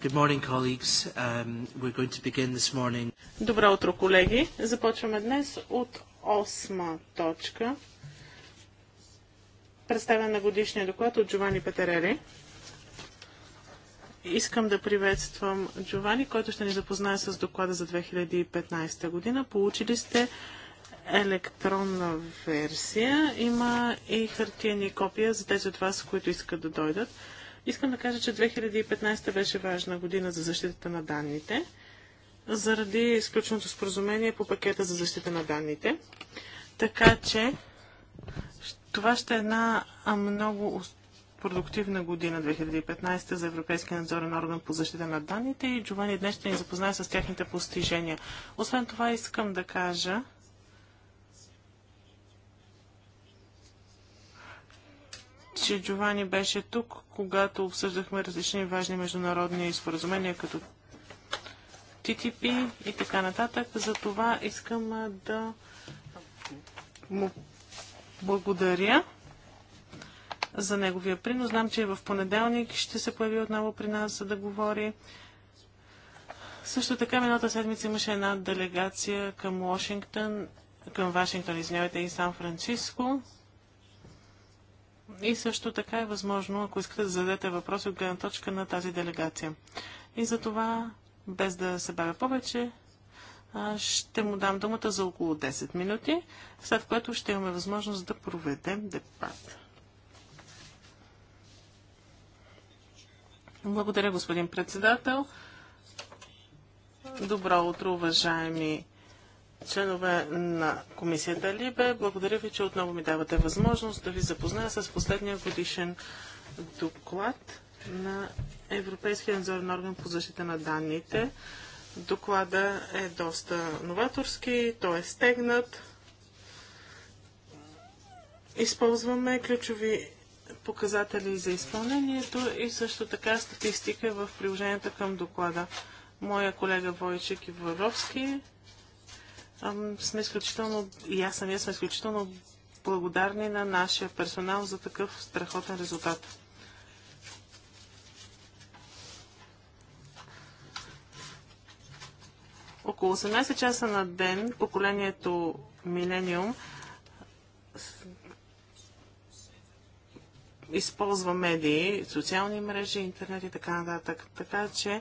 Good morning, colleagues. Um, we're going to begin this morning. Добро утро, колеги. Започваме днес от 8 точка. Представя на годишния доклад от Джовани Петерели. Искам да приветствам Джовани, който ще ни запознае с доклада за 2015 година. Получили сте електронна версия. Има и хартияни копия за тези от вас, които искат да дойдат. Искам да кажа, че 2015 беше важна година за защитата на данните, заради изключеното споразумение по пакета за защита на данните. Така че това ще е една много продуктивна година 2015 за Европейския надзорен орган по защита на данните и Джовани днес ще ни запознае с тяхните постижения. Освен това искам да кажа, че Джовани беше тук, когато обсъждахме различни важни международни споразумения, като ТТП и така нататък. За това искам да му благодаря за неговия принос. Знам, че в понеделник ще се появи отново при нас, за да говори. Също така, миналата седмица имаше една делегация към Вашингтон, към Вашингтон, извинявайте, и Сан Франциско. И също така е възможно, ако искате да зададете въпроси от гледна точка на тази делегация. И за това, без да се бавя повече, ще му дам думата за около 10 минути, след което ще имаме възможност да проведем дебат. Благодаря, господин председател. Добро утро, уважаеми членове на комисията Либе. Благодаря ви, че отново ми давате възможност да ви запозная с последния годишен доклад на Европейския надзорен орган по защита на данните. Доклада е доста новаторски, той е стегнат. Използваме ключови показатели за изпълнението и също така статистика в приложенията към доклада. Моя колега Войчек Иваровски сме изключително, и аз самия сме изключително благодарни на нашия персонал за такъв страхотен резултат. Около 18 часа на ден поколението Милениум използва медии, социални мрежи, интернет и така нататък. Така че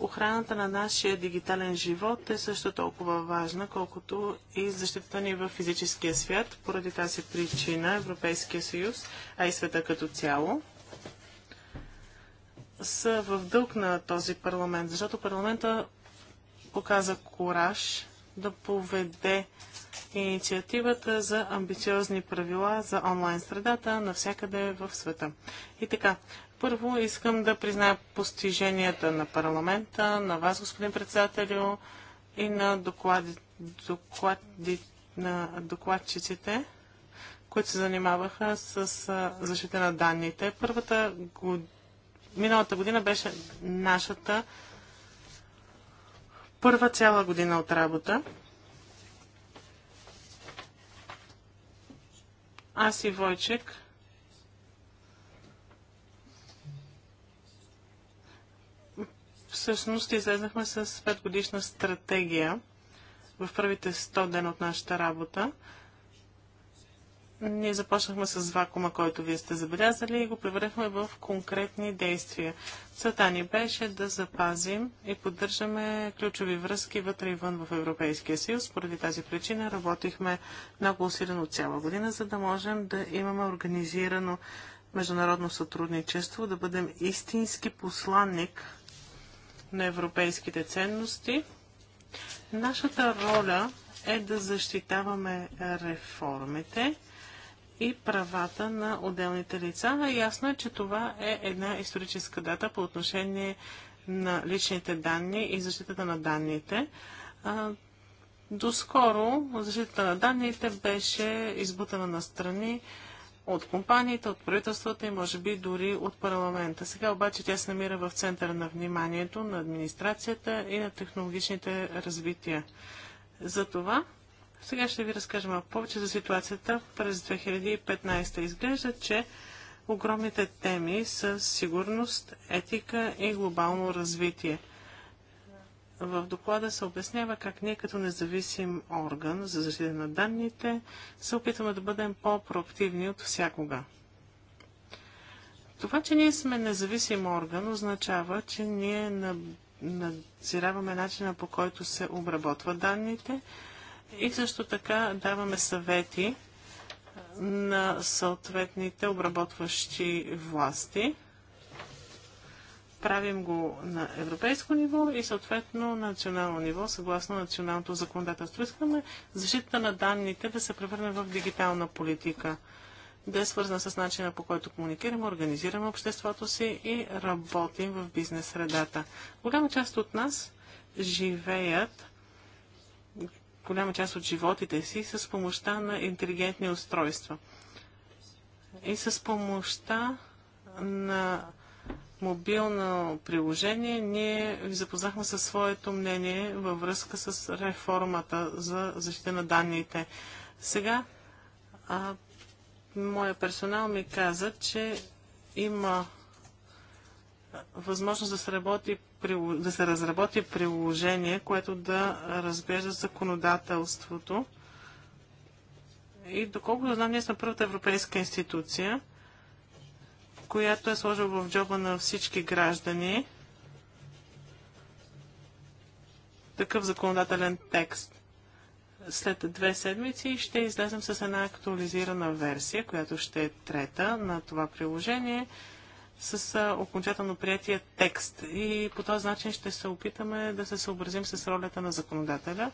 Охраната на нашия дигитален живот е също толкова важна, колкото и защитата ни в физическия свят. Поради тази причина Европейския съюз, а и света като цяло, са в дълг на този парламент, защото парламента показа кораж да поведе инициативата за амбициозни правила за онлайн средата навсякъде в света. И така, първо искам да призная постиженията на парламента, на вас, господин председателю, и на доклади, доклади, на докладчиците, които се занимаваха с защита на данните. Първата год... миналата година беше нашата първа цяла година от работа. Аз и Войчек всъщност излезнахме с 5 годишна стратегия в първите 100 дена от нашата работа. Ние започнахме с вакуума, който вие сте забелязали и го превърнахме в конкретни действия. Целта ни беше да запазим и поддържаме ключови връзки вътре и вън в Европейския съюз. Поради тази причина работихме много усилено цяла година, за да можем да имаме организирано международно сътрудничество, да бъдем истински посланник на европейските ценности. Нашата роля е да защитаваме реформите и правата на отделните лица. Ясно е, че това е една историческа дата по отношение на личните данни и защитата на данните. Доскоро защитата на данните беше избутана на страни от компаниите, от правителствата и може би дори от парламента. Сега обаче тя се намира в центъра на вниманието на администрацията и на технологичните развития. За това сега ще ви разкажем малко повече за ситуацията през 2015. Изглежда, че огромните теми са сигурност, етика и глобално развитие. В доклада се обяснява как ние като независим орган за защита на данните се опитваме да бъдем по-проактивни от всякога. Това, че ние сме независим орган, означава, че ние надзираваме начина по който се обработват данните и също така даваме съвети на съответните обработващи власти – Правим го на европейско ниво и съответно на национално ниво, съгласно националното законодателство. Искаме защита на данните да се превърне в дигитална политика, да е свързана с начина по който комуникираме, организираме обществото си и работим в бизнес средата. Голяма част от нас живеят голяма част от животите си с помощта на интелигентни устройства. И с помощта на мобилно приложение, ние ви запознахме със своето мнение във връзка с реформата за защита на данните. Сега а, моя персонал ми каза, че има възможност да се, работи, да се разработи приложение, което да разглежда законодателството. И доколкото знам, ние сме първата европейска институция, която е сложил в джоба на всички граждани такъв законодателен текст. След две седмици ще излезем с една актуализирана версия, която ще е трета на това приложение с окончателно приятия текст. И по този начин ще се опитаме да се съобразим с ролята на законодателя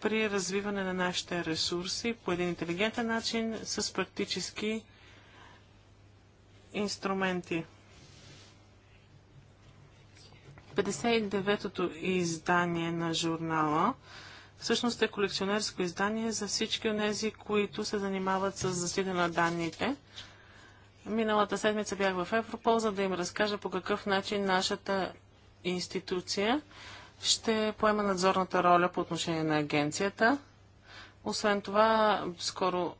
при развиване на нашите ресурси по един интелигентен начин с практически инструменти. 59-то издание на журнала всъщност е колекционерско издание за всички от тези, които се занимават с защита на данните. Миналата седмица бях в Европол, за да им разкажа по какъв начин нашата институция ще поема надзорната роля по отношение на агенцията. Освен това, скоро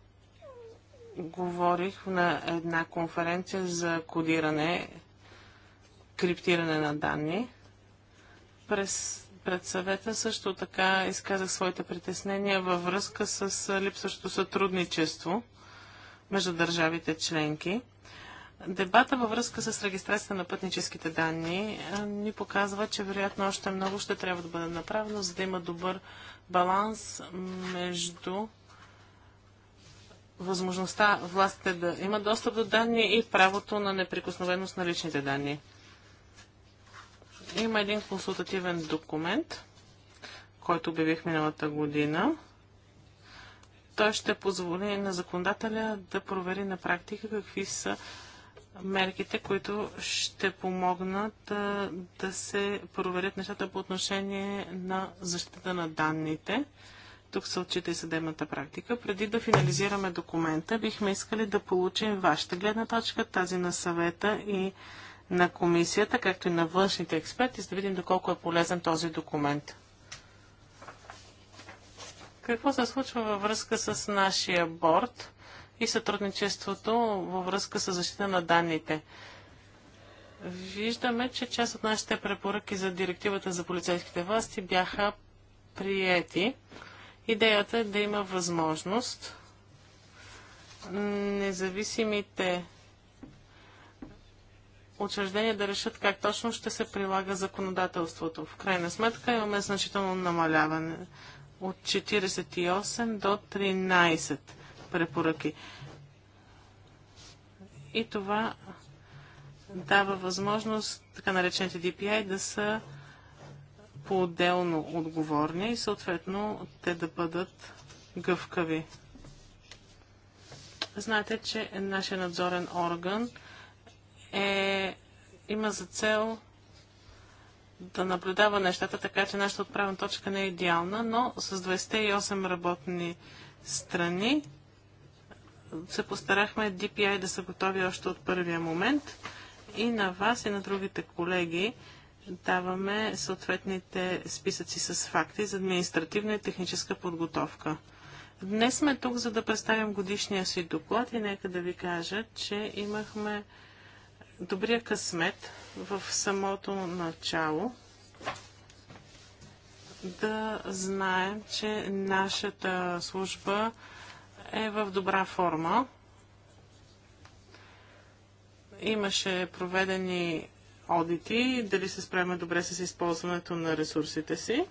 говорих на една конференция за кодиране, криптиране на данни. През, пред съвета също така изказах своите притеснения във връзка с липсващото сътрудничество между държавите членки. Дебата във връзка с регистрацията на пътническите данни ни показва, че вероятно още много ще трябва да бъде направено, за да има добър баланс между възможността властите да имат достъп до данни и правото на неприкосновеност на личните данни. Има един консултативен документ, който обявих миналата година. Той ще позволи на законодателя да провери на практика какви са мерките, които ще помогнат да, да се проверят нещата по отношение на защита на данните. Тук се отчита и съдебната практика. Преди да финализираме документа, бихме искали да получим вашата гледна точка, тази на съвета и на комисията, както и на външните експерти, за да видим доколко е полезен този документ. Какво се случва във връзка с нашия борт и сътрудничеството във връзка с защита на данните? Виждаме, че част от нашите препоръки за директивата за полицейските власти бяха приети. Идеята е да има възможност независимите учреждения да решат как точно ще се прилага законодателството. В крайна сметка имаме значително намаляване от 48 до 13 препоръки. И това дава възможност така наречените DPI да са по-отделно отговорни и съответно те да бъдат гъвкави. Знаете, че нашия надзорен орган е, има за цел да наблюдава нещата, така че нашата отправна точка не е идеална, но с 28 работни страни се постарахме DPI да са готови още от първия момент и на вас и на другите колеги даваме съответните списъци с факти за административна и техническа подготовка. Днес сме тук, за да представим годишния си доклад и нека да ви кажа, че имахме добрия късмет в самото начало да знаем, че нашата служба е в добра форма. Имаше проведени одити, дали се справяме добре с използването на ресурсите си.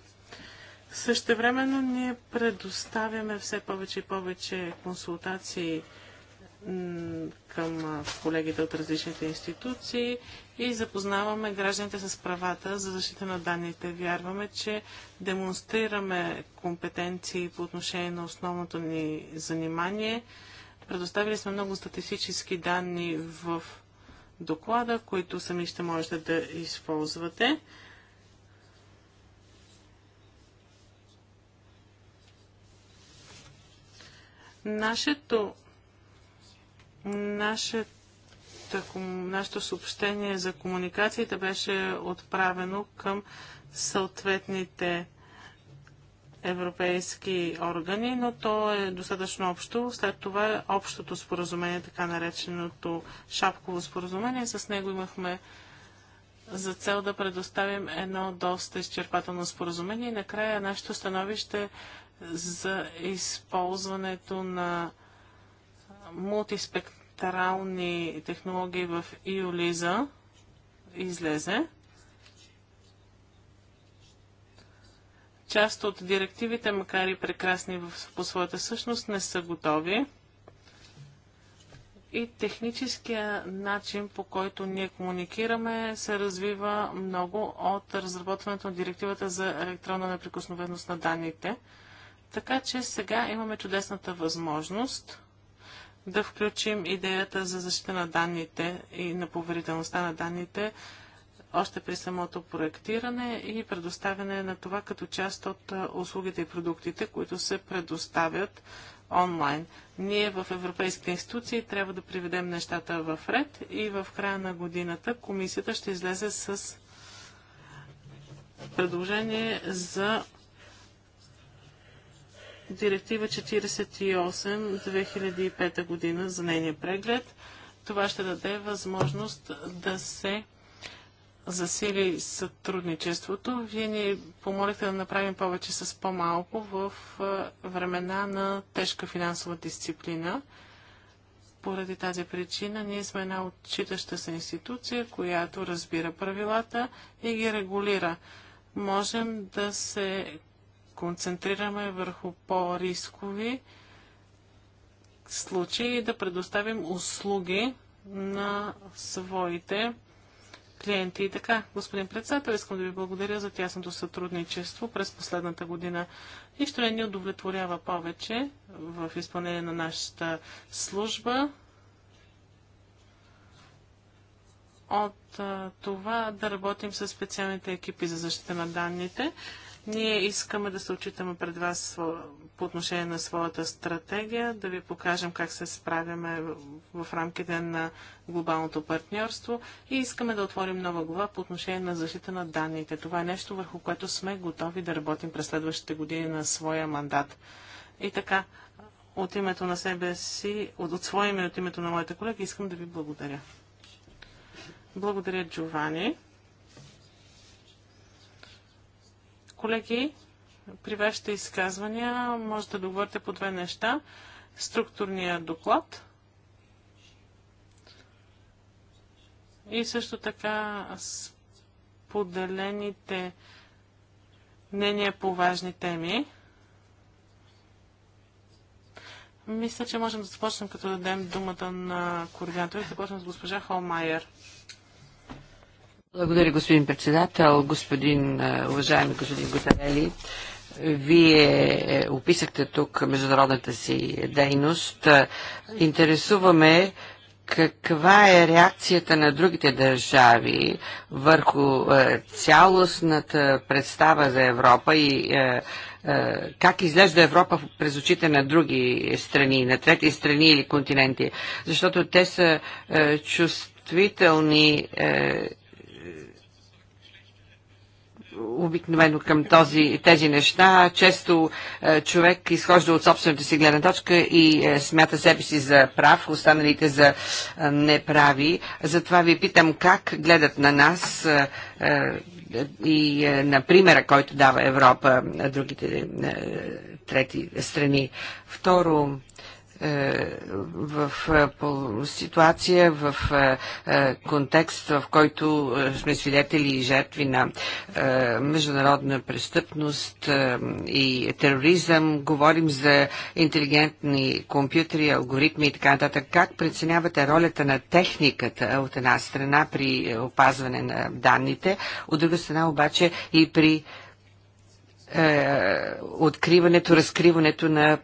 Същевременно ние предоставяме все повече и повече консултации към колегите от различните институции и запознаваме гражданите с правата за защита на данните. Вярваме, че демонстрираме компетенции по отношение на основното ни занимание. Предоставили сме много статистически данни в доклада, които сами ще можете да използвате. Нашето, нашето, нашето съобщение за комуникацията беше отправено към съответните европейски органи, но то е достатъчно общо. След това е общото споразумение, така нареченото Шапково споразумение. С него имахме за цел да предоставим едно доста изчерпателно споразумение и накрая нашето становище за използването на мултиспектрални технологии в Иолиза излезе. Част от директивите, макар и прекрасни в, по своята същност, не са готови. И техническия начин, по който ние комуникираме, се развива много от разработването на директивата за електронна неприкосновеност на данните. Така че сега имаме чудесната възможност да включим идеята за защита на данните и на поверителността на данните още при самото проектиране и предоставяне на това като част от услугите и продуктите, които се предоставят онлайн. Ние в европейските институции трябва да приведем нещата в ред и в края на годината комисията ще излезе с предложение за директива 48-2005 година за нейния преглед. Това ще даде възможност да се засили сътрудничеството. Вие ни помолихте да направим повече с по-малко в времена на тежка финансова дисциплина. Поради тази причина ние сме една отчитаща се институция, която разбира правилата и ги регулира. Можем да се концентрираме върху по-рискови случаи и да предоставим услуги на своите клиенти. И така, господин председател, искам да ви благодаря за тясното сътрудничество през последната година. Нищо не ни удовлетворява повече в изпълнение на нашата служба от това да работим с специалните екипи за защита на данните. Ние искаме да се отчитаме пред вас по отношение на своята стратегия, да ви покажем как се справяме в рамките на глобалното партньорство и искаме да отворим нова глава по отношение на защита на данните. Това е нещо, върху което сме готови да работим през следващите години на своя мандат. И така, от името на себе си, от, от своя име и от името на моите колеги, искам да ви благодаря. Благодаря, Джовани. Колеги, при вашите изказвания може да договорите по две неща. Структурния доклад и също така споделените мнения по важни теми. Мисля, че можем да започнем като дадем думата на координаторите. Започнем с госпожа Холмайер. Благодаря, господин председател, господин, уважаеми господин Готарели. Вие е, описахте тук международната си дейност. Интересуваме каква е реакцията на другите държави върху цялостната представа за Европа и как изглежда Европа през очите на други страни, на трети страни или континенти? Защото те са чувствителни е, обикновено към този, тези неща. Често е, човек изхожда от собствената си гледна точка и е, смята себе си за прав, останалите за е, неправи. Затова ви питам как гледат на нас е, е, и е, на примера, който дава Европа другите трети страни. Второ, е, в е, ситуация, в е, контекст, в който сме свидетели и жертви на международна престъпност и тероризъм. Говорим за интелигентни компютри, алгоритми и така нататък. Как преценявате ролята на техниката от една страна при опазване на данните, от друга страна обаче и при е, откриването, разкриването на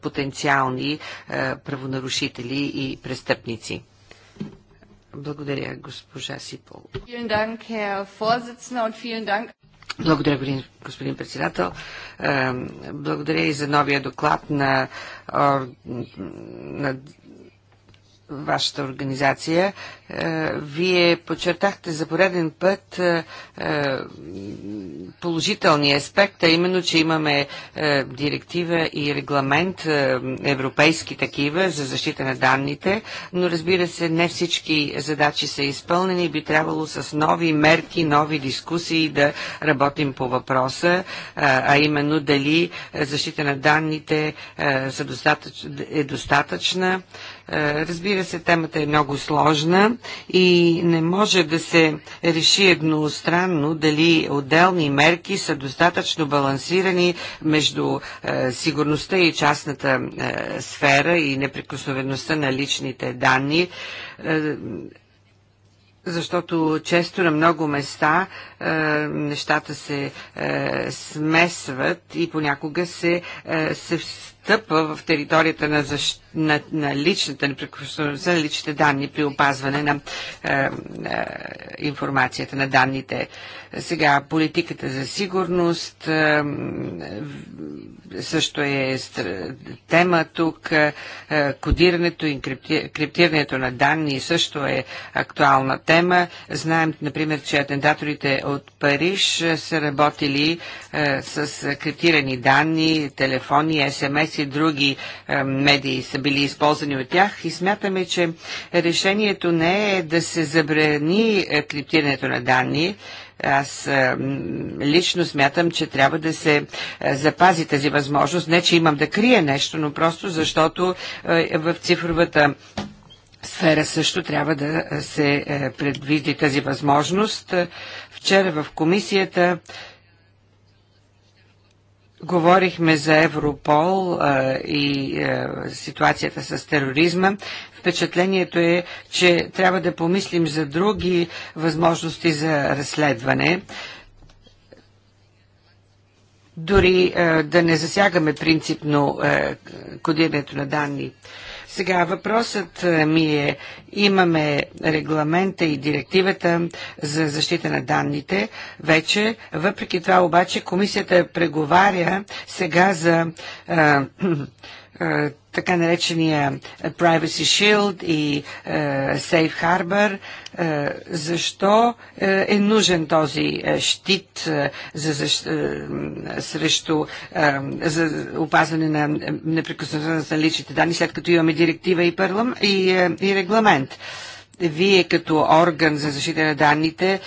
потенциални е, правонарушители и престъпници. Благодаря, госпожа Сипол. Благодаря, господин председател. Е, благодаря и за новия доклад на, на вашата организация. Е, вие подчертахте за пореден път е, е, положителния аспект, а именно, че имаме директива и регламент, европейски такива, за защита на данните, но разбира се, не всички задачи са изпълнени и би трябвало с нови мерки, нови дискусии да работим по въпроса, а именно дали защита на данните е достатъчна е, разбира се, темата е много сложна и не може да се реши едностранно дали отделни мерки са достатъчно балансирани между е, сигурността и частната е, сфера и неприкосновеността на личните данни защото често на много места е, нещата се е, смесват и понякога се, е, се стъпва в територията на, защ... на, на личната неприкосновеността на личните данни при опазване на е, е, информацията на данните. Сега политиката за сигурност е, също е тема тук. Е, е кодирането и крипти... криптирането на данни също е актуална тема. Знаем, например, че атендаторите от Париж са работили е, с криптирани данни, телефони, СМС стотици други е, медии са били използвани от тях и смятаме, че решението не е да се забрани е, криптирането на данни, аз е, лично смятам, че трябва да се запази тази възможност. Не, че имам да крия нещо, но просто защото в цифровата сфера също трябва да се предвиди тази възможност. Вчера в комисията Говорихме за Европол а, и а, ситуацията с тероризма. Впечатлението е, че трябва да помислим за други възможности за разследване. Дори а, да не засягаме принципно а, кодирането на данни. А, сега въпросът е, ми е, имаме регламента и директивата за защита на данните вече, въпреки това обаче комисията преговаря сега за а, е, е, така наречения Privacy Shield и е, Safe Harbor. Е, защо е нужен този щит за, за, срещу за опазване на неприкосновеността на личните данни, след като имаме директива и, парлам, и, и регламент? Вие като орган за защита на данните,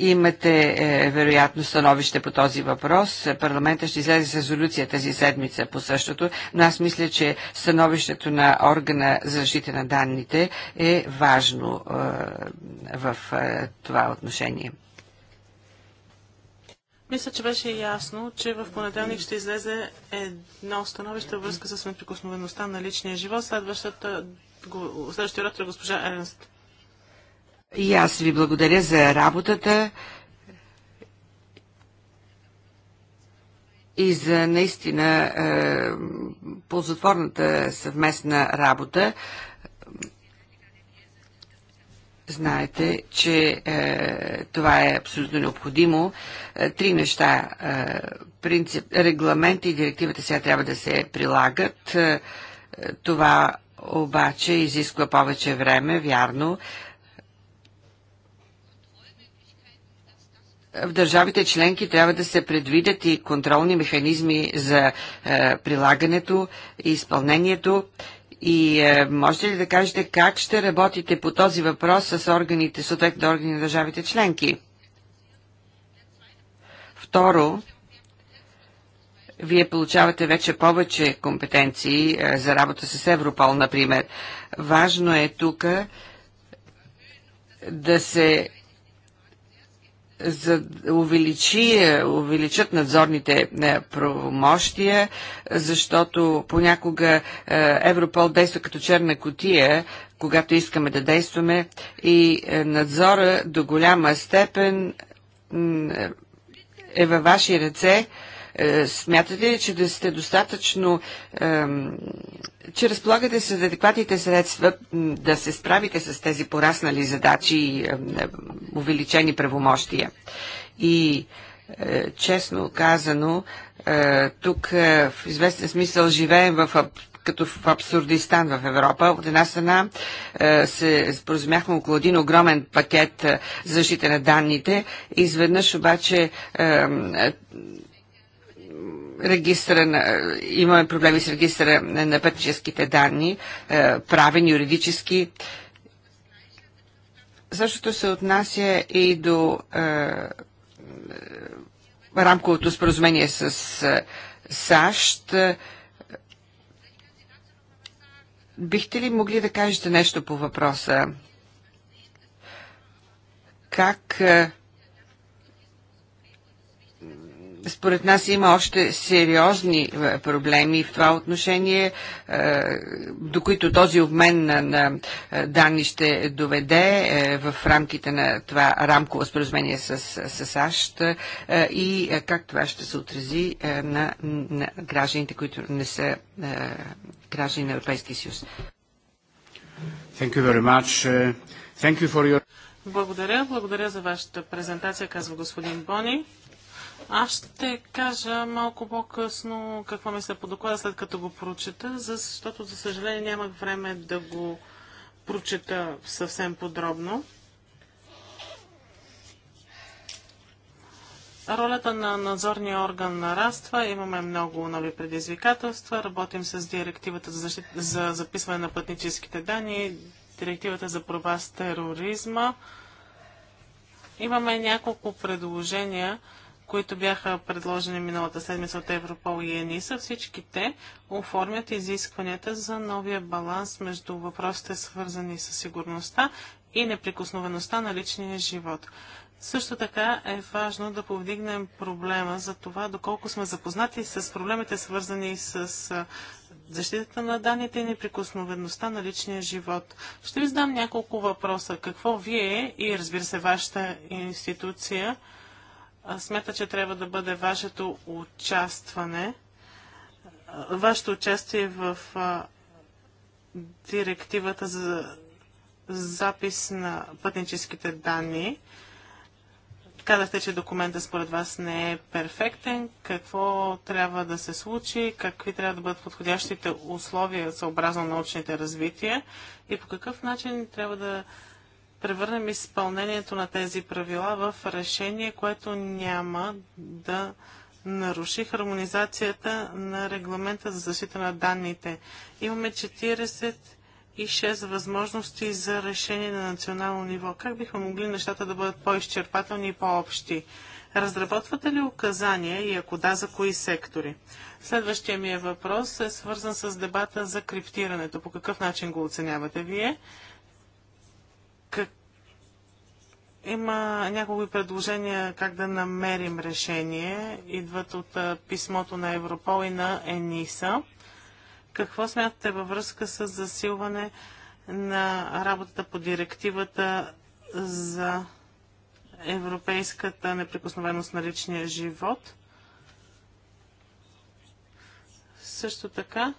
Имате е, вероятно становище по този въпрос. Парламента ще излезе с резолюция тази седмица по същото, но аз мисля, че становището на органа за защита на данните е важно е, в е, това отношение. Мисля, че беше ясно, че в понеделник ще излезе едно становище във връзка с неприкосновеността на личния живот. Следващата, следващия оратор е госпожа Ернст. И аз ви благодаря за работата и за наистина е, ползотворната съвместна работа. Знаете, че е, това е абсолютно необходимо. Е, три неща. Е, принцип, регламент и директивата сега трябва да се прилагат. Е, това обаче изисква повече време, вярно. Е, в държавите членки трябва да се предвидят и контролни механизми за е, прилагането и изпълнението. И е, можете ли да кажете как ще работите по този въпрос с органите, съответно органи на държавите членки? Второ, вие получавате вече повече компетенции е, за работа с Европол, например. Важно е тук да се за да увеличи, увеличат надзорните е, правомощия, защото понякога е, Европол действа като черна котия, когато искаме да действаме и е, надзора до голяма степен е във ваши ръце е, смятате ли, че да сте достатъчно, че разполагате с адекватните средства да се справите с тези пораснали задачи и е, увеличени правомощия? И е, честно казано, тук в известен смисъл живеем в като в абсурдистан в Европа. От една страна се споразумяхме около един огромен пакет защита на данните. Изведнъж обаче регистра на, е, имаме проблеми с регистра на пътническите данни, е, правен, юридически. Същото се отнася и до е, е, рамковото споразумение с е, САЩ. Бихте ли могли да кажете нещо по въпроса? Как е, Според нас има още сериозни е, проблеми в това отношение, е, до които този обмен на, на е, данни ще доведе в рамките на това рамково споразумение с, с САЩ и как това ще се отрази на, на гражданите, които не са граждани на Европейския съюз. You your... Благодаря. Благодаря за вашата презентация, казва господин Бони. Аз ще кажа малко по-късно какво мисля по доклада, след като го прочета, защото, за съжаление, нямах време да го прочета съвсем подробно. Ролята на надзорния орган нараства, имаме много нови предизвикателства, работим с директивата за, защит... за записване на пътническите данни, директивата за проба с тероризма. Имаме няколко предложения които бяха предложени миналата седмица от Европол и ЕНИСА, всички те оформят изискванията за новия баланс между въпросите свързани с сигурността и неприкосновеността на личния живот. Също така е важно да повдигнем проблема за това, доколко сме запознати с проблемите свързани с защитата на данните и неприкосновеността на личния живот. Ще ви задам няколко въпроса. Какво вие и разбира се вашата институция смята, че трябва да бъде вашето участване, вашето участие в директивата за запис на пътническите данни. Казахте, че документът според вас не е перфектен. Какво трябва да се случи? Какви трябва да бъдат подходящите условия съобразно научните развития? И по какъв начин трябва да превърнем изпълнението на тези правила в решение, което няма да наруши хармонизацията на регламента за защита на данните. Имаме 46 възможности за решение на национално ниво. Как бихме могли нещата да бъдат по-изчерпателни и по-общи? Разработвате ли указания и ако да, за кои сектори? Следващия ми е въпрос е свързан с дебата за криптирането. По какъв начин го оценявате вие? Как... Има няколко предложения как да намерим решение. Идват от а, писмото на Европол и на ЕНИСА. Какво смятате във връзка с засилване на работата по директивата за европейската неприкосновеност на личния живот? Също така,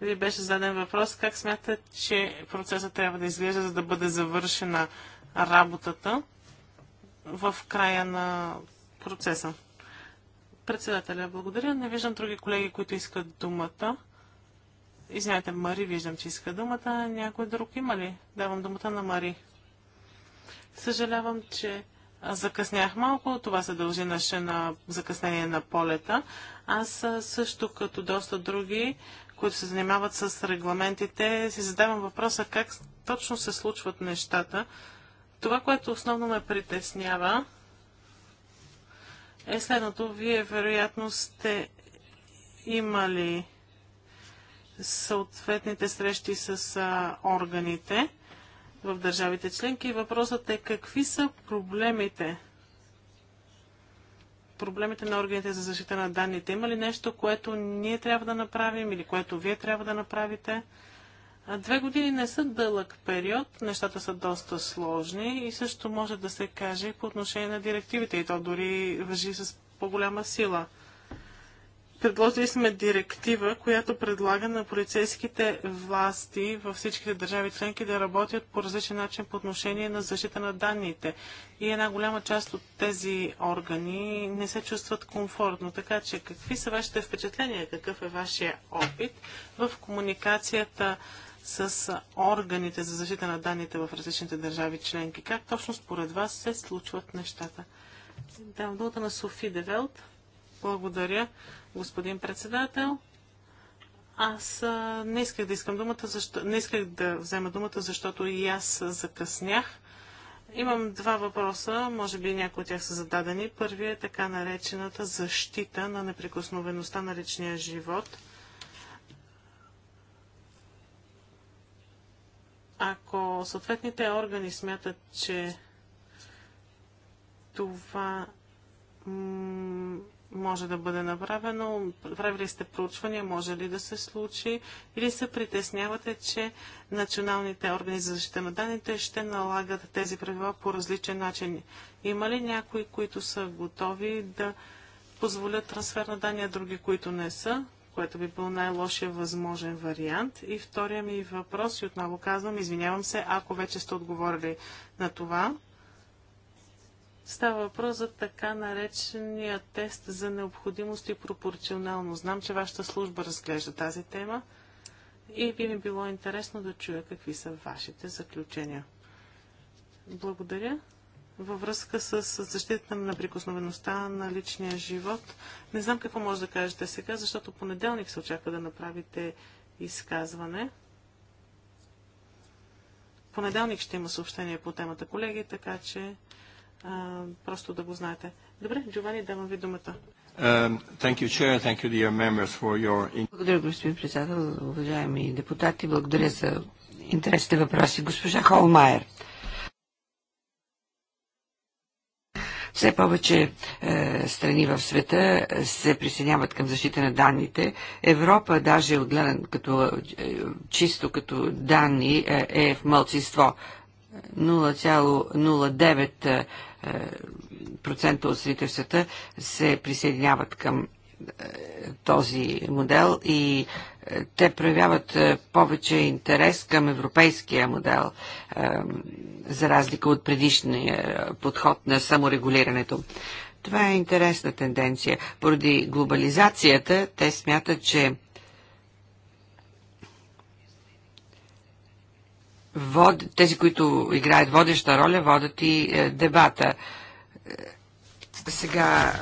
ви беше зададен въпрос как смятате, че процесът трябва да изглежда, за да бъде завършена работата в края на процеса. Председателя, благодаря. Не виждам други колеги, които искат думата. Извинете, Мари, виждам, че иска думата. Някой друг има ли? Давам думата на Мари. Съжалявам, че закъснях малко. Това се дължи на закъснение на полета. Аз също, като доста други, които се занимават с регламентите, си задавам въпроса как точно се случват нещата. Това, което основно ме притеснява, е следното. Вие вероятно сте имали съответните срещи с а, органите в държавите членки. Въпросът е какви са проблемите проблемите на органите за защита на данните? Има ли нещо, което ние трябва да направим или което вие трябва да направите? Две години не са дълъг период, нещата са доста сложни и също може да се каже по отношение на директивите и то дори въжи с по-голяма сила. Предложили сме директива, която предлага на полицейските власти във всичките държави членки да работят по различен начин по отношение на защита на данните. И една голяма част от тези органи не се чувстват комфортно. Така че какви са вашите впечатления, какъв е вашия опит в комуникацията с органите за защита на данните в различните държави членки? Как точно според вас се случват нещата? Давам думата на Софи Девелт. Благодаря господин председател. Аз не исках да искам думата, защо... не исках да взема думата, защото и аз закъснях. Имам два въпроса, може би някои от тях са зададени. Първият е така наречената защита на неприкосновеността на личния живот. Ако съответните органи смятат, че това може да бъде направено? Правили сте проучвания, може ли да се случи? Или се притеснявате, че националните органи за защита на данните ще налагат тези правила по различен начин? Има ли някои, които са готови да позволят трансфер на данни, а други, които не са? което би бил най-лошия възможен вариант. И втория ми въпрос, и отново казвам, извинявам се, ако вече сте отговорили на това, Става въпрос за така наречения тест за необходимост и пропорционалност. Знам, че вашата служба разглежда тази тема и би ми било интересно да чуя какви са вашите заключения. Благодаря. Във връзка с защита на прикосновеността на личния живот, не знам какво може да кажете сега, защото понеделник се очаква да направите изказване. Понеделник ще има съобщение по темата, колеги, така че просто да го знаете. Добре, Джовани, давам ви думата. Um, Благодаря, господин председател, уважаеми депутати. Благодаря за интересните въпроси. Госпожа Холмайер. Все повече е, страни в света е, се присъединяват към защита на данните. Европа, даже отгледан е като, е, чисто като данни, е, е в мълцинство. 0,09 процента от страните в света се присъединяват към е, този модел и е, те проявяват е, повече интерес към европейския модел, за разлика от предишния подход на саморегулирането. Това е интересна тенденция. Поради глобализацията те смятат, че вод, тези, които играят водеща роля, водят и е, дебата. Е, сега е,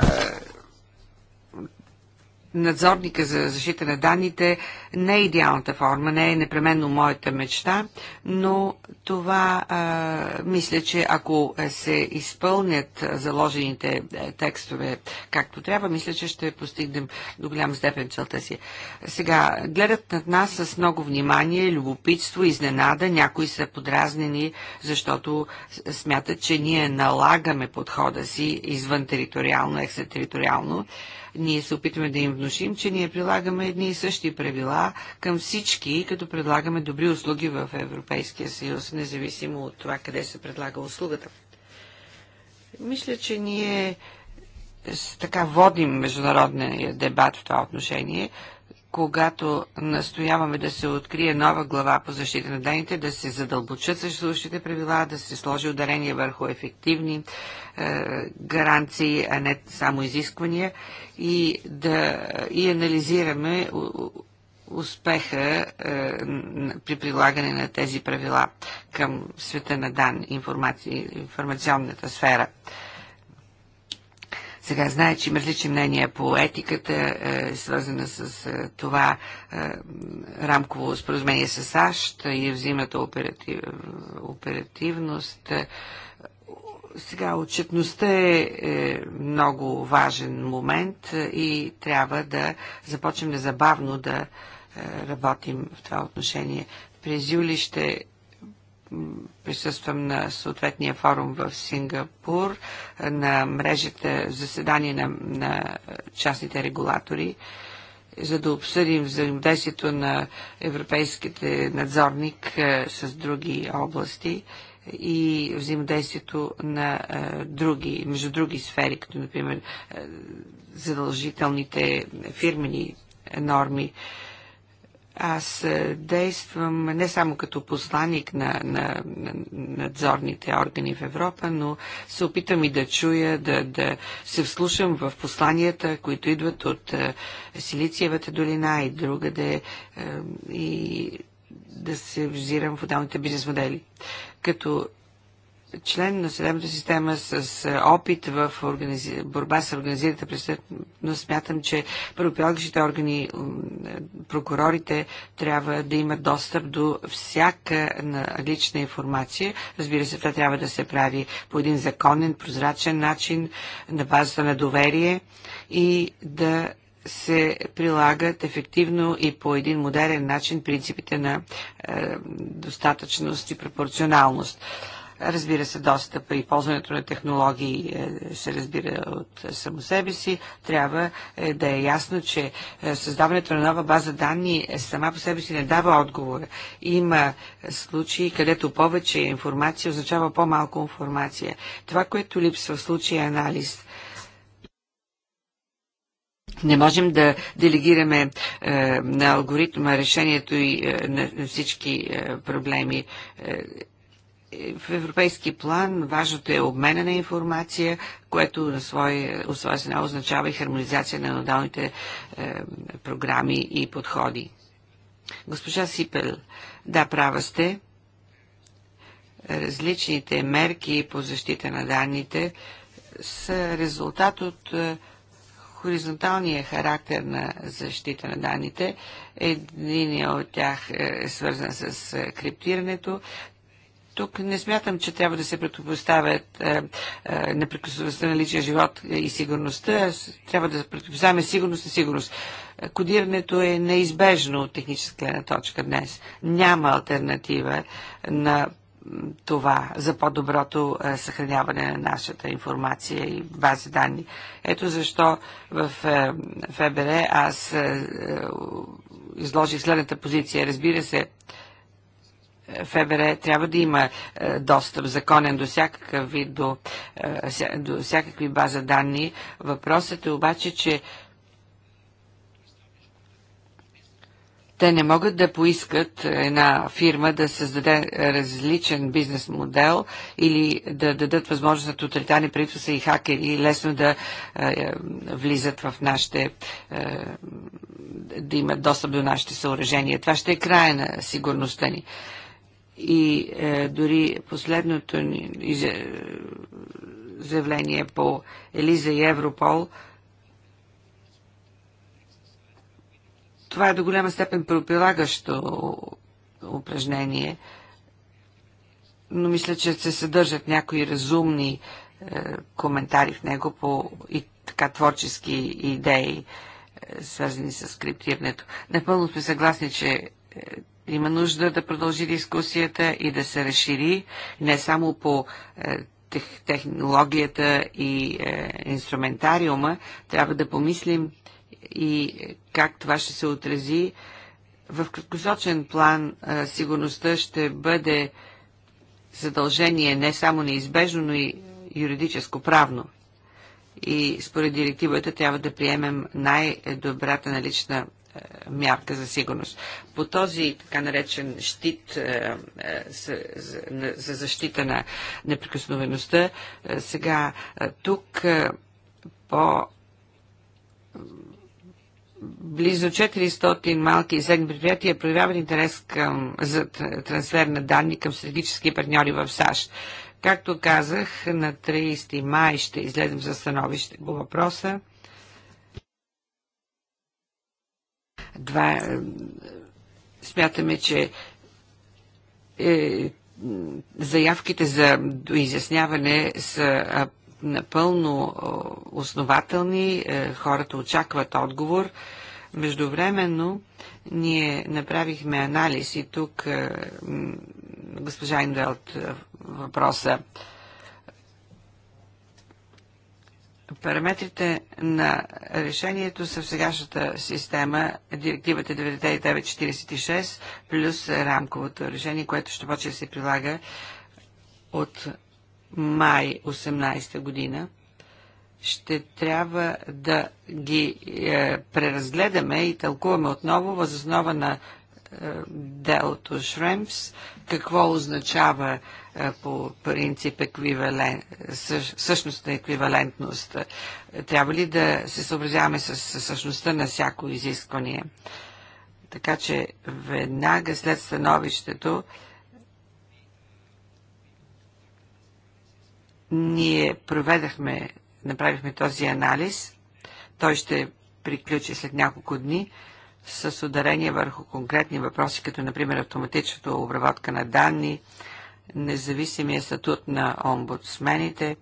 надзорника за защита на данните не е идеалната форма, не е непременно моята мечта, но това а, мисля, че ако се изпълнят заложените е, текстове както трябва, мисля, че ще постигнем до голям степен целта си. Сега, гледат над нас с много внимание, любопитство, изненада. Някои са подразнени, защото смятат, че ние налагаме подхода си извън териториално, екстратериториално. Ние се опитваме да им внушим, че ние прилагаме едни и същи правила, правила към всички, като предлагаме добри услуги в Европейския съюз, независимо от това къде се предлага услугата. Мисля, че ние така водим международния дебат в това отношение, когато настояваме да се открие нова глава по защита на данните, да се задълбочат съществуващите правила, да се сложи ударение върху ефективни е, гаранции, а не само изисквания и да и анализираме успеха е, при прилагане на тези правила към света на дан информация, информационната сфера. Сега знае, че има различни мнения по етиката, е, свързана с е, това е, рамково споразумение с САЩ и взимата оператив, оперативност. Сега отчетността е, е много важен момент и трябва да започнем незабавно да, да работим в това отношение. През юли ще присъствам на съответния форум в Сингапур на мрежата заседание на, на частните регулатори, за да обсъдим взаимодействието на европейските надзорник е, с други области и взаимодействието на е, други, между други сфери, като например е, задължителните фирмени норми. Аз е, действам не само като посланник на, на, на надзорните органи в Европа, но се опитам и да чуя, да, да се вслушам в посланията, които идват от е, Силициевата долина и другаде е, и да се взирам в отделните бизнес модели. Като член на съдебната система с опит в организи... борба с организираната престъпност, смятам, че правоприлагащите органи, прокурорите трябва да имат достъп до всяка лична информация. Разбира се, това трябва да се прави по един законен, прозрачен начин, на базата на доверие и да се прилагат ефективно и по един модерен начин принципите на е, достатъчност и пропорционалност. Разбира се, достъпа и ползването на технологии е, се разбира от само себе си. Трябва е, да е ясно, че е, създаването на нова база данни сама по себе си не дава отговор. Има случаи, където повече информация означава по-малко информация. Това, което липсва в случая анализ. Не можем да делегираме е, на алгоритма решението и е, на, на всички е, проблеми. Е, в европейски план важното е обмена на информация, което на своя, от своя страна означава и хармонизация на отделните е, програми и подходи. Госпожа Сипел, да, права сте. Различните мерки по защита на данните са резултат от е, хоризонталния характер на защита на данните. Един от тях е, е свързан с е, криптирането. Тук не смятам, че трябва да се предпоставят е, е, на личния живот и сигурността. Трябва да предпоставяме сигурност на сигурност. Кодирането е неизбежно от техническа гледна точка днес. Няма альтернатива на това за по-доброто е, съхраняване на нашата информация и бази данни. Ето защо в е, ФБР аз е, изложих следната позиция. Разбира се, ФБР трябва да има е, достъп законен до всякакъв вид, до, е, до всякакви база данни. Въпросът е обаче, че те не могат да поискат една фирма да създаде различен бизнес модел или да дадат възможност на тоталитарни правителства и хакери лесно да е, влизат в нашите, да имат достъп до нашите съоръжения. Това ще е края на сигурността ни и е, дори последното ни е, заявление по Елиза и Европол, това е до голяма степен пропилагащо упражнение, но мисля, че се съдържат някои разумни е, коментари в него по и така творчески идеи, е, свързани с криптирането. Напълно сме съгласни, че е, има нужда да продължи дискусията и да се разшири не само по е, технологията и е, инструментариума. Трябва да помислим и е, как това ще се отрази. В краткосрочен план е, сигурността ще бъде задължение не само неизбежно, но и юридическо правно и според директивата трябва да приемем най-добрата налична е, мярка за сигурност. По този така наречен щит е, е, за защита на неприкосновеността, сега тук по близо 400 малки и средни предприятия проявяват интерес към, за трансфер на данни към стратегически партньори в САЩ. Както казах, на 30 май ще излезем за становище по въпроса. Два, е, смятаме, че е, заявките за изясняване са напълно основателни, е, хората очакват отговор. Междувременно ние направихме анализ и тук е, госпожа Индуелт въпроса Параметрите на решението са в сегашната система, директивата 9946 плюс рамковото решение, което ще почне да се прилага от май 18 година. Ще трябва да ги е, преразгледаме и тълкуваме отново възоснова на делото Шремс, какво означава е, по принцип еквивалент, същност на еквивалентност. Е, трябва ли да се съобразяваме с същността на всяко изискване? Така че веднага след становището ние проведахме, направихме този анализ. Той ще приключи след няколко дни с ударение върху конкретни въпроси, като например автоматичната обработка на данни, независимия статут на омбудсмените,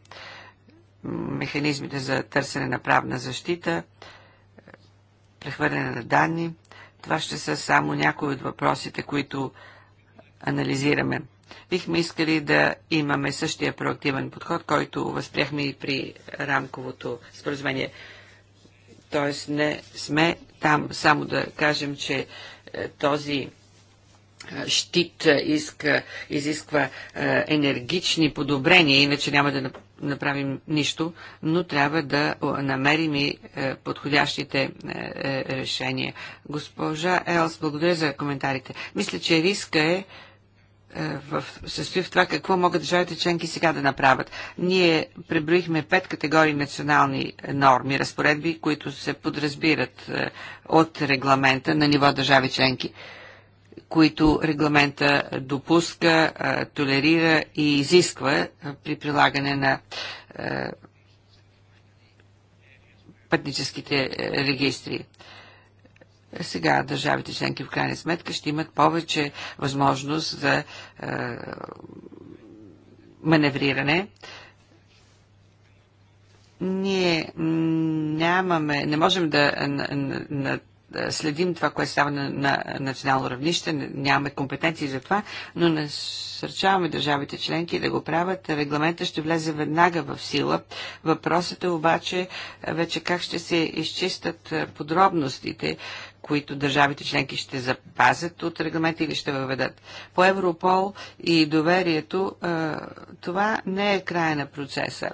механизмите за търсене на правна защита, прехвърляне на данни. Това ще са само някои от въпросите, които анализираме. Бихме искали да имаме същия проактивен подход, който възприехме и при рамковото споразумение. Тоест не сме там само да кажем, че е, този е, щит е, иска, изисква енергични подобрения, иначе няма да направим нищо, но трябва да намерим и подходящите решения. Госпожа Елс, благодаря за коментарите. Мисля, че риска е е, в, състои в това какво могат държавите членки сега да направят. Ние преброихме пет категории национални норми, разпоредби, които се подразбират е, от регламента на ниво държави членки които регламента допуска, е, толерира и изисква при прилагане на пътническите регистри. Сега държавите членки в крайна сметка ще имат повече възможност за е, маневриране. Ние нямаме, не можем да на, на, следим това, което става на, на национално равнище, нямаме компетенции за това, но насърчаваме държавите членки да го правят. Регламента ще влезе веднага в сила. Въпросът е обаче вече как ще се изчистят е, подробностите, които държавите членки ще запазят от регламента или ще въведат. По Европол и доверието това не е края на процеса.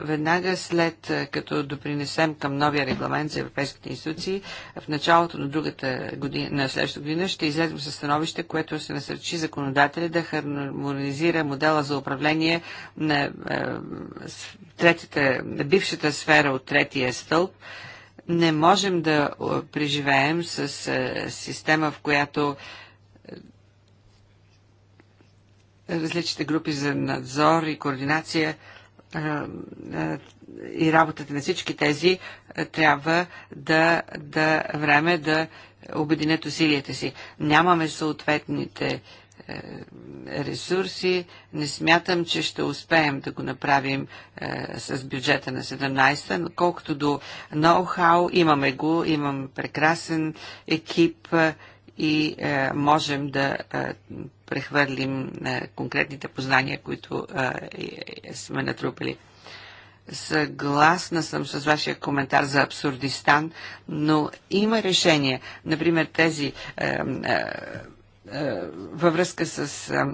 Веднага след като допринесем към новия регламент за европейските институции, в началото на другата година, на следващата година ще излезем със становище, което се насърчи законодателя да хармонизира модела за управление на третите, бившата сфера от третия стълб не можем да преживеем с система, в която различните групи за надзор и координация и работата на всички тези трябва да, да време да обединят усилията си. Нямаме съответните е, ресурси. Не смятам, че ще успеем да го направим е, с бюджета на 17-та, но колкото до ноу-хау, имаме го, имам прекрасен екип е, и е, можем да е, прехвърлим е, конкретните познания, които сме натрупали. Съгласна съм с вашия коментар за Абсурдистан, но има решение. Например, тези е, във връзка с е,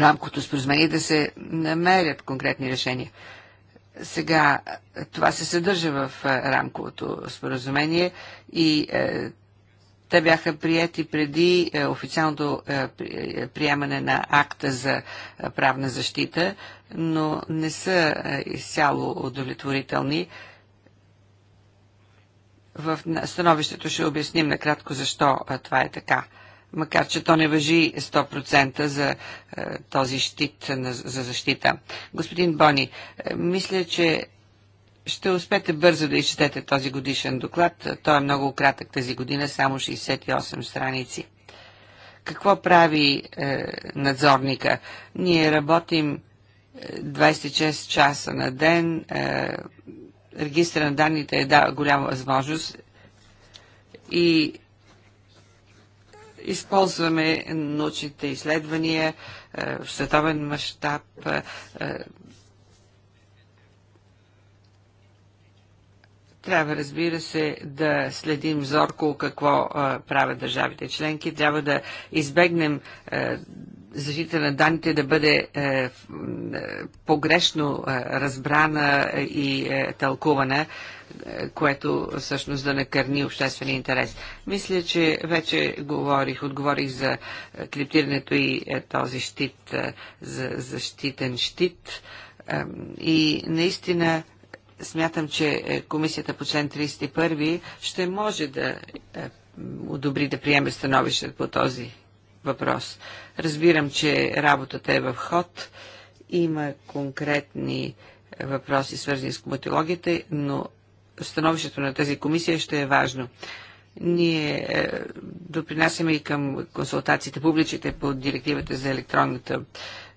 рамкото споразумение да се намерят конкретни решения. Сега е, това се съдържа в рамковото споразумение и е, те бяха прияти преди е, официалното е, приемане на акта за правна защита, но не са изцяло удовлетворителни. В становището ще обясним накратко защо това е така макар че то не въжи 100% за е, този щит за защита. Господин Бони, е, мисля, че ще успете бързо да изчетете този годишен доклад. Той е много кратък тази година, само 68 страници. Какво прави е, надзорника? Ние работим 26 е, часа на ден. Е, регистра на данните е да, голяма възможност и използваме научните изследвания е, в световен мащаб. Е, е, трябва, разбира се, да следим зорко какво правят държавите членки. Трябва да избегнем защита на данните да бъде погрешно разбрана и тълкувана което всъщност да накърни обществения интерес. Мисля, че вече говорих, отговорих за криптирането и е, този щит, е, за защитен щит. И наистина смятам, че е, комисията по член 31 ще може да одобри да приеме становище по този въпрос. Разбирам, че работата е в ход. Има конкретни въпроси, свързани с коматологията, но становището на тази комисия ще е важно. Ние е, допринасяме и към консултациите публичите по директивата за електронната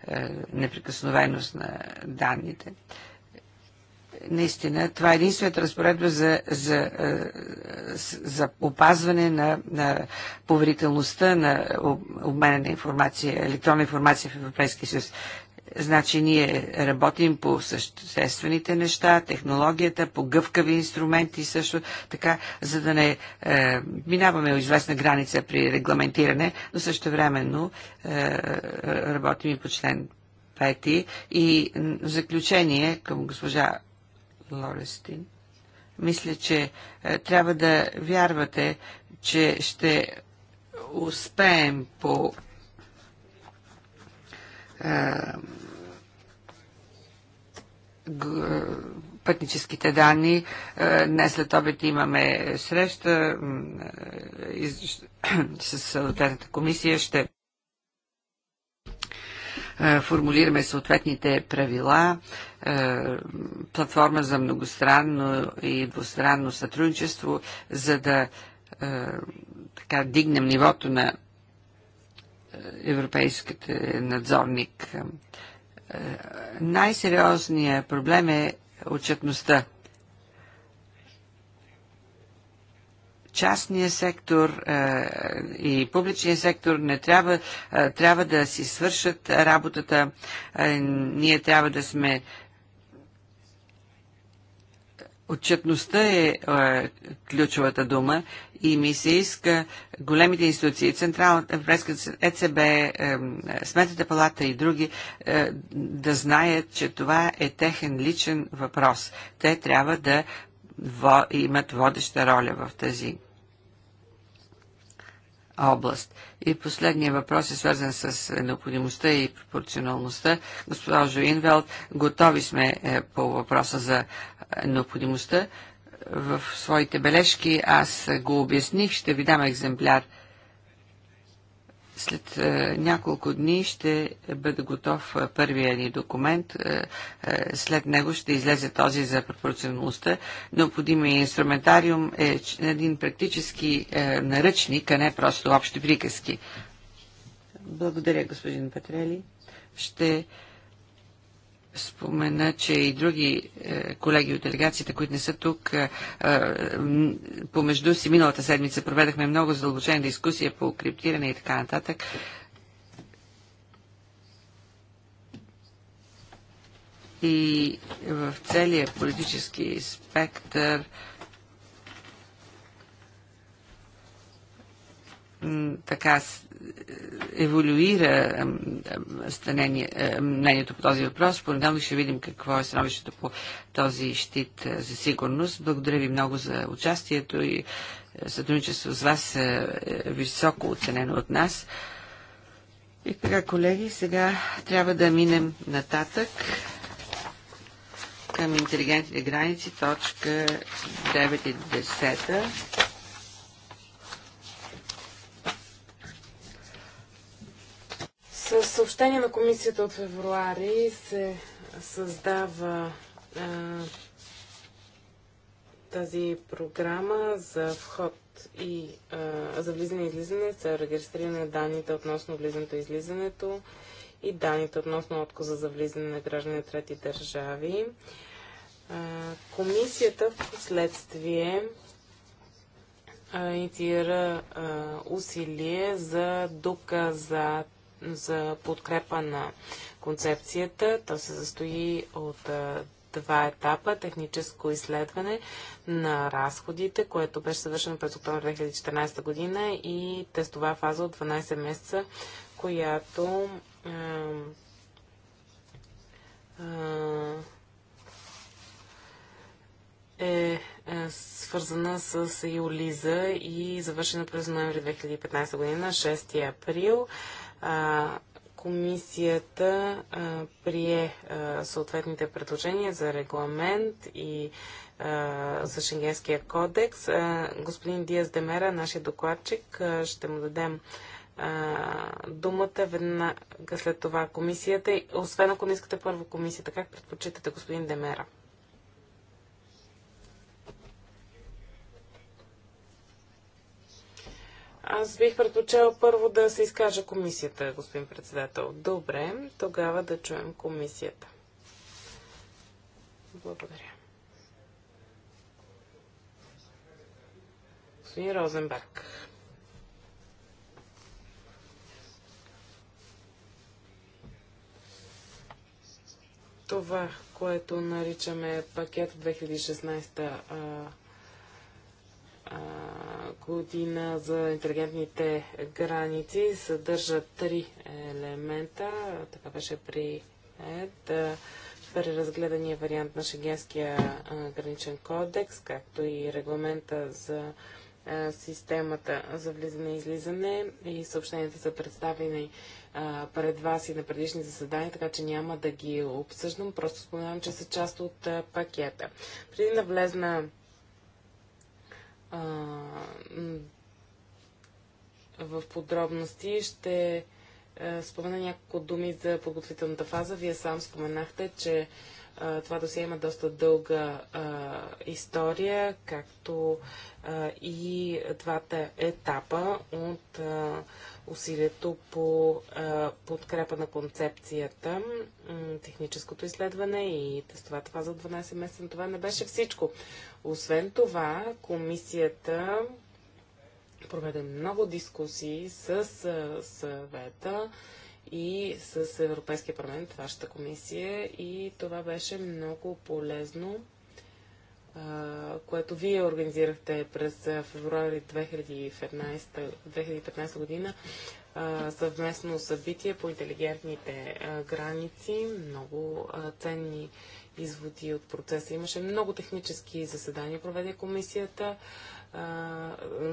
е, неприкосновеност на данните. Наистина, това е единствената разпоредба за, за, е, за опазване на, на поверителността на обмена на информация, електронна информация в Европейския съюз. Значи ние работим по съществените неща, технологията, по гъвкави инструменти също, така, за да не е, минаваме известна граница при регламентиране, но също времено е, работим и по член 5. И в заключение към госпожа Лорестин. Мисля, че е, трябва да вярвате, че ще успеем по е, пътническите данни. Е, днес след обед имаме среща е, с съответната комисия. Ще е, формулираме съответните правила, платформа за многостранно и двустранно сътрудничество, за да така, дигнем нивото на европейските надзорник най-сериозният проблем е отчетността. частния сектор е, и публичния сектор не трябва, е, трябва да си свършат работата. Е, ние трябва да сме Отчетността е, е ключовата дума и ми се иска големите институции, Централната Европейска ЕЦБ, е, Сметната палата и други, е, да знаят, че това е техен личен въпрос. Те трябва да во, имат водеща роля в тази област. И последният въпрос е свързан с е, необходимостта и пропорционалността. Господа Жоинвелд, готови сме е, по въпроса за е, необходимостта. Е, в своите бележки аз го обясних, ще ви дам екземпляр. След е, няколко дни ще бъде готов е, първия ни документ. Е, е, след него ще излезе този за пропорционалността. Необходимият е инструментариум е един практически е, наръчник, а не просто общи приказки. Благодаря, господин Петрели. Ще спомена, че и други е, колеги от делегацията, които не са тук, е, е, помежду си миналата седмица проведахме много задълбочена дискусия по криптиране и така нататък. И в целия политически спектър така е, еволюира е, мнението по този въпрос. понеделно ще видим какво е становището по този щит е, за сигурност. Благодаря ви много за участието и сътрудничество с вас е високо оценено от нас. И така, колеги, сега трябва да минем нататък към интелигентните граници, точка 9 и 10. Със съобщение на комисията от февруари се създава а, тази програма за вход и а, за влизане и излизане, за регистриране данните относно влизането и излизането и данните относно отказа за влизане на граждани на трети държави. А, комисията в последствие инициира усилие за доказателство за подкрепа на концепцията. То се застои от два етапа. Техническо изследване на разходите, което беше съвършено през октомври 2014 година и тестова фаза от 12 месеца, която е, е свързана с Юлиза и завършена през ноември 2015 година, 6 април. А, комисията а, прие а, съответните предложения за регламент и за Шенгенския кодекс. господин Диас Демера, нашия докладчик, ще му дадем думата веднага след това комисията. Освен ако не искате първо комисията, как предпочитате господин Демера? Аз бих предпочел първо да се изкаже комисията, господин председател. Добре, тогава да чуем комисията. Благодаря. Господин Розенберг. Това, което наричаме пакет 2016 а, година за интелигентните граници съдържа три елемента. Така беше при ЕД. Преразгледания вариант на Шенгенския граничен кодекс, както и регламента за системата за влизане и излизане и съобщенията са представени а, пред вас и на предишни заседания, така че няма да ги обсъждам, просто споменавам, че са част от а, пакета. Преди да влезна в подробности. Ще е, спомена няколко думи за подготвителната фаза. Вие сам споменахте, че това досие има доста дълга а, история, както а, и двата етапа от а, усилието по подкрепа на концепцията, техническото изследване и тестовата фаза от 12 месеца. Това не беше всичко. Освен това, комисията проведе много дискусии с съвета и с Европейския парламент, вашата комисия. И това беше много полезно, което вие организирахте през февруари 2015, 2015 година съвместно събитие по интелигентните граници. Много ценни изводи от процеса. Имаше много технически заседания, проведе комисията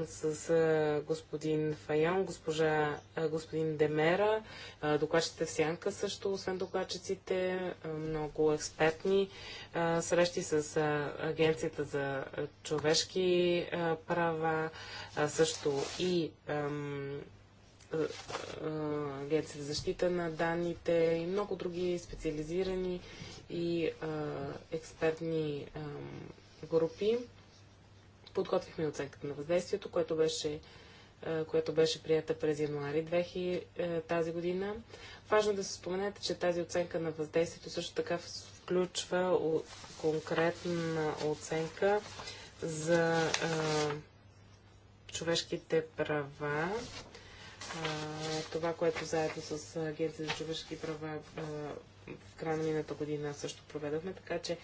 с господин Фаян, госпожа, господин Демера, докладчите в Сянка също, освен докладчиците, много експертни срещи с Агенцията за човешки права, също и Агенцията за защита на данните и много други специализирани и експертни групи подготвихме оценката на въздействието, което беше която беше прията през януари 2000, тази година. Важно е да се споменете, че тази оценка на въздействието също така включва конкретна оценка за а, човешките права. А, това, което заедно с Агенция за човешки права а, в края на миналата година също проведохме, така че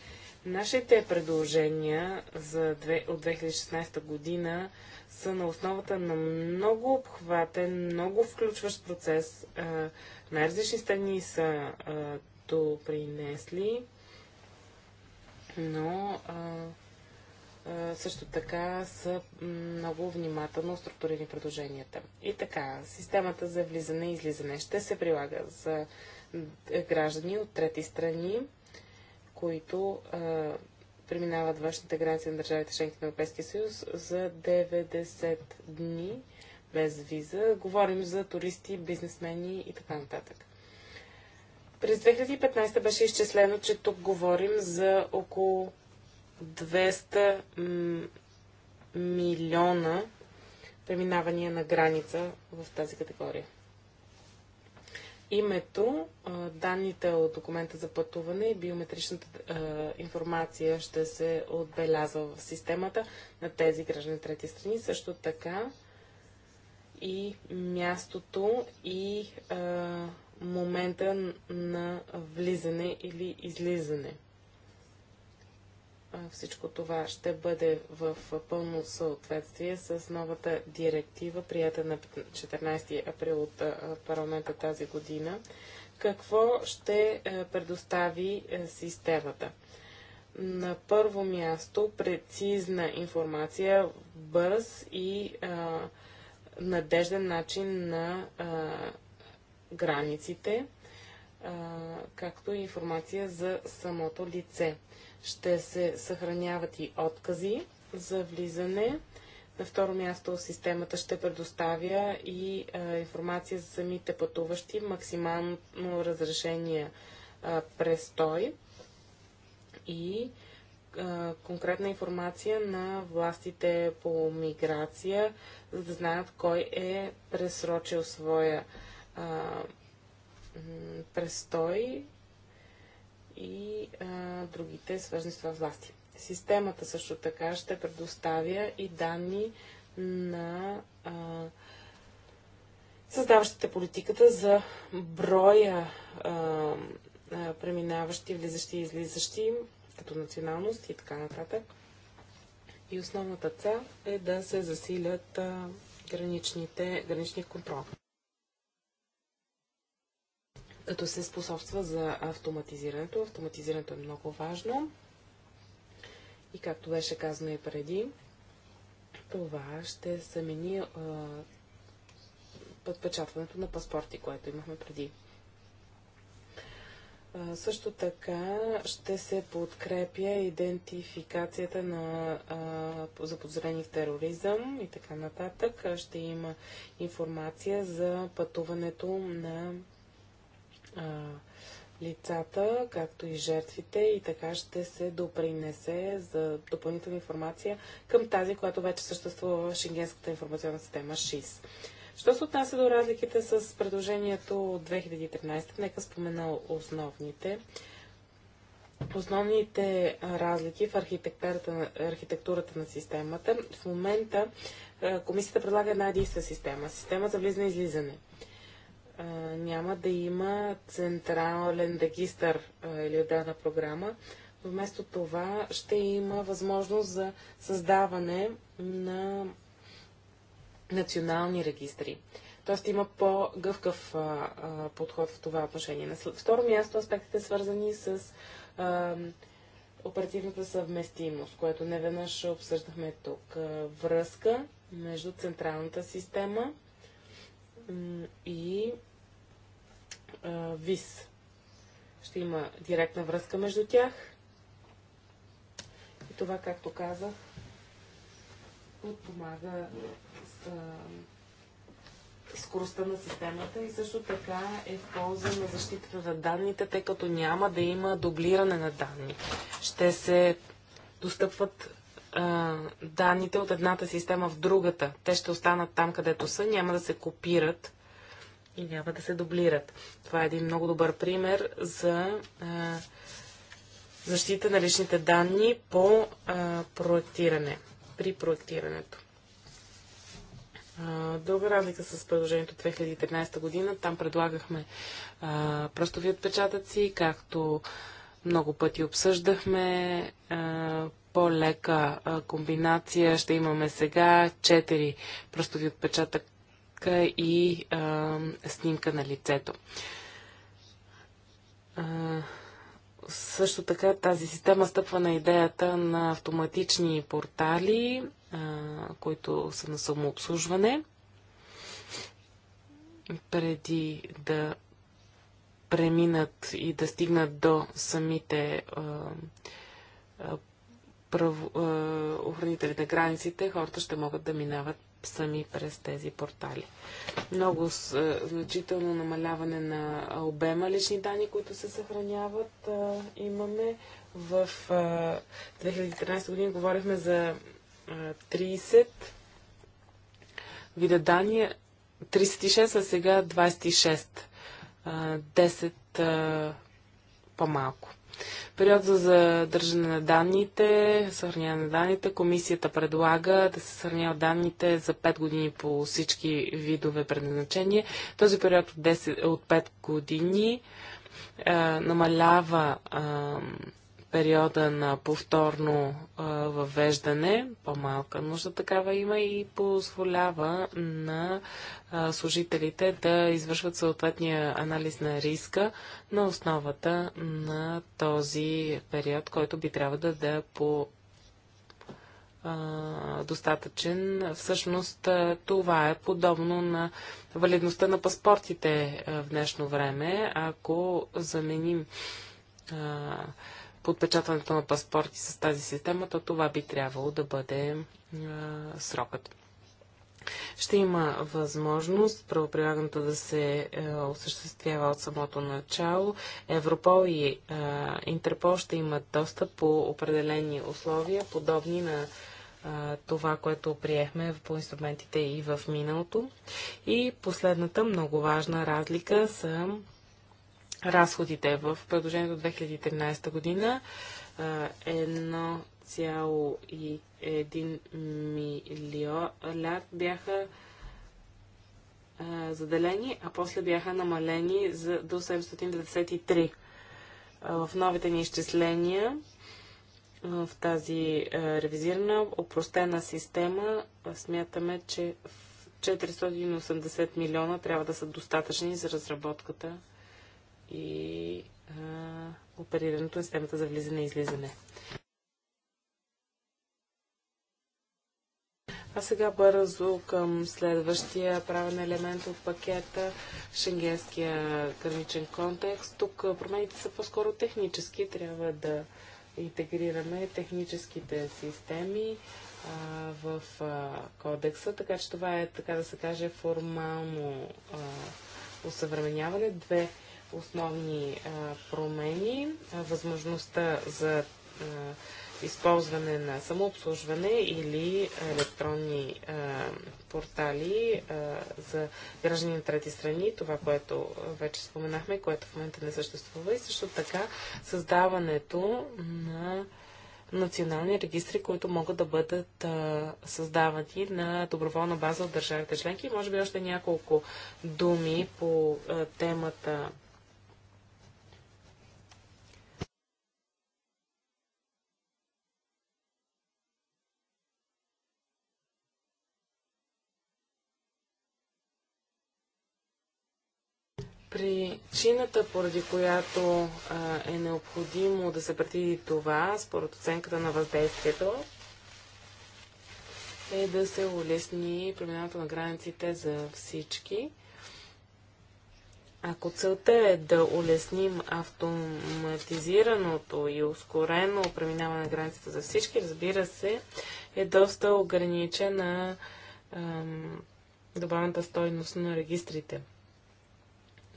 Нашите предложения за две, от 2016 година са на основата на много обхватен, много включващ процес. Най-различни страни са то принесли, но също така са много внимателно структурени предложенията. И така, системата за влизане и излизане ще се прилага за граждани от трети страни които а, преминават външната граница на държавите членки на Европейския съюз за 90 дни без виза. Говорим за туристи, бизнесмени и така нататък. През 2015 беше изчислено, че тук говорим за около 200 милиона преминавания на граница в тази категория името, данните от документа за пътуване и биометричната информация ще се отбелязва в системата на тези граждани трети страни. Също така и мястото и момента на влизане или излизане всичко това ще бъде в пълно съответствие с новата директива, прията на 14 април от парламента тази година. Какво ще е, предостави е, системата? На първо място прецизна информация, бърз и а, надежден начин на а, границите, а, както и информация за самото лице ще се съхраняват и откази за влизане. На второ място системата ще предоставя и а, информация за самите пътуващи, максимално разрешение а, престой и а, конкретна информация на властите по миграция, за да знаят кой е пресрочил своя престой и а, другите свързани с това власти. Системата също така ще предоставя и данни на а, създаващите политиката за броя а, а, преминаващи, влизащи и излизащи като националност и така нататък. И основната цел е да се засилят а, граничните, граничния контрол като се способства за автоматизирането. Автоматизирането е много важно. И както беше казано и преди, това ще замени а, подпечатването на паспорти, което имахме преди. А, също така ще се подкрепя идентификацията на, а, за подозрени в тероризъм и така нататък. Ще има информация за пътуването на а, лицата, както и жертвите и така ще се допринесе за допълнителна информация към тази, която вече съществува в Шенгенската информационна система ШИС. Що се отнася до разликите с предложението от 2013, нека спомена основните. Основните разлики в архитектурата на системата. В момента комисията предлага една единствена система. Система за влизане и излизане няма да има централен регистър или отделна програма. Вместо това ще има възможност за създаване на национални регистри. Тоест има по-гъвкав подход в това отношение. На второ място аспектите свързани с оперативната съвместимост, което неведнъж обсъждахме тук. Връзка между централната система и ВИС. Ще има директна връзка между тях. И това, както казах, подпомага с, скоростта на системата и също така е в полза на защитата на данните, тъй като няма да има дублиране на данни. Ще се достъпват данните от едната система в другата. Те ще останат там, където са, няма да се копират и няма да се дублират. Това е един много добър пример за а, защита на личните данни по а, проектиране, при проектирането. Друга разлика с предложението 2013 година, там предлагахме а, пръстови отпечатъци, както много пъти обсъждахме а, по-лека комбинация. Ще имаме сега 4 пръстови отпечатъка и а, снимка на лицето. А, също така тази система стъпва на идеята на автоматични портали, а, които са на самообслужване. Преди да преминат и да стигнат до самите а, право, е, охранители на границите, хората ще могат да минават сами през тези портали. Много е, значително намаляване на обема лични данни, които се съхраняват, е, имаме. В 2013 е, година говорихме за 30 е, вида данни, 36, а сега 26. 10 е, по-малко. Период за задържане на данните, съхраняване на данните. Комисията предлага да се съхраняват данните за 5 години по всички видове предназначения. Този период от, 10, от 5 години а, намалява а, периода на повторно а, въвеждане, по-малка нужда такава има и позволява на а, служителите да извършват съответния анализ на риска на основата на този период, който би трябва да да е по достатъчен. Всъщност това е подобно на валидността на паспортите в днешно време. Ако заменим подпечатването на паспорти с тази система, то това би трябвало да бъде а, срокът. Ще има възможност правоприлагането да се е, осъществява от самото начало. Европол и е, Интерпол ще имат достъп по определени условия, подобни на е, това, което приехме по инструментите и в миналото. И последната много важна разлика са разходите в предложението от 2013 година 1,1 милиард бяха заделени, а после бяха намалени за, до 793. В новите ни изчисления в тази ревизирана, опростена система смятаме, че 480 милиона трябва да са достатъчни за разработката и а, оперирането на системата за влизане и излизане. А сега бързо към следващия правен елемент от пакета Шенгенския граничен контекст. Тук промените са по-скоро технически. Трябва да интегрираме техническите системи а, в а, кодекса, така че това е, така да се каже, формално а, усъвременяване. Две основни а, промени, а, възможността за а, използване на самообслужване или електронни а, портали а, за граждани на трети страни, това, което вече споменахме, което в момента не съществува и също така създаването на национални регистри, които могат да бъдат а, създавани на доброволна база от държавите членки. Може би още няколко думи по а, темата Причината, поради която а, е необходимо да се предвиди това, според оценката на въздействието, е да се улесни преминаването на границите за всички. Ако целта е да улесним автоматизираното и ускорено преминаване на границите за всички, разбира се, е доста ограничена добавната стойност на регистрите.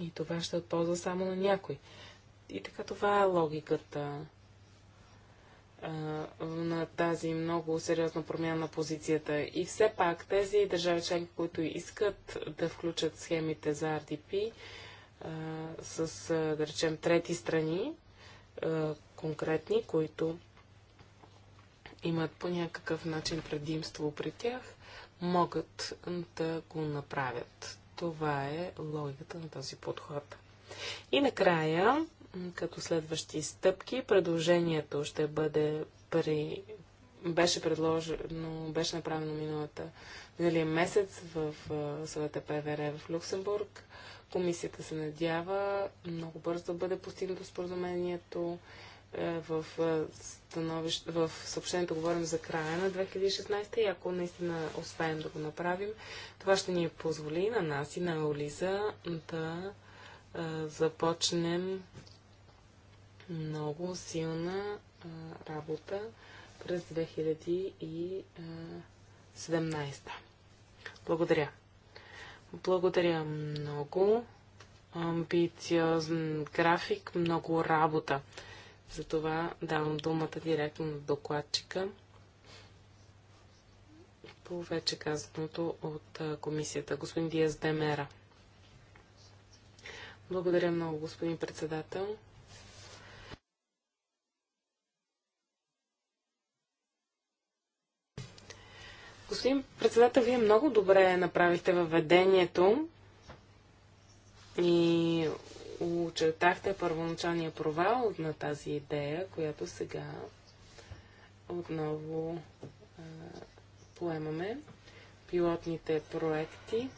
И това ще е от полза само на някой. И така това е логиката а, на тази много сериозна промяна на позицията. И все пак тези държави членки, които искат да включат схемите за RDP а, с, да речем, трети страни, а, конкретни, които имат по някакъв начин предимство при тях, могат да го направят. Това е логиката на този подход. И накрая, като следващи стъпки, предложението ще бъде при... Беше предложено, беше направено миналата, миналия месец в съвета ПВР в Люксембург. Комисията се надява много бързо да бъде постигнато споразумението е, в, е, становище, в съобщението говорим за края на 2016 и ако наистина успеем да го направим, това ще ни позволи на нас и на Олиза да е, започнем много силна а, работа през 2017. Благодаря. Благодаря много. Амбициозен график, много работа. Затова давам думата директно на докладчика по вече казаното от комисията. Господин Диас Демера. Благодаря много, господин председател. Господин председател, вие много добре направихте въведението и очертахте първоначалния провал на тази идея, която сега отново а, поемаме. Пилотните проекти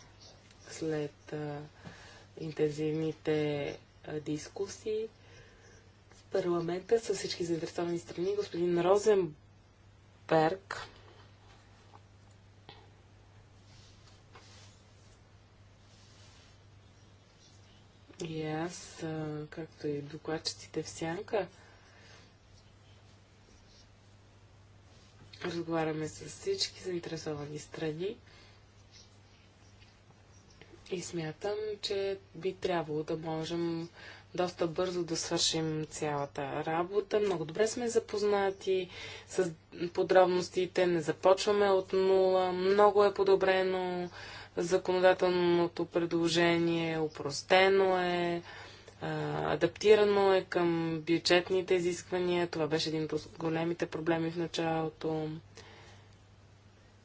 след а, интензивните а, дискусии в парламента с всички заинтересовани страни. Господин Розенберг И аз, както и докладчиците в Сянка, разговаряме с всички заинтересовани страни и смятам, че би трябвало да можем доста бързо да свършим цялата работа. Много добре сме запознати с подробностите, не започваме от нула, много е подобрено законодателното предложение, упростено е, адаптирано е към бюджетните изисквания. Това беше един от големите проблеми в началото.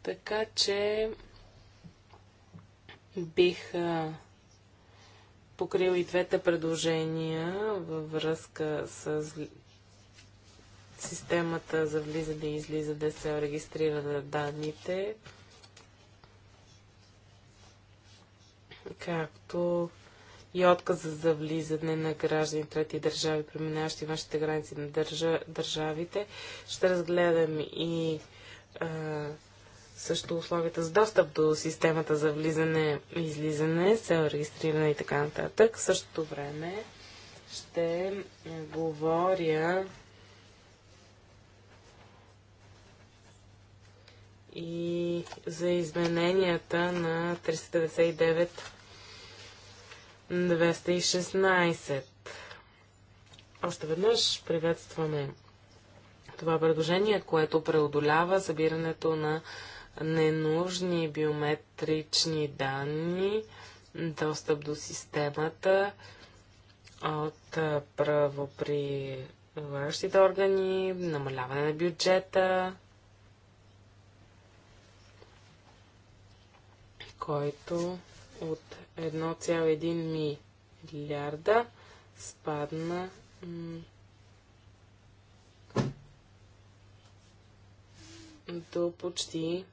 Така че бих покрил и двете предложения във връзка с системата за влизане и излизане се регистрира данните както и отказа за влизане на граждани трети държави, преминаващи външните граници на държа, държавите. Ще разгледам и а, също условията за достъп до системата за влизане и излизане, се регистриране и така нататък. В същото време ще говоря и за измененията на 399 216. Още веднъж приветстваме това предложение, което преодолява събирането на ненужни биометрични данни, достъп до системата от правоприлагащите органи, намаляване на бюджета, който от 1,1 милиарда спадна до почти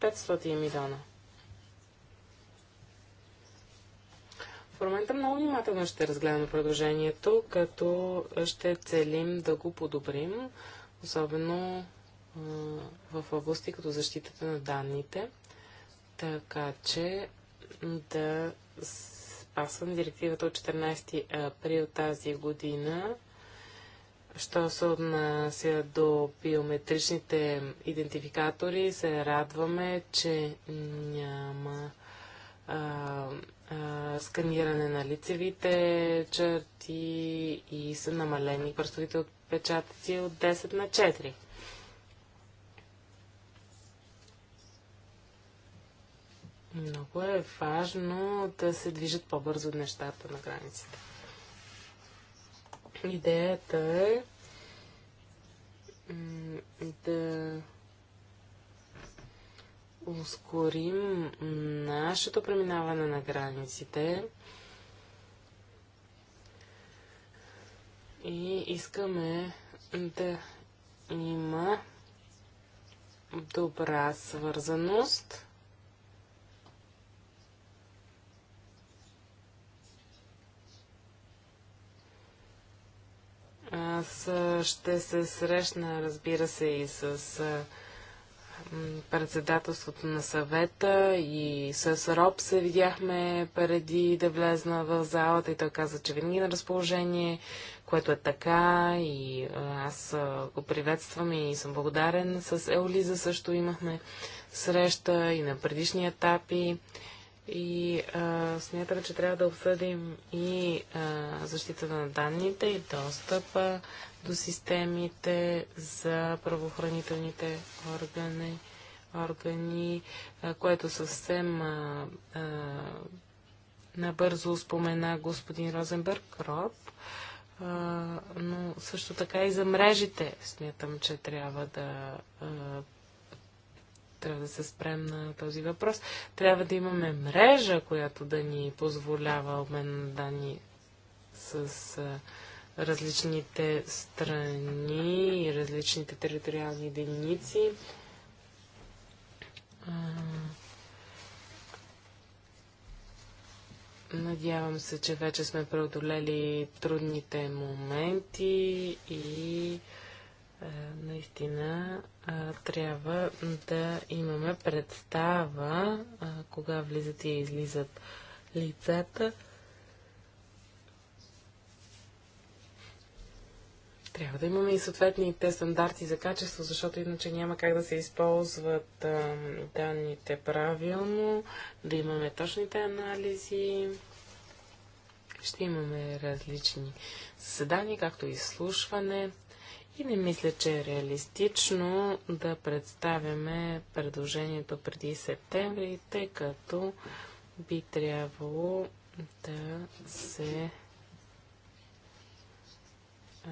500 милиона. В момента много внимателно ще разгледаме предложението, като ще целим да го подобрим, особено в области като защитата на данните така че да спасвам директивата от 14 април тази година, що се отнася до биометричните идентификатори. Се радваме, че няма а, а, сканиране на лицевите черти и са намалени пръстовите отпечатъци от 10 на 4. Много е важно да се движат по-бързо нещата на границите. Идеята е да ускорим нашето преминаване на границите и искаме да има добра свързаност Аз ще се срещна, разбира се, и с председателството на съвета и с Роб се видяхме преди да влезна в залата и той каза, че винаги е на разположение, което е така и аз го приветствам и съм благодарен. С Еолиза също имахме среща и на предишни етапи. И а, смятам, че трябва да обсъдим и а, защитата на данните и достъпа до системите за правоохранителните органи, органи а, което съвсем а, а, набързо спомена господин Розенберг Роб. А, но също така и за мрежите смятам, че трябва да а, трябва да се спрем на този въпрос. Трябва да имаме мрежа, която да ни позволява обмен на данни с различните страни и различните териториални единици. Надявам се, че вече сме преодолели трудните моменти и е, наистина трябва да имаме представа кога влизат и излизат лицата. Трябва да имаме и съответните стандарти за качество, защото иначе няма как да се използват данните правилно, да имаме точните анализи. Ще имаме различни заседания, както и изслушване. И не мисля, че е реалистично да представяме предложението преди септември, тъй като би трябвало да се а,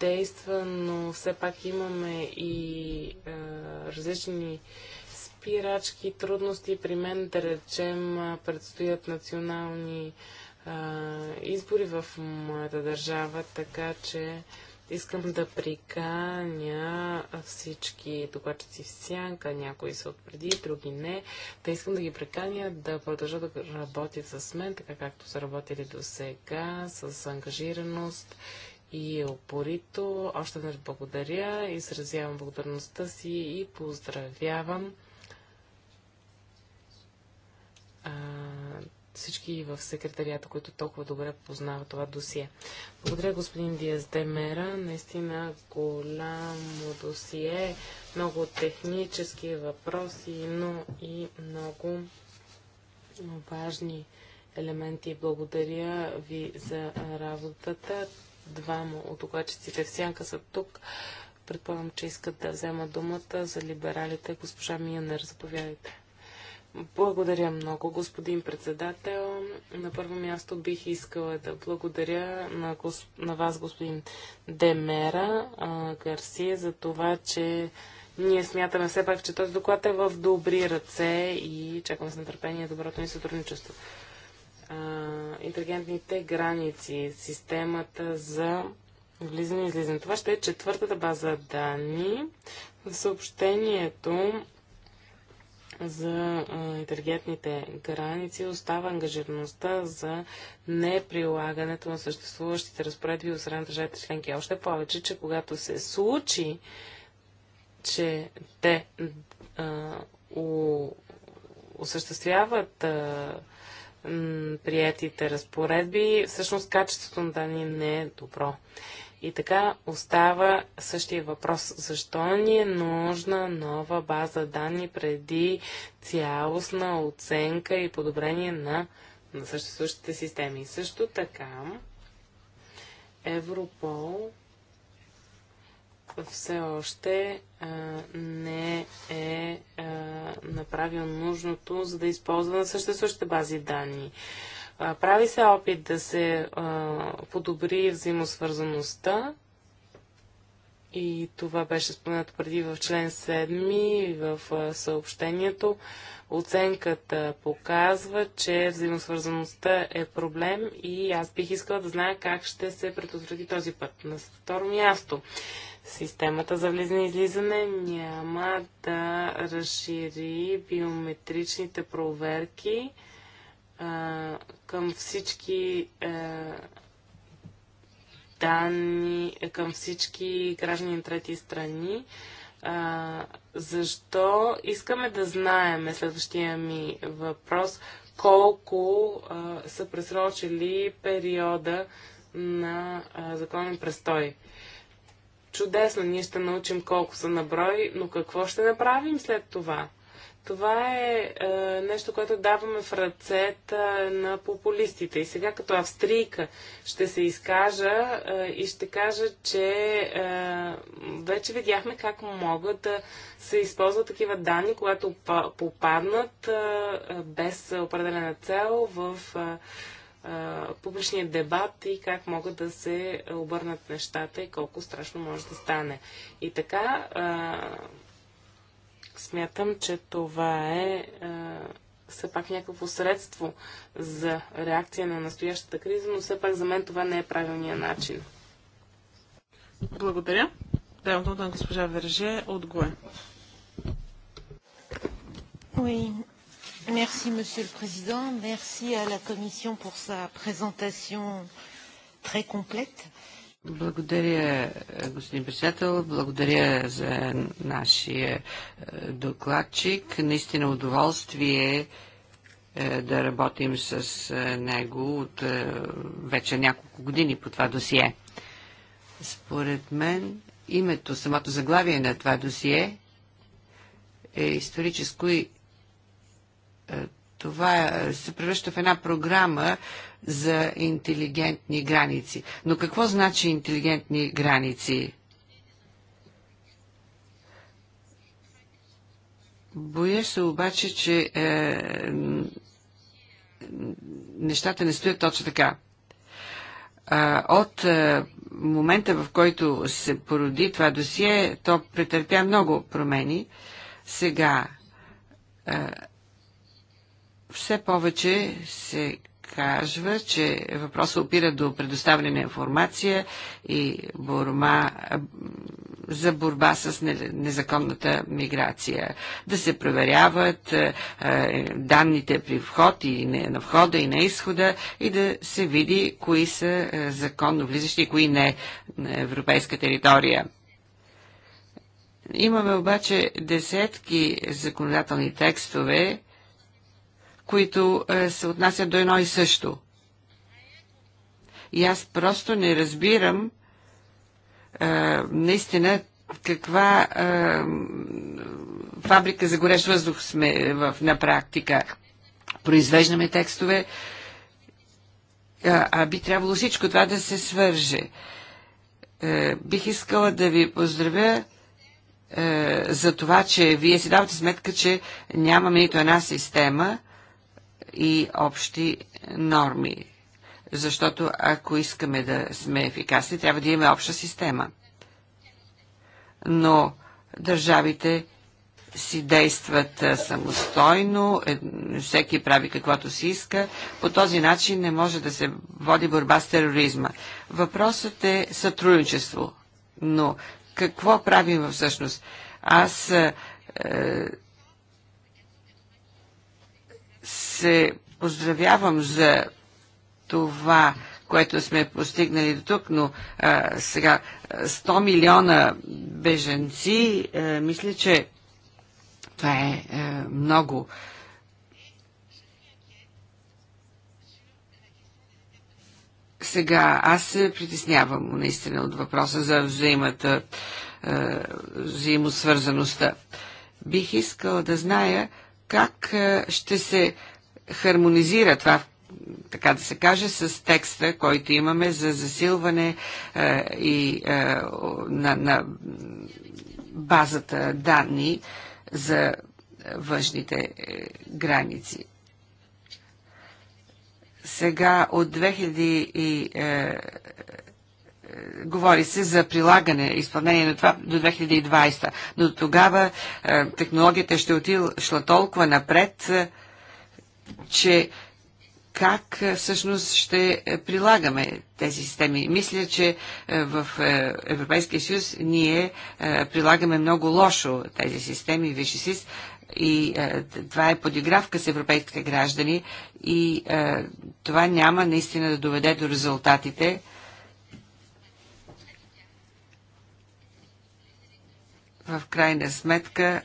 действа, но все пак имаме и а, различни спирачки, трудности. При мен, да речем, предстоят национални а, избори в моята държава, така че искам да приканя всички докладчици в сянка, някои са отпреди, други не. Та искам да ги приканя да продължат да работят с мен, така както са работили до сега, с ангажираност и опорито. Още веднъж благодаря, изразявам благодарността си и поздравявам всички в секретарията, които толкова добре познават това досие. Благодаря, господин Диаз Демера. Наистина голямо досие, много технически въпроси, но и много важни елементи. Благодаря ви за работата. Двама от докладчиците в сянка са тук. Предполагам, че искат да взема думата за либералите. Госпожа Миянер, заповядайте. Благодаря много, господин председател. На първо място бих искала да благодаря на, гос... на вас, господин Демера а, Гарсия, за това, че ние смятаме все пак, че този доклад е в добри ръце и чакаме с нетърпение доброто ни сътрудничество. А, интелигентните граници, системата за влизане и излизане. Това ще е четвъртата база данни. В съобщението за интелигентните граници остава ангажираността за неприлагането на съществуващите разпоредби от страна държавите членки. Още повече, че когато се случи, че те а, у, осъществяват а, приятите разпоредби, всъщност качеството на данни не е добро. И така остава същия въпрос. Защо ни е нужна нова база данни преди цялостна оценка и подобрение на, на съществуващите системи? Също така, Европол все още а, не е а, направил нужното, за да използва на съществуващите бази данни. А, прави се опит да се подобри взаимосвързаността и това беше споменато преди в член 7 в съобщението. Оценката показва, че взаимосвързаността е проблем и аз бих искала да зная как ще се предотврати този път. На второ място, системата за влизане и излизане няма да разшири биометричните проверки към всички а, данни, към всички граждани на трети страни. А, защо искаме да знаем, е следващия ми въпрос, колко а, са пресрочили периода на а, законен престой. Чудесно, ние ще научим колко са на брой, но какво ще направим след това? Това е, е нещо, което даваме в ръцета на популистите. И сега като австрийка ще се изкажа е, и ще кажа, че е, вече видяхме как могат да се използват такива данни, когато попаднат е, без определена цел в е, е, публичния дебат и как могат да се обърнат нещата и колко страшно може да стане. И така Смятам, че това е все пак някакво средство за реакция на настоящата криза, но все пак за мен това не е правилния начин. Благодаря. Давам думата на госпожа Верже от ГОЕ. Oui. Merci, Monsieur le Président. Merci à la Commission pour sa présentation très complète. Euh, благодаря, господин председател. Благодаря за нашия е, докладчик. Наистина удоволствие е, е, да работим с него от вече няколко години по това досие. Според мен името, самото заглавие на това досие е историческо и това се превръща в една програма, за интелигентни граници. Но какво значи интелигентни граници? Боя се обаче, че е, нещата не стоят точно така. Е, от е, момента, в който се породи това досие, то претърпя много промени. Сега е, все повече се казва, че въпросът опира до предоставяне на информация и борба, за борба с незаконната миграция. Да се проверяват е, е, данните при вход и на входа и на изхода и да се види кои са е, законно влизащи и кои не на европейска територия. Имаме обаче десетки законодателни текстове, които е, се отнасят до едно и също. И аз просто не разбирам е, наистина каква е, фабрика за горещ въздух сме в, на практика. Произвеждаме текстове, а, а би трябвало всичко това да се свърже. Е, бих искала да ви поздравя е, за това, че вие си давате сметка, че нямаме нито една система, и общи норми. Защото ако искаме да сме ефикасни, трябва да имаме обща система. Но държавите си действат самостойно, е, всеки прави каквото си иска. По този начин не може да се води борба с тероризма. Въпросът е сътрудничество. Но какво правим всъщност? Аз е, се поздравявам за това, което сме постигнали до тук, но а, сега 100 милиона беженци, а, мисля, че това е а, е, много. Сега аз се притеснявам наистина от въпроса за взаимата, а, взаимосвързаността. Бих искала да зная как ще се хармонизира това, така да се каже, с текста, който имаме за засилване а, е, и а, е, на, на базата данни за външните е, граници. Сега от 2000 и, е, говори се за прилагане, изпълнение на това до 2020, но тогава е, технологията ще отишла толкова напред, е, че как е, всъщност ще е, прилагаме тези системи. Мисля, че е, в Европейския съюз ние прилагаме много лошо тези системи, Вишесис, и това е подигравка с европейските граждани и това няма наистина да доведе до резултатите. В крайна сметка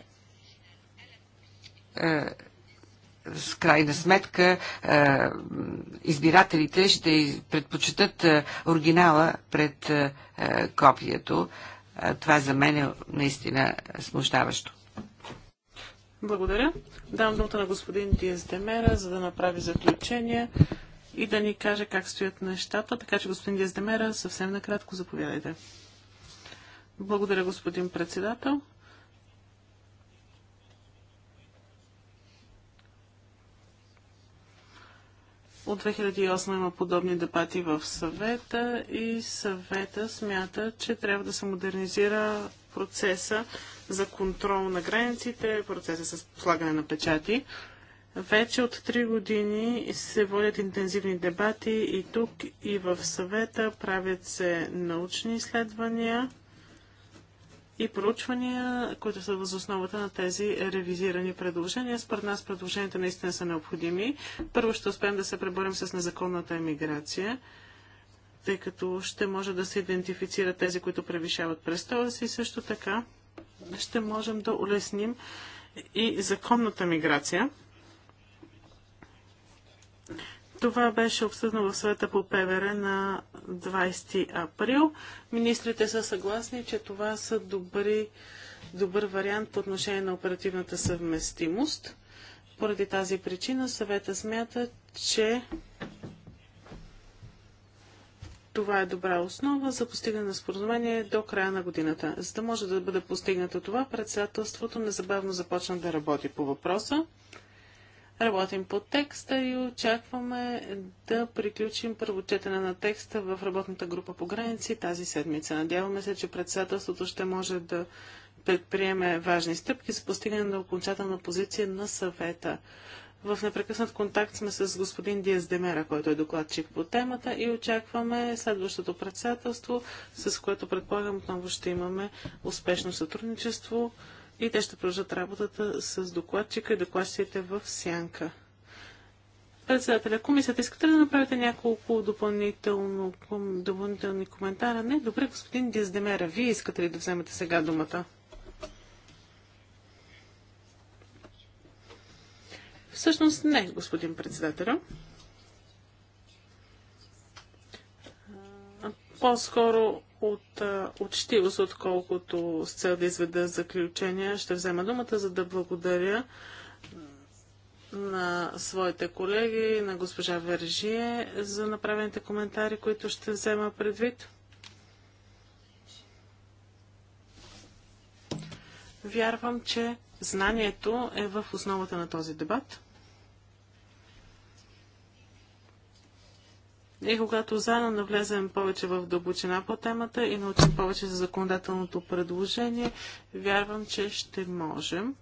с крайна сметка е, избирателите ще предпочитат е, оригинала пред е, копието. Това за мен е наистина смущаващо. Благодаря. Дам думата на господин Диас Демера, за да направи заключение и да ни каже как стоят нещата. Така че, господин Диас Демера, съвсем накратко заповядайте. Благодаря, господин председател. От 2008 има подобни дебати в съвета и съвета смята, че трябва да се модернизира процеса за контрол на границите, процеса с слагане на печати. Вече от 3 години се водят интензивни дебати и тук, и в съвета правят се научни изследвания и проучвания, които са въз основата на тези ревизирани предложения. Според нас предложенията наистина са необходими. Първо ще успеем да се преборим с незаконната емиграция, тъй като ще може да се идентифицират тези, които превишават престоя си. Също така ще можем да улесним и законната миграция. Това беше обсъдно в света по ПВР на 20 април. Министрите са съгласни, че това са добри, добър вариант по отношение на оперативната съвместимост. Поради тази причина съвета смята, че това е добра основа за постигане на споразумение до края на годината. За да може да бъде постигнато това, председателството незабавно започна да работи по въпроса. Работим по текста и очакваме да приключим първо четене на текста в работната група по граници тази седмица. Надяваме се, че председателството ще може да предприеме важни стъпки за постигане на окончателна позиция на съвета. В непрекъснат контакт сме с господин Диас Демера, който е докладчик по темата и очакваме следващото председателство, с което предполагам отново ще имаме успешно сътрудничество и те ще продължат работата с докладчика и докладчиците в сянка. Председателя, комисията, искате ли да направите няколко допълнително, допълнителни коментара? Не, добре, господин Диздемера, вие искате ли да вземете сега думата? Всъщност не, господин председателя. По-скоро от учтивост, отколкото с цел да изведа заключения. Ще взема думата, за да благодаря на своите колеги, на госпожа Вержие за направените коментари, които ще взема предвид. Вярвам, че знанието е в основата на този дебат. И когато заедно навлезем повече в дълбочина по темата и научим повече за законодателното предложение, вярвам, че ще можем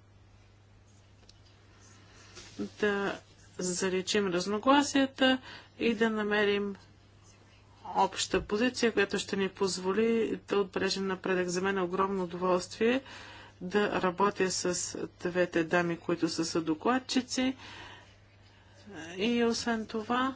да заличим разногласията и да намерим обща позиция, която ще ни позволи да отбрежем напредък. За мен е огромно удоволствие да работя с двете дами, които са съдокладчици. И освен това,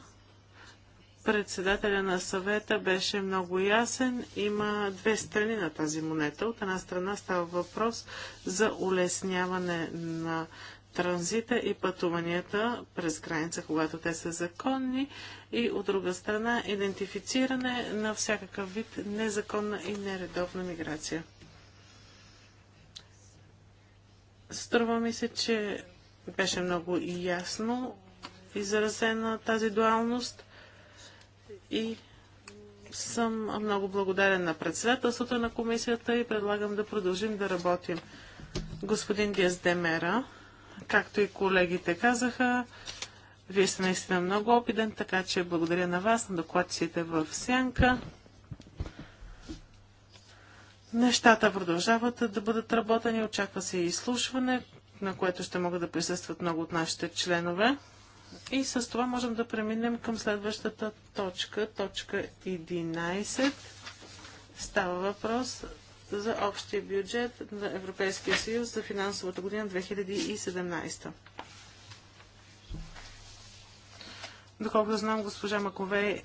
председателя на съвета беше много ясен. Има две страни на тази монета. От една страна става въпрос за улесняване на транзита и пътуванията през граница, когато те са законни и от друга страна идентифициране на всякакъв вид незаконна и нередовна миграция. Струва ми се, че беше много ясно изразена тази дуалност и съм много благодарен на председателството на комисията и предлагам да продължим да работим. Господин Диас Демера, както и колегите казаха, вие сте наистина много опитен, така че благодаря на вас, на докладците в Сянка. Нещата продължават да бъдат работени, очаква се и изслушване, на което ще могат да присъстват много от нашите членове. И с това можем да преминем към следващата точка, точка 11. Става въпрос за общия бюджет на Европейския съюз за финансовата година 2017. Доколкото знам, госпожа Маковей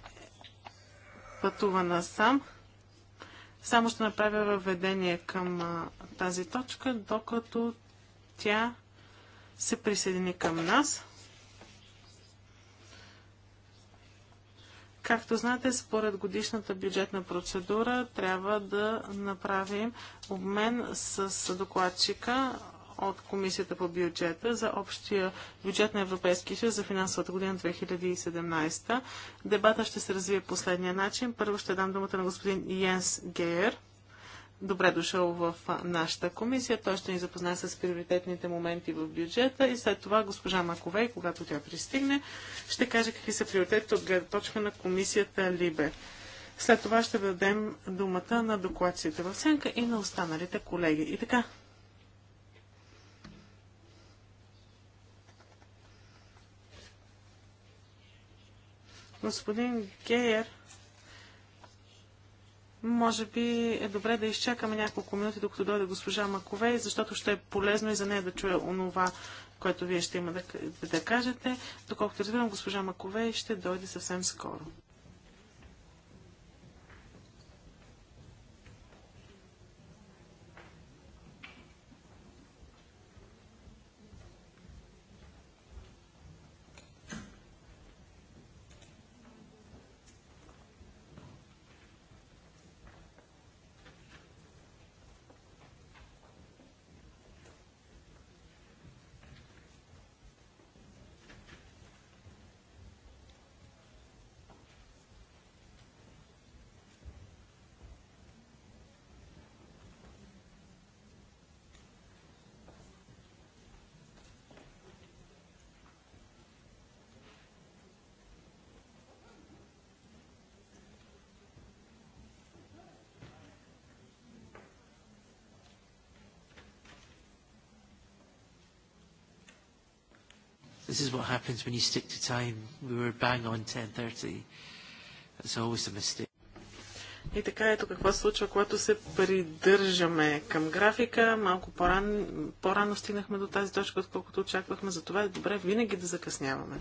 пътува насам. Само ще направя въведение към а, тази точка, докато тя се присъедини към нас. Както знаете, според годишната бюджетна процедура трябва да направим обмен с докладчика от Комисията по бюджета за общия бюджет на Европейския съюз за финансовата година 2017. Дебата ще се развие последния начин. Първо ще дам думата на господин Йенс Гейер добре дошъл в нашата комисия. Той ще ни запознае с приоритетните моменти в бюджета и след това госпожа Маковей, когато тя пристигне, ще каже какви са приоритетите от гледна точка на комисията Либе. След това ще дадем думата на докладците в сенка и на останалите колеги. И така. Господин Гейер, може би е добре да изчакаме няколко минути, докато дойде госпожа Маковей, защото ще е полезно и за нея да чуе онова, което вие ще има да, да кажете. Доколкото разбирам, госпожа Маковей ще дойде съвсем скоро. This is what happens when you stick to time. We were bang on 10.30. That's always a mistake. И така ето какво случва, когато се придържаме към графика. Малко по-рано, по-рано стигнахме до тази точка, отколкото очаквахме. Затова е добре винаги да закъсняваме.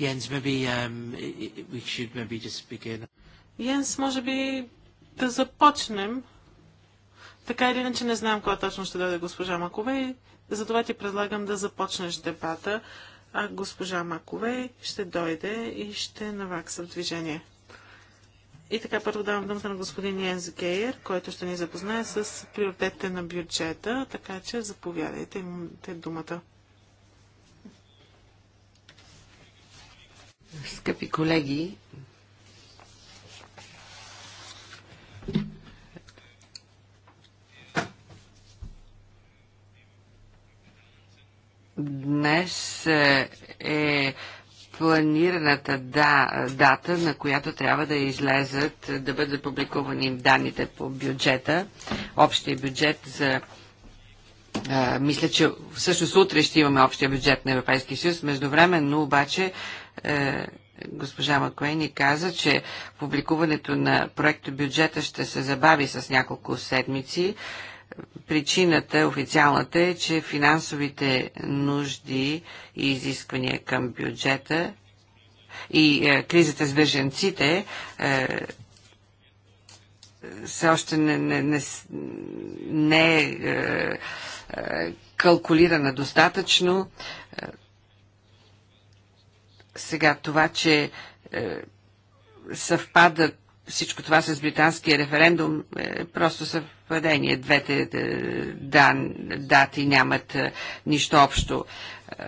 Jens, maybe um, we should maybe just begin. Jens, може би да започнем. Така или иначе не знам кога точно ще дойде госпожа Маковей, затова ти предлагам да започнеш дебата, а госпожа Маковей ще дойде и ще навакса в движение. И така първо давам думата на господин Йенс Гейер, който ще ни запознае с приоритетите на бюджета, така че заповядайте, имате думата. Скъпи колеги, Днес е, е планираната да, дата, на която трябва да излезат, да бъдат публикувани данните по бюджета, общия бюджет за а, е, мисля, че всъщност утре ще имаме общия бюджет на Европейския съюз. Междувременно обаче е, госпожа ни каза, че публикуването на проекто бюджета ще се забави с няколко седмици. Е, Причината, официалната е, че финансовите нужди и изисквания към бюджета и е, кризата с беженците е, все още не, не, не, не е, е калкулирана достатъчно. Е, сега това, че е, съвпадат всичко това с британския референдум е просто съвпадение. Двете е, дан, дати нямат е, нищо общо. Е,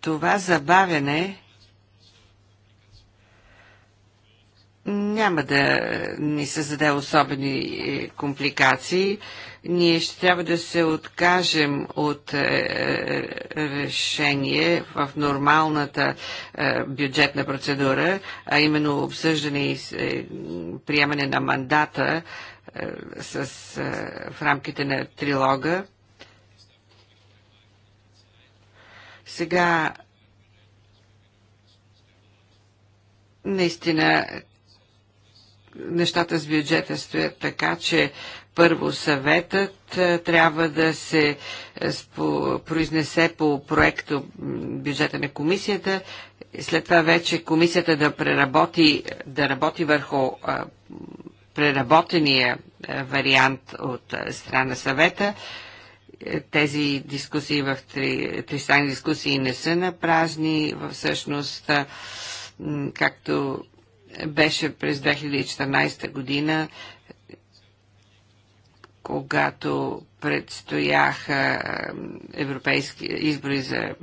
това забавяне няма да ни създаде особени компликации ние ще трябва да се откажем от е, е, решение в нормалната е, бюджетна процедура, а именно обсъждане и приемане на мандата с, в рамките на трилога. Сега наистина нещата с бюджета стоят така, че първо съветът е, трябва да се е, произнесе по проекто бюджета на комисията, след това вече комисията да преработи, да работи върху е, преработения вариант от страна съвета. Тези дискусии в три, тристранни дискусии не са на празни. Всъщност, както беше през 2014 година, когато предстояха европейски, избори за е,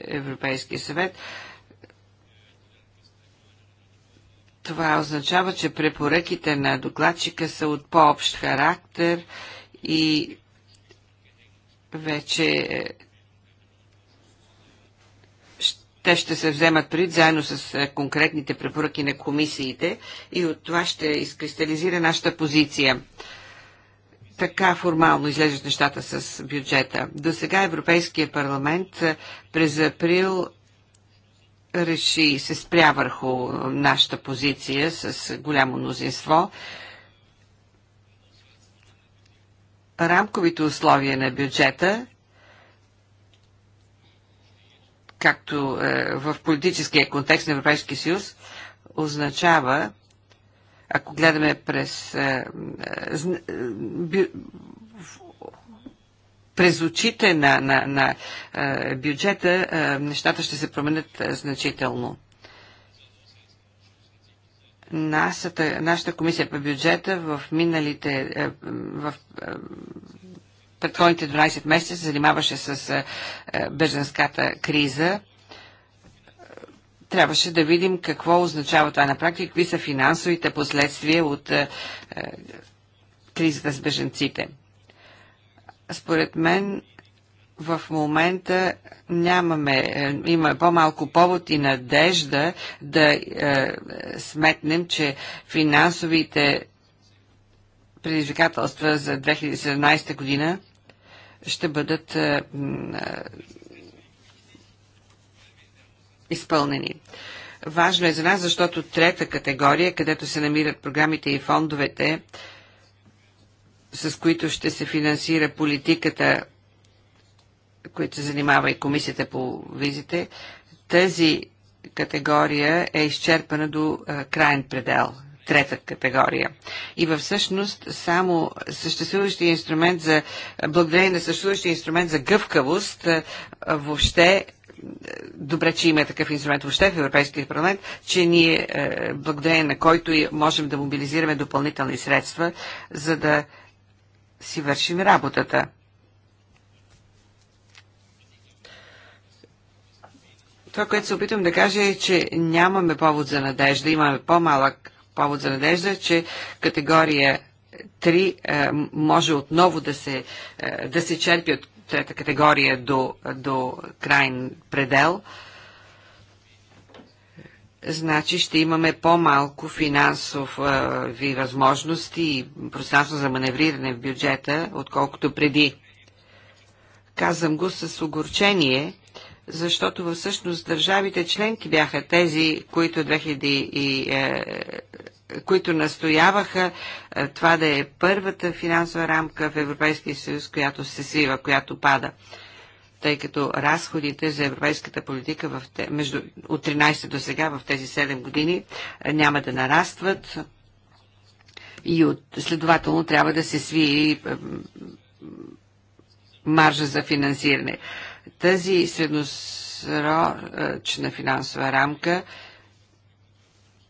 Европейския съвет. Това означава, че препоръките на докладчика са от по-общ характер и вече е, те ще се вземат пред заедно с е, конкретните препоръки на комисиите и от това ще изкристализира нашата позиция така формално излежат нещата с бюджета. До сега Европейския парламент е, през април реши, и се спря върху нашата позиция с голямо мнозинство. Рамковите условия на бюджета, както е, в политическия контекст на Европейския съюз, означава ако гледаме през, е, е, е, през очите на, на, на бюджета, нещата ще се променят значително. Нашата, нашата комисия по бюджета в миналите, в предходните 12 месеца се занимаваше с беженската криза трябваше да видим какво означава това на практика, какви са финансовите последствия от е, е кризата с беженците. Според мен в момента нямаме, е, имаме по-малко повод и надежда да е, сметнем, че финансовите предизвикателства за 2017 година ще бъдат е, е изпълнени. Важно е за нас, защото трета категория, където се намират програмите и фондовете, с които ще се финансира политиката, която се занимава и комисията по визите, тази категория е изчерпана до крайен предел, трета категория. И във всъщност само съществуващия инструмент за, благодарение на съществуващия инструмент за гъвкавост, въобще добре, че има такъв инструмент въобще в Европейския парламент, че ние, е, благодарение на който можем да мобилизираме допълнителни средства, за да си вършим работата. Това, което се опитвам да кажа е, че нямаме повод за надежда, имаме по-малък повод за надежда, че категория 3 е, може отново да се, е, да се черпи от трета категория до, до крайен предел, значи ще имаме по-малко финансови възможности и пространство за маневриране в бюджета, отколкото преди. Казвам го с огорчение, защото всъщност държавите членки бяха тези, които 2000 и, е, които настояваха е, това да е първата финансова рамка в Европейския съюз, която се свива, която пада тъй като разходите за европейската политика в те, между, от 13 до сега в тези 7 години е, няма да нарастват и от, следователно трябва да се свие е, маржа за финансиране. Тази средносрочна финансова рамка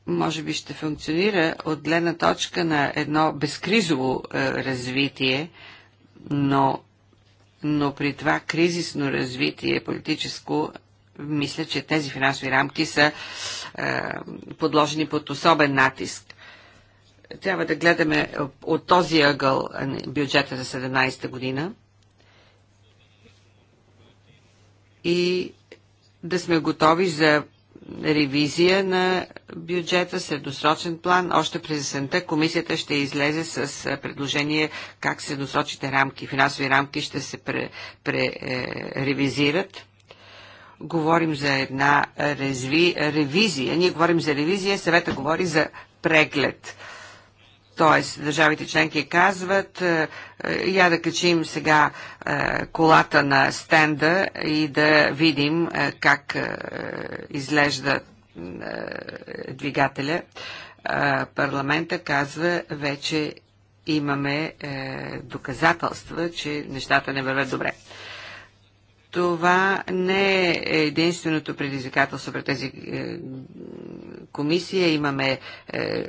може би ще функционира от гледна точка на едно безкризово е, развитие, но, но при това кризисно развитие политическо мисля, че тези финансови рамки са е, подложени под особен натиск. Трябва да гледаме от този ъгъл бюджета за 17-та година. и да сме готови за ревизия на бюджета, средносрочен план. Още през есента комисията ще излезе с предложение как средносрочните рамки, финансови рамки ще се преревизират. пре, е, Говорим за една резви, ревизия. Ние говорим за ревизия, съвета говори за преглед Тоест, държавите членки казват, е, е, я да качим сега е, колата на стенда и да видим как изглежда двигателя. Парламента казва, вече имаме доказателства, че нещата не върват добре. Това не е единственото предизвикателство пред тези е, комисия. Имаме е,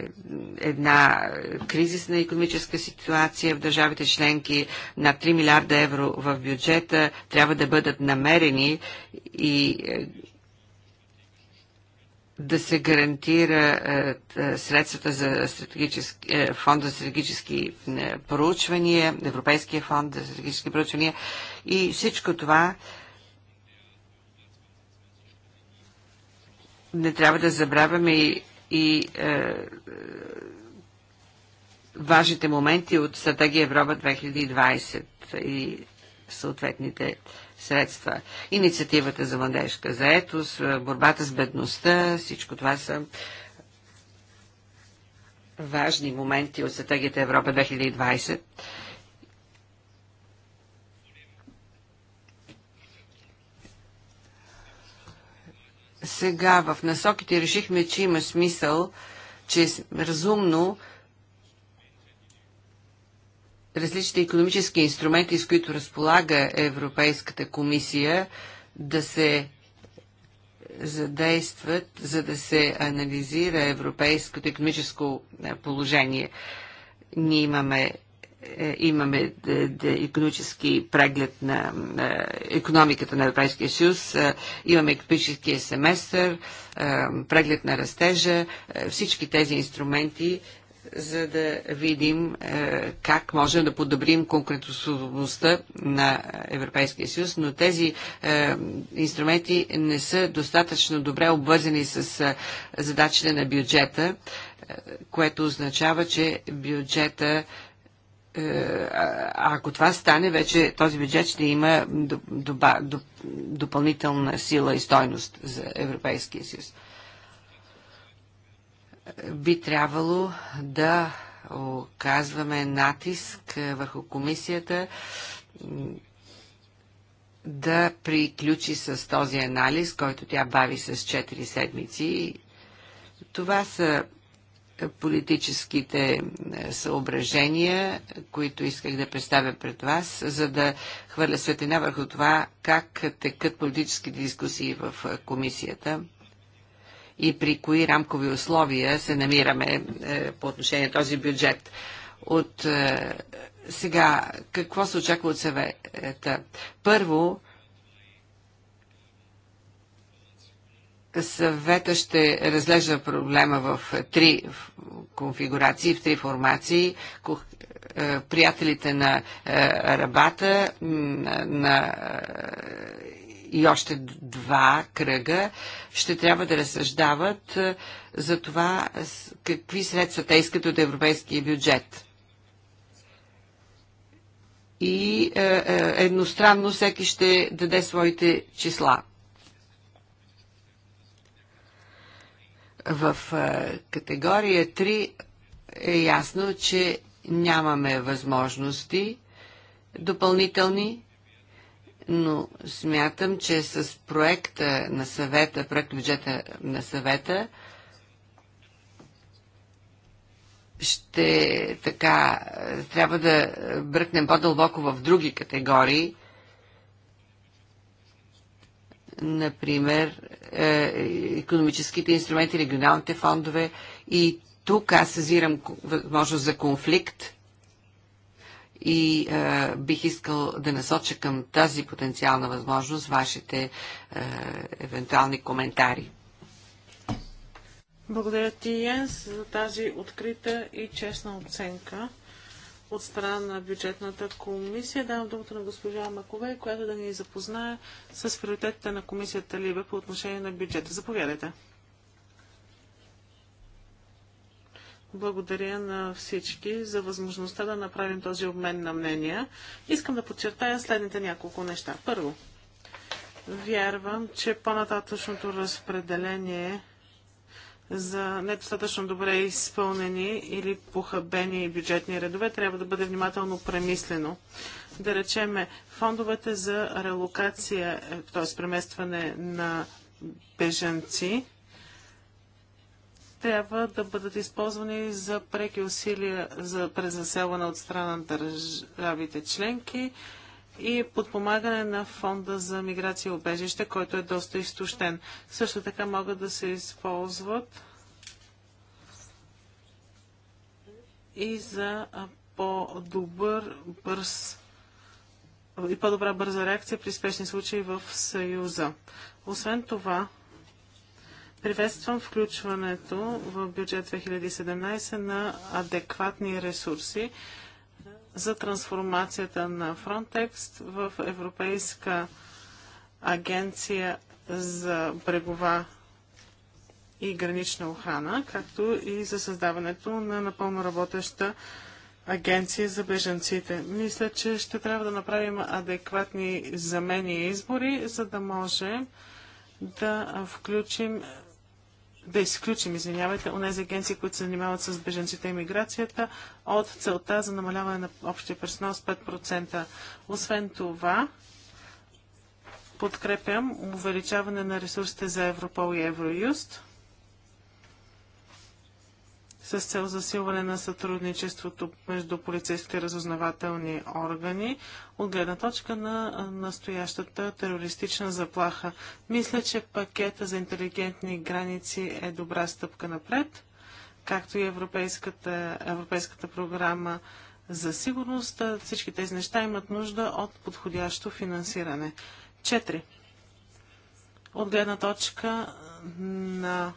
една кризисна економическа ситуация в държавите членки. На 3 милиарда евро в бюджета трябва да бъдат намерени и е, да се гарантира е, е средствата за е, фонд за стратегически е, проучвания, Европейския фонд за стратегически проучвания. Е, и всичко това не трябва да забравяме и, и е, важните моменти от стратегия Европа 2020 и съответните средства. Инициативата за младежка заетост, е, борбата с бедността, всичко това са важни моменти от стратегията Европа 2020. Сега в насоките решихме, че има смисъл, че е разумно различните економически инструменти, с които разполага Европейската комисия, да се задействат, за да се анализира европейското економическо е, положение. Ние имаме е, имаме е, економически преглед на економиката на Европейския съюз, е, имаме економическия семестър, преглед на растежа, всички тези инструменти, за да видим как можем да подобрим конкурентоспособността на Европейския съюз, но тези инструменти не са достатъчно добре обвързани с задачите на бюджета, което означава, че бюджета е, а ако това стане, вече този бюджет ще има доба, доп, допълнителна сила и стойност за Европейския съюз. Би трябвало да оказваме натиск е, върху комисията да приключи с този анализ, който тя бави с 4 седмици. Това са политическите е, съображения, които исках да представя пред вас, за да хвърля светлина върху това как текат политическите дискусии в е, комисията и при кои рамкови условия се намираме е, по отношение на този бюджет. От сега, какво се очаква от съвета? Първо, Съвета ще разглежда проблема в три конфигурации, в три формации. Е, приятелите на е, Рабата на е, и още два кръга ще трябва да разсъждават за това какви средства те искат от европейския бюджет и е, е, едностранно всеки ще даде своите числа. В е, категория 3 е ясно, че нямаме възможности допълнителни, но смятам, че с проекта на съвета, проект бюджета на съвета, ще така, е, трябва да бръкнем по-дълбоко в други категории например, е, економическите инструменти, регионалните фондове. И тук аз съзирам възможност за конфликт и а, е, бих искал да насоча към тази потенциална възможност вашите а, е, евентуални коментари. Благодаря ти, Йенс, за тази открита и честна оценка от страна на бюджетната комисия. Давам думата на госпожа Макове, която да ни запознае с приоритетите на комисията Либе по отношение на бюджета. Заповядайте. Благодаря на всички за възможността да направим този обмен на мнения. Искам да подчертая следните няколко неща. Първо, вярвам, че по-нататъчното разпределение за недостатъчно добре изпълнени или похабени бюджетни редове трябва да бъде внимателно премислено. Да речеме, фондовете за релокация, е, т.е. преместване на бежанци, трябва да бъдат използвани за преки усилия за презаселване от страна на държавите членки и подпомагане на фонда за миграция и убежище, който е доста изтощен. Също така могат да се използват и за по-добър бърз и по-добра бърза реакция при спешни случаи в Съюза. Освен това, приветствам включването в бюджет 2017 на адекватни ресурси, за трансформацията на Frontex в Европейска агенция за брегова и гранична охрана, както и за създаването на напълно работеща агенция за беженците. Мисля, че ще трябва да направим адекватни замени и избори, за да можем да включим да изключим, извинявайте, онези агенции, които се занимават с беженците и миграцията от целта за намаляване на общия персонал с 5%. Освен това, подкрепям увеличаване на ресурсите за Европол и Евроюст с цел засилване на сътрудничеството между полицейските разузнавателни органи от гледна точка на настоящата терористична заплаха. Мисля, че пакета за интелигентни граници е добра стъпка напред, както и Европейската, Европейската програма за сигурност. Всички тези неща имат нужда от подходящо финансиране. Четири, От гледна точка на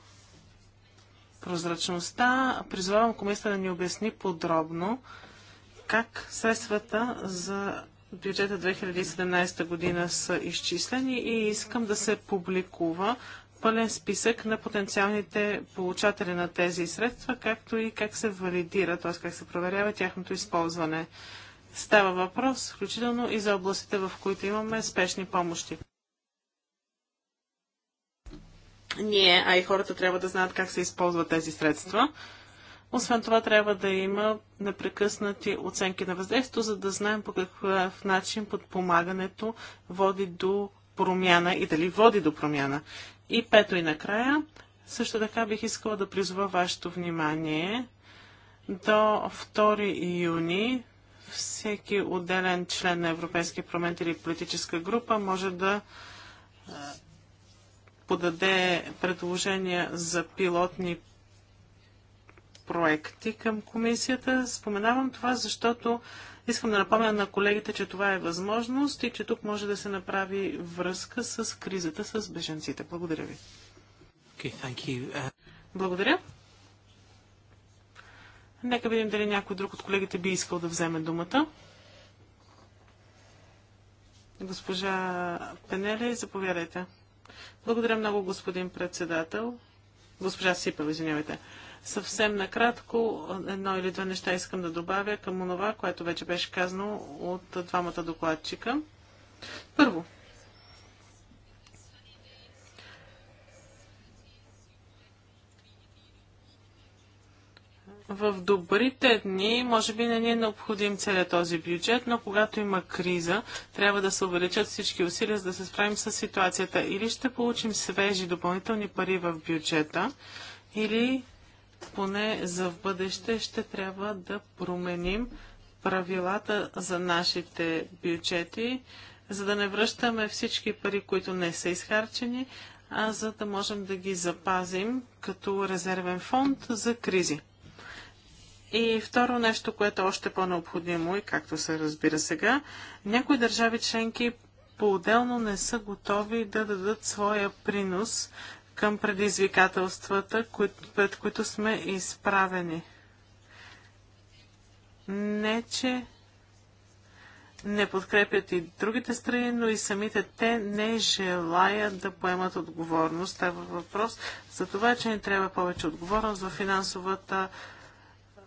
прозрачността, призвавам комисията да ни обясни подробно как средствата за бюджета 2017 година са изчислени и искам да се публикува пълен списък на потенциалните получатели на тези средства, както и как се валидира, т.е. как се проверява тяхното използване. Става въпрос, включително и за областите, в които имаме спешни помощи ние, а и хората трябва да знаят как се използват тези средства. Освен това, трябва да има непрекъснати оценки на въздействието, за да знаем по какъв начин подпомагането води до промяна и дали води до промяна. И пето и накрая, също така бих искала да призова вашето внимание до 2 юни всеки отделен член на Европейския парламент или политическа група може да подаде предложения за пилотни проекти към комисията. Споменавам това, защото искам да напомня на колегите, че това е възможност и че тук може да се направи връзка с кризата с беженците. Благодаря ви. Okay, uh, Благодаря. Нека видим дали някой друг от колегите би искал да вземе думата. Госпожа Пенеле, заповядайте. Благодаря много, господин председател. Госпожа Сипел, извинявайте. Съвсем накратко, едно или две неща искам да добавя към онова, което вече беше казано от двамата докладчика. Първо, в добрите дни може би не ни е необходим целият този бюджет, но когато има криза, трябва да се увеличат всички усилия, за да се справим с ситуацията. Или ще получим свежи допълнителни пари в бюджета, или поне за в бъдеще ще трябва да променим правилата за нашите бюджети, за да не връщаме всички пари, които не са изхарчени, а за да можем да ги запазим като резервен фонд за кризи. И второ нещо, което е още по-необходимо и както се разбира сега, някои държави членки по-отделно не са готови да дадат своя принос към предизвикателствата, пред които сме изправени. Не, че не подкрепят и другите страни, но и самите те не желаят да поемат отговорност. Това е въпрос за това, че ни трябва повече отговорност в финансовата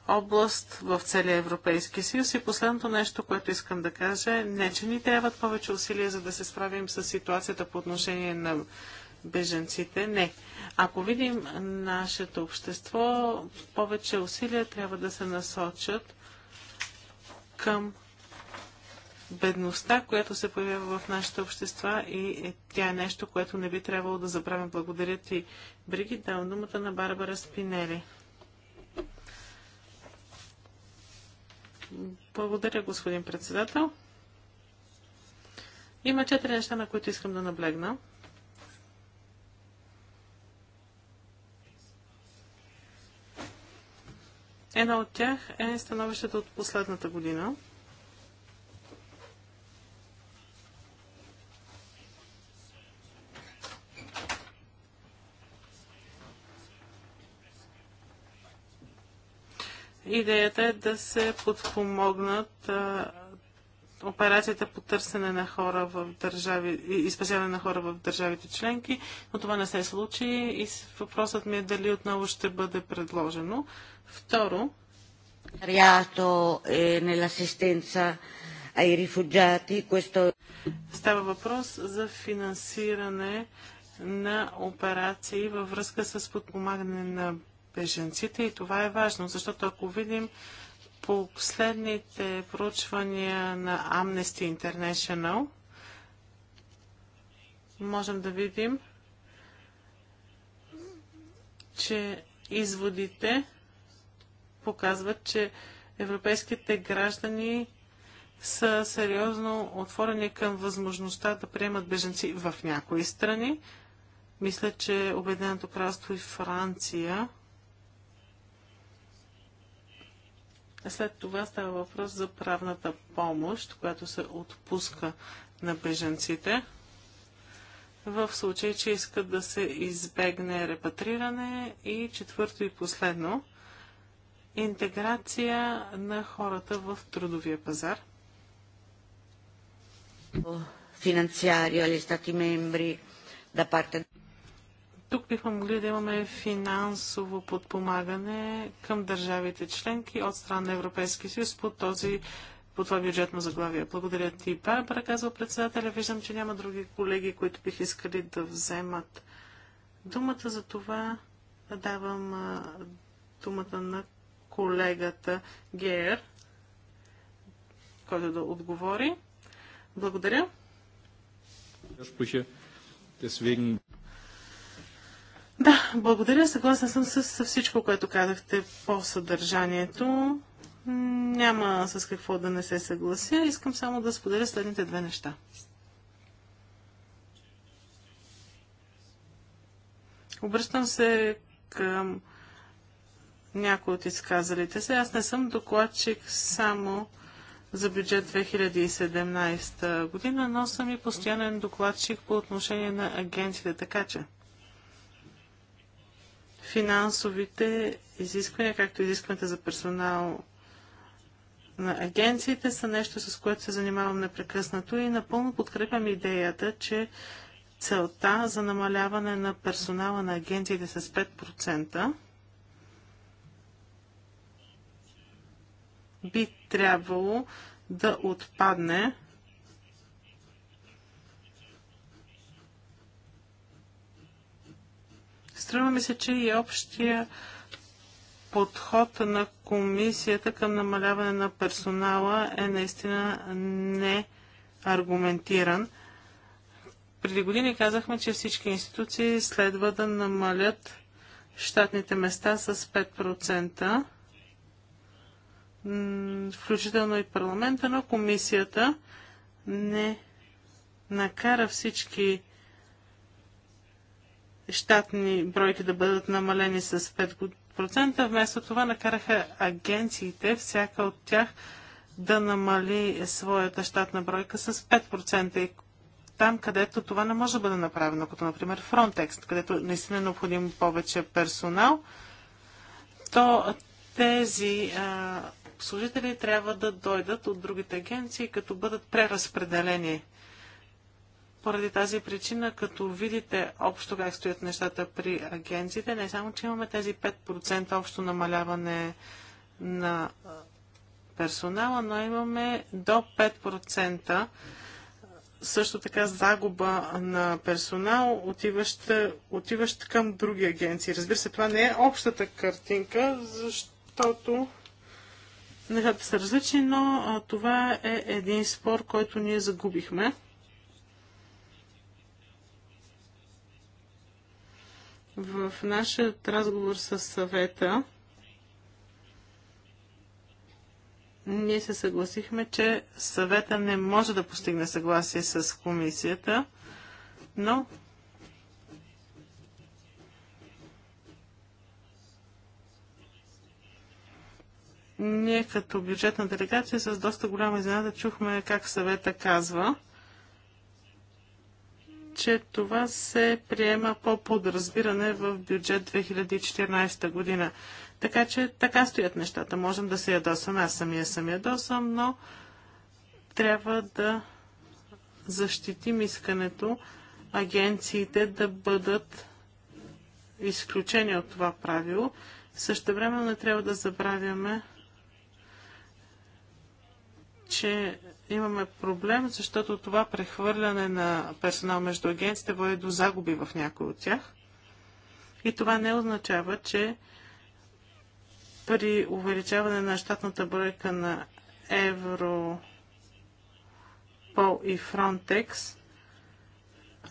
област в целия Европейски съюз. И последното нещо, което искам да кажа е, не, че ни трябват повече усилия, за да се справим с ситуацията по отношение на беженците. Не. Ако видим нашето общество, повече усилия трябва да се насочат към бедността, която се появява в нашите общества и е, тя е нещо, което не би трябвало да забравим. Благодаря ти, Бриги. Давам думата на Барбара Спинели. Благодаря, господин председател. Има четири неща, на които искам да наблегна. Една от тях е становището от последната година – Идеята е да се подпомогнат а, операцията по търсене на хора в държави и спасяване на хора в държавите членки, но това не се случи и въпросът ми е дали отново ще бъде предложено. Второ, Riato е nell'assistenza ai rifugiati, questo... Става въпрос за финансиране на операции във връзка с подпомагане на беженците и това е важно, защото ако видим последните проучвания на Amnesty International, можем да видим, че изводите показват, че европейските граждани са сериозно отворени към възможността да приемат беженци в някои страни. Мисля, че Обединеното кралство и Франция След това става въпрос за правната помощ, която се отпуска на беженците в случай, че искат да се избегне репатриране и четвърто и последно интеграция на хората в трудовия пазар. Финансиарио agli стати мембри да parte тук бихме могли да имаме финансово подпомагане към държавите членки от страна на Европейския съюз по този по това бюджетно заглавие. Благодаря ти, Барбара, казва председателя. Виждам, че няма други колеги, които бих искали да вземат думата. За това давам думата на колегата Геер, който да отговори. Благодаря. Deswegen да, благодаря. Съгласна съм с всичко, което казахте по съдържанието. Няма с какво да не се съглася. Искам само да споделя следните две неща. Обръщам се към някои от изказалите се. Аз не съм докладчик само за бюджет 2017 година, но съм и постоянен докладчик по отношение на агенциите. Така че финансовите изисквания, както изискванията за персонал на агенциите са нещо, с което се занимавам непрекъснато и напълно подкрепям идеята, че целта за намаляване на персонала на агенциите с 5% би трябвало да отпадне Струва ми се, че и общия подход на комисията към намаляване на персонала е наистина не аргументиран. Преди години казахме, че всички институции следва да намалят щатните места с 5%, включително и парламента, но комисията не накара всички щатни бройки да бъдат намалени с 5%. Вместо това накараха агенциите, всяка от тях, да намали своята щатна бройка с 5%. И там, където това не може да бъде направено, като например Frontex, където наистина е необходим повече персонал, то тези а, служители трябва да дойдат от другите агенции, като бъдат преразпределени. Поради тази причина, като видите общо как стоят нещата при агенциите, не само, че имаме тези 5% общо намаляване на персонала, но имаме до 5% също така загуба на персонал, отиващ, отиващ към други агенции. Разбира се, това не е общата картинка, защото нещата са различни, но това е един спор, който ние загубихме. В нашия разговор с съвета ние се съгласихме, че съвета не може да постигне съгласие с комисията, но ние като бюджетна делегация с доста голяма изненада чухме как съвета казва – че това се приема по подразбиране в бюджет 2014 година. Така че така стоят нещата. Можем да се ядосаме. Аз самия съм ядосам, но трябва да защитим искането агенциите да бъдат изключени от това правило. Също време не трябва да забравяме, че имаме проблем, защото това прехвърляне на персонал между агенциите води до загуби в някои от тях. И това не означава, че при увеличаване на щатната бройка на Пол и Фронтекс,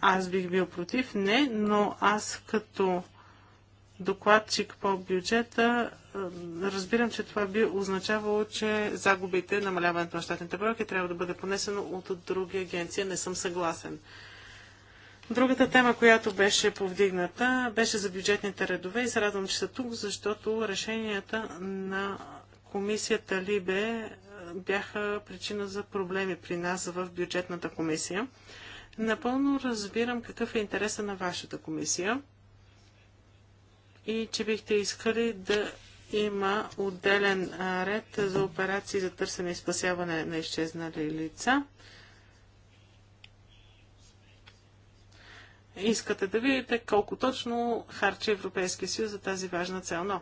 аз бих бил против. Не, но аз като докладчик по бюджета разбирам, че това би означавало, че загубите, намаляването на щатните бройки трябва да бъде понесено от други агенции. Не съм съгласен. Другата тема, която беше повдигната, беше за бюджетните редове и се радвам, че са тук, защото решенията на комисията Либе бяха причина за проблеми при нас в бюджетната комисия. Напълно разбирам какъв е интереса на вашата комисия и че бихте искали да има отделен ред за операции за търсене и спасяване на изчезнали лица. Искате да видите колко точно харчи Европейския съюз за тази важна цел. Но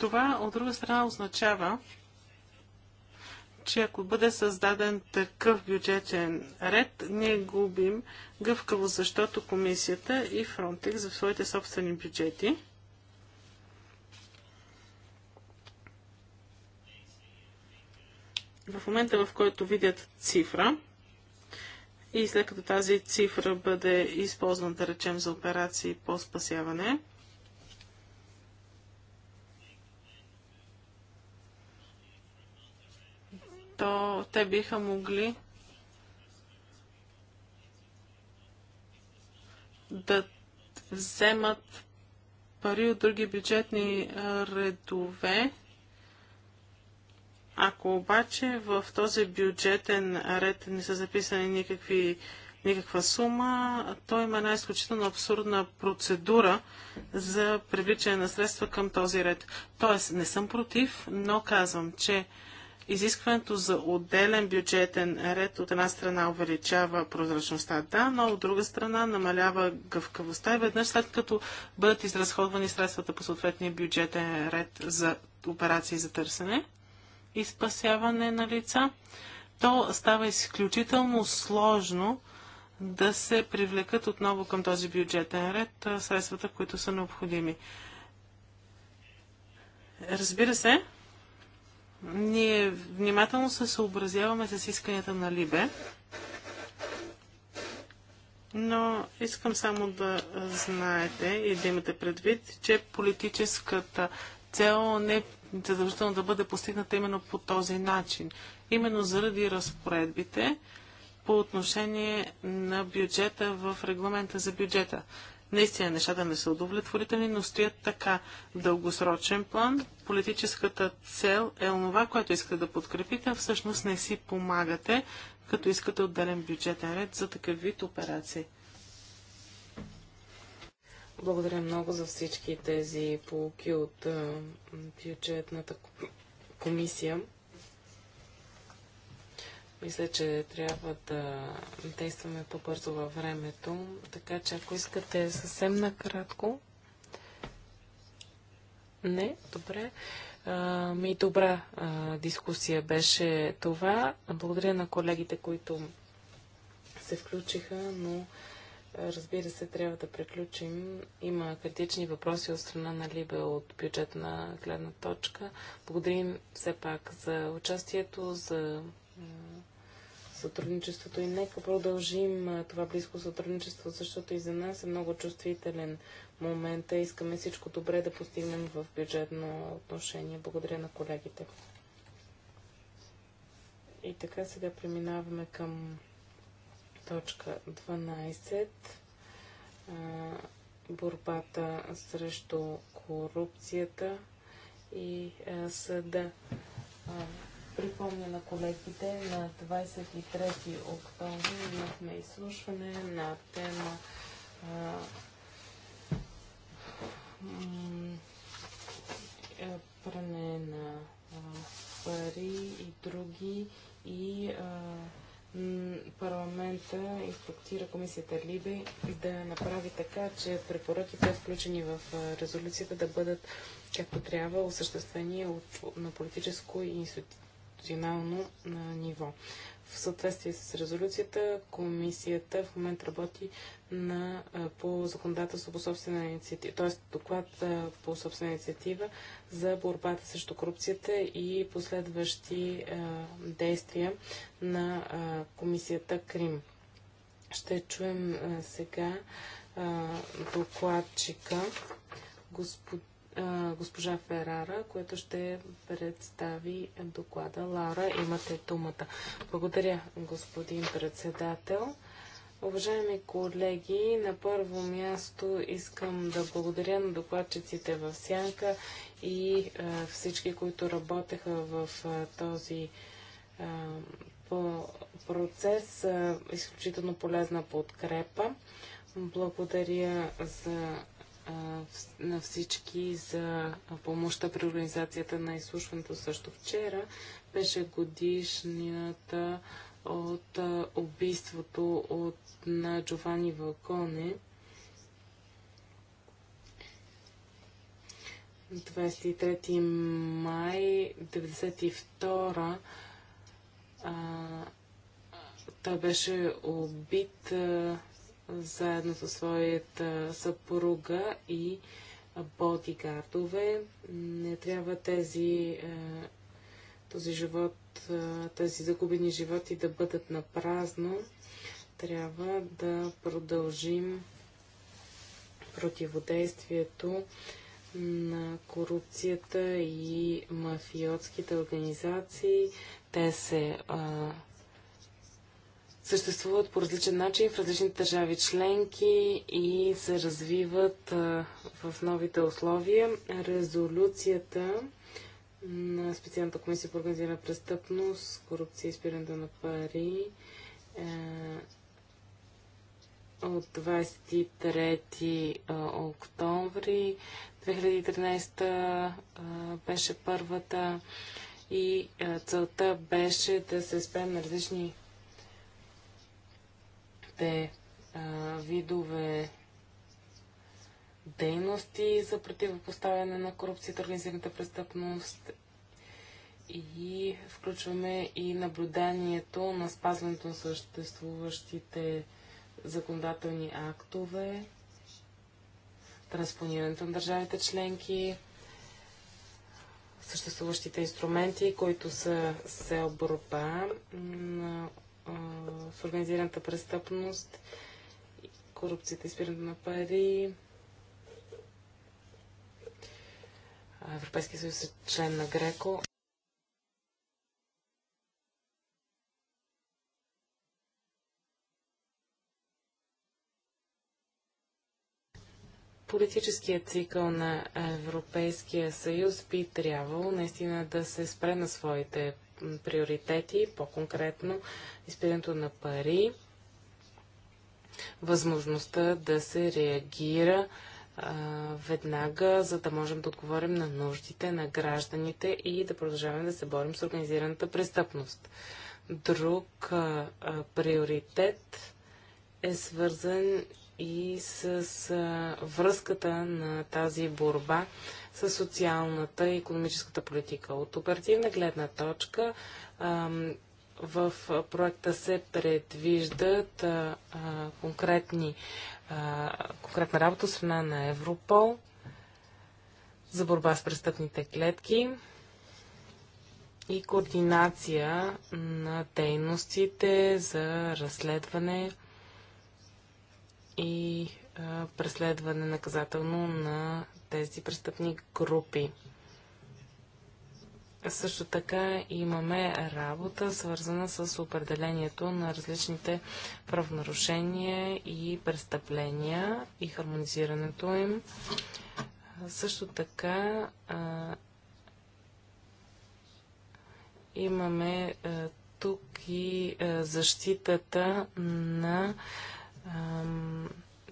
това, от друга страна, означава, че ако бъде създаден такъв бюджетен ред, ние губим гъвкаво, защото комисията и Фронтекс за своите собствени бюджети в момента в който видят цифра и след като тази цифра бъде използвана, да речем, за операции по спасяване, то те биха могли да вземат пари от други бюджетни редове ако обаче в този бюджетен ред не са записани никакви, никаква сума, то има една изключително абсурдна процедура за привличане на средства към този ред. Тоест, не съм против, но казвам, че изискването за отделен бюджетен ред от една страна увеличава прозрачността, да, но от друга страна намалява гъвкавостта и веднъж след като бъдат изразходвани средствата по съответния бюджетен ред за операции за търсене, и спасяване на лица, то става изключително сложно да се привлекат отново към този бюджетен ред средствата, които са необходими. Разбира се, ние внимателно се съобразяваме с исканията на Либе, но искам само да знаете и да имате предвид, че политическата цел не задължително да бъде постигната именно по този начин. Именно заради разпоредбите по отношение на бюджета в регламента за бюджета. Наистина нещата не са удовлетворителни, но стоят така. В дългосрочен план политическата цел е онова, което искате да подкрепите, а всъщност не си помагате, като искате отделен бюджетен ред за такъв вид операции. Благодаря много за всички тези полуки от а, бюджетната комисия. Мисля, че трябва да действаме по-бързо във времето, така че ако искате съвсем накратко. Не, добре. А, ми добра а, дискусия беше това. Благодаря на колегите, които се включиха, но разбира се, трябва да приключим. Има критични въпроси от страна на Либе от бюджетна гледна точка. Благодарим все пак за участието, за сътрудничеството и нека продължим това близко сътрудничество, защото и за нас е много чувствителен момент. Искаме всичко добре да постигнем в бюджетно отношение. Благодаря на колегите. И така сега преминаваме към Точка 12. А, борбата срещу корупцията и а, съда. А, припомня на колегите, на 23 октомври имахме изслушване на тема а, е, пране на пари и други и а, парламента инструктира комисията ЛИБИ да направи така, че препоръките, включени в резолюцията, да бъдат както трябва осъществени от, на политическо и институционално ниво. В съответствие с резолюцията, комисията в момент работи на, по законодателство по собствена инициатива, т.е. доклад по собствена инициатива за борбата срещу корупцията и последващи действия на комисията Крим. Ще чуем сега докладчика господин госпожа Ферара, която ще представи доклада. Лара, имате думата. Благодаря, господин председател. Уважаеми колеги, на първо място искам да благодаря на докладчиците в Сянка и а, всички, които работеха в а, този а, по процес. изключително полезна подкрепа. Благодаря за на всички за помощта при организацията на изслушването също вчера. Беше годишнината от убийството от, на Джовани Валконе. 23 май 92 а, той беше убит а, заедно със своята съпруга и бодигардове. Не трябва тези, е, този живот, е, тези загубени животи да бъдат на празно. Трябва да продължим противодействието на корупцията и мафиотските организации. Те се а, е, съществуват по различен начин в различните държави членки и се развиват в новите условия. Резолюцията на специалната комисия по организирана престъпност, корупция и спирането на пари е, от 23 октомври 2013 беше първата и целта беше да се спрем на различни новите а, видове дейности за противопоставяне на корупцията, организираната престъпност и включваме и наблюданието на спазването на съществуващите законодателни актове, транспонирането на държавите членки, съществуващите инструменти, които са се борба на с организираната престъпност, корупцията и спирането на пари. Европейския съюз е член на Греко. Политическият цикъл на Европейския съюз би трябвало наистина да се спре на своите приоритети, по-конкретно изпирането на пари, възможността да се реагира веднага, за да можем да отговорим на нуждите на гражданите и да продължаваме да се борим с организираната престъпност. Друг а, приоритет е свързан и с а, връзката на тази борба със социалната и економическата политика. От оперативна гледна точка в проекта се предвиждат конкретни, конкретна работа с страна на Европол за борба с престъпните клетки и координация на дейностите за разследване и преследване наказателно на тези престъпни групи. Също така имаме работа, свързана с определението на различните правонарушения и престъпления и хармонизирането им. Също така а, имаме а, тук и а, защитата на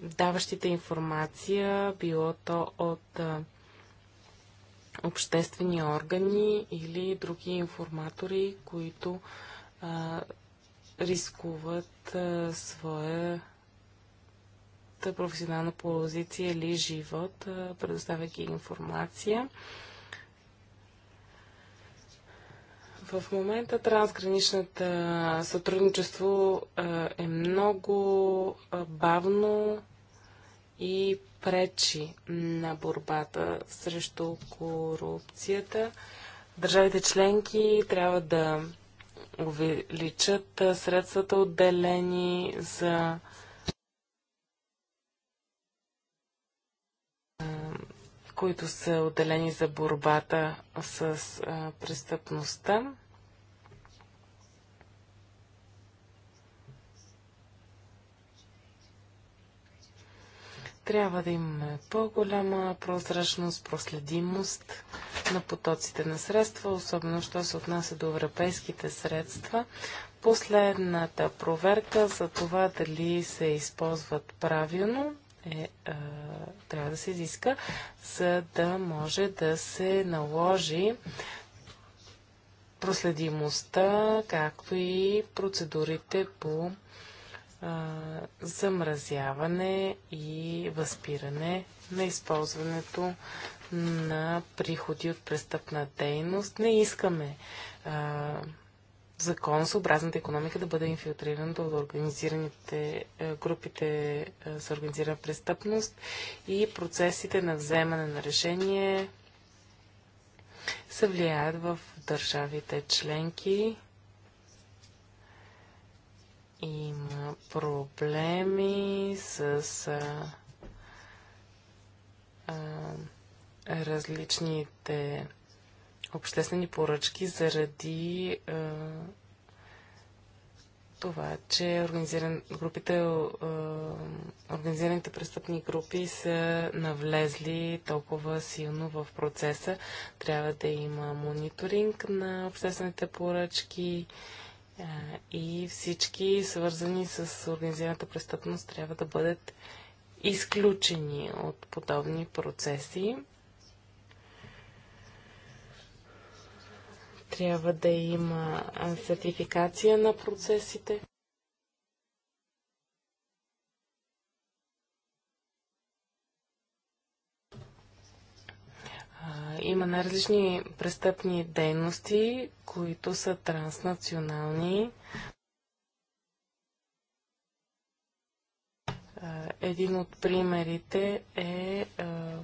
даващите информация, било то от а, обществени органи или други информатори, които а, рискуват а, своята професионална позиция или живот, предоставяйки информация. В момента трансграничната сътрудничество е много бавно и пречи на борбата срещу корупцията. Държавите членки трябва да увеличат средствата отделени за които са отделени за борбата с а, престъпността. Трябва да имаме по-голяма прозрачност, проследимост на потоците на средства, особено що се отнася до европейските средства. Последната проверка за това дали се използват правилно е, а, е, трябва да се изиска, за да може да се наложи проследимостта, както и процедурите по а, замразяване и възпиране на използването на приходи от престъпна дейност. Не искаме а, законосъобразната економика да бъде инфилтрирана от организираните е, групите за е, организирана престъпност и процесите на вземане на решение се влияят в държавите членки. Има проблеми с а, е, а, различните обществени поръчки заради е, това, че организиран, групите, е, организираните престъпни групи са навлезли толкова силно в процеса. Трябва да има мониторинг на обществените поръчки е, и всички свързани с организираната престъпност трябва да бъдат изключени от подобни процеси. Трябва да има сертификация на процесите. има най-различни престъпни дейности, които са транснационални. Един от примерите е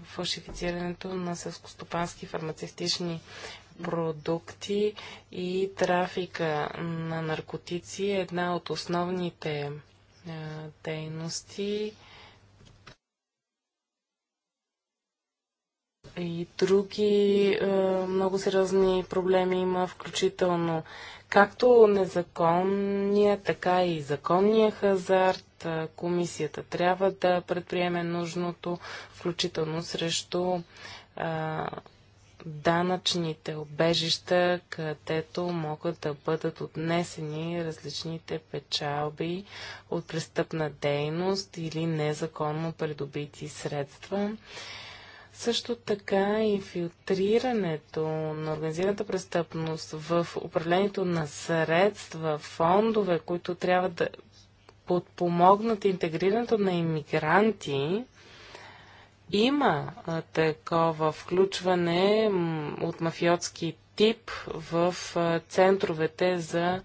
фалшифицирането на селскостопански фармацевтични продукти и трафика на наркотици е една от основните е, дейности. И други е, много сериозни проблеми има, включително както незаконния, така и законния хазарт. Е, комисията трябва да предприеме нужното, включително срещу данъчните обежища, където могат да бъдат отнесени различните печалби от престъпна дейност или незаконно придобити средства. Също така и филтрирането на организираната престъпност в управлението на средства, фондове, които трябва да подпомогнат интегрирането на иммигранти, има такова включване от мафиотски тип в центровете за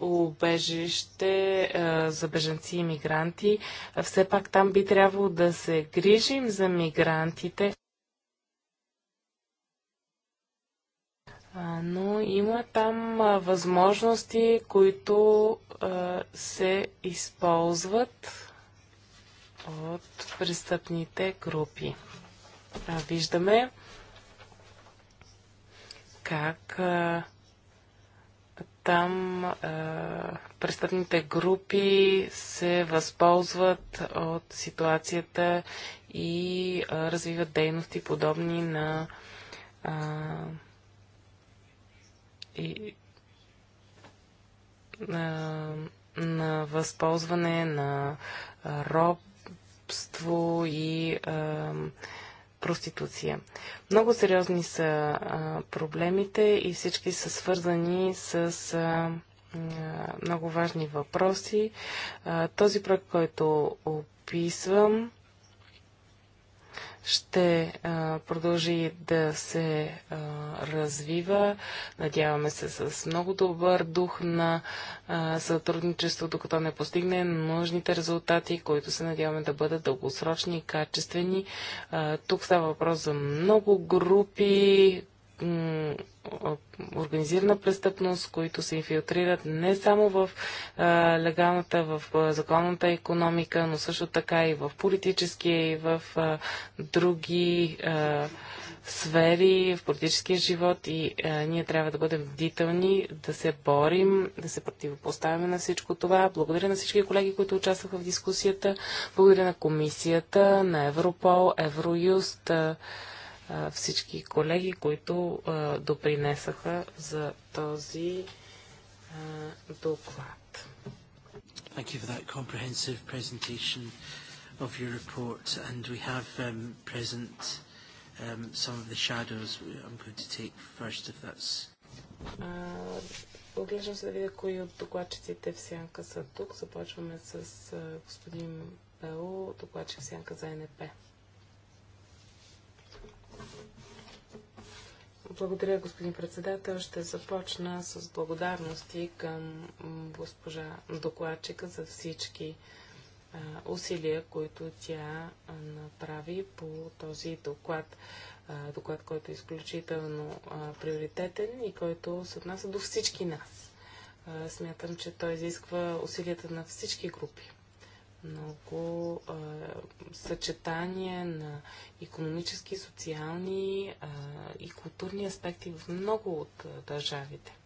убежище за беженци и мигранти. Все пак там би трябвало да се грижим за мигрантите. Но има там възможности, които се използват от престъпните групи. А, виждаме как а, там а, престъпните групи се възползват от ситуацията и а, развиват дейности подобни на а, и, а, на възползване на роб, робство и а, проституция. Много сериозни са а, проблемите и всички са свързани с а, много важни въпроси. А, този проект, който описвам, ще а, продължи да се а, развива. Надяваме се с много добър дух на а, сътрудничество, докато не постигне нужните резултати, които се надяваме да бъдат дългосрочни и качествени. тук става въпрос за много групи, организирана престъпност, които се инфилтрират не само в легалната, в законната економика, но също така и в политическия и в други сфери, в политическия живот и ние трябва да бъдем бдителни, да се борим, да се противопоставяме на всичко това. Благодаря на всички колеги, които участваха в дискусията. Благодаря на комисията, на Европол, Евроюст, всички колеги, които допринесаха за този доклад. Thank you for that comprehensive presentation of your report and we have um, present um, some of the shadows I'm going to take first if that's... Оглеждам се да видя кои от докладчиците в сянка са тук. Започваме с господин Бело, докладчик в сянка за НП. Благодаря, господин председател. Ще започна с благодарности към госпожа докладчика за всички усилия, които тя направи по този доклад. доклад, който е изключително приоритетен и който се отнася до всички нас. Смятам, че той изисква усилията на всички групи много а, съчетание на економически, социални а, и културни аспекти в много от а, държавите.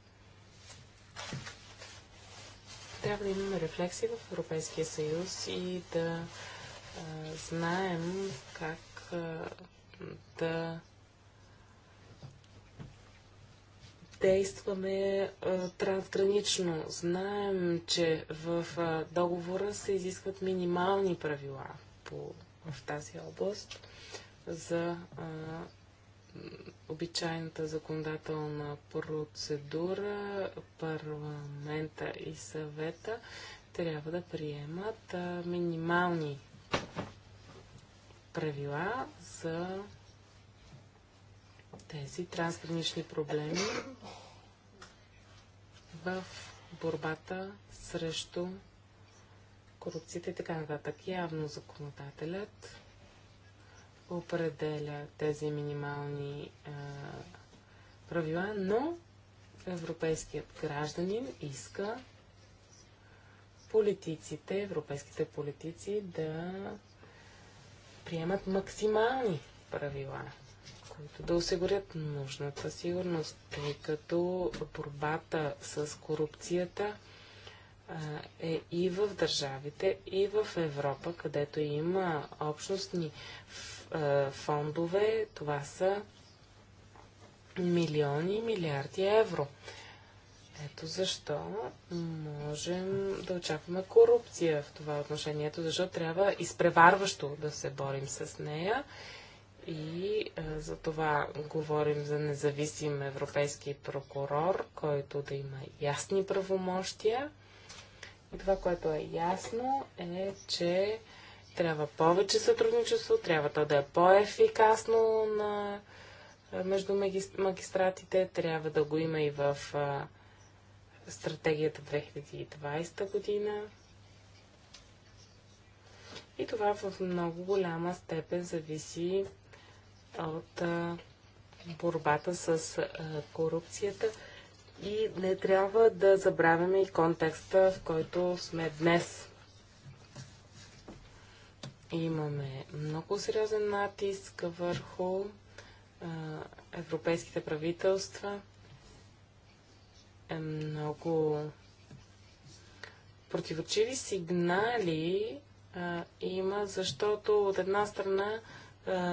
Трябва да имаме рефлексии в Европейския съюз и да а, знаем как а, да действаме а, трансгранично. Знаем, че в а, договора се изискват минимални правила по, в тази област за а, обичайната законодателна процедура, парламента и съвета трябва да приемат а, минимални правила за тези трансгранични проблеми в борбата срещу корупцията и така нататък. Явно законодателят определя тези минимални е, правила, но европейският гражданин иска политиците, европейските политици да приемат максимални правила които да осигурят нужната сигурност, тъй като борбата с корупцията е и в държавите, и в Европа, където има общностни фондове. Това са милиони и милиарди евро. Ето защо можем да очакваме корупция в това Ето Защо трябва изпреварващо да се борим с нея и а, е, за това говорим за независим европейски прокурор, който да има ясни правомощия. И това, което е ясно, е, че трябва повече сътрудничество, трябва то да е по-ефикасно на, е, между магистратите, трябва да го има и в а, е, стратегията 2020 година. И това в много голяма степен зависи от борбата с корупцията и не трябва да забравяме и контекста, в който сме днес. Имаме много сериозен натиск върху европейските правителства. Е много противочиви сигнали а, има, защото от една страна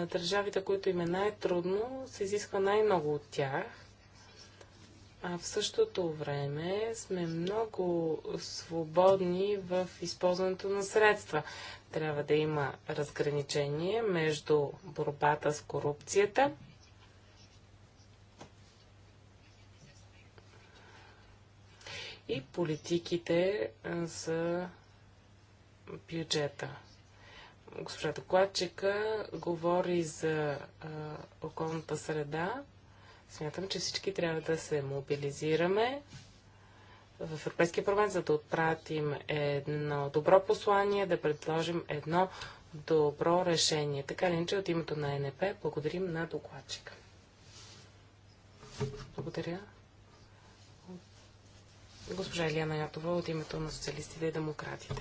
държавите, които им е най-трудно, се изисква най-много от тях. А в същото време сме много свободни в използването на средства. Трябва да има разграничение между борбата с корупцията и политиките за бюджета госпожа докладчика говори за а, околната среда, смятам, че всички трябва да се мобилизираме в Европейския парламент, за да отпратим едно добро послание, да предложим едно добро решение. Така ли, че от името на НП благодарим на докладчика. Благодаря. Госпожа Елиана Ятова от името на социалистите и демократите.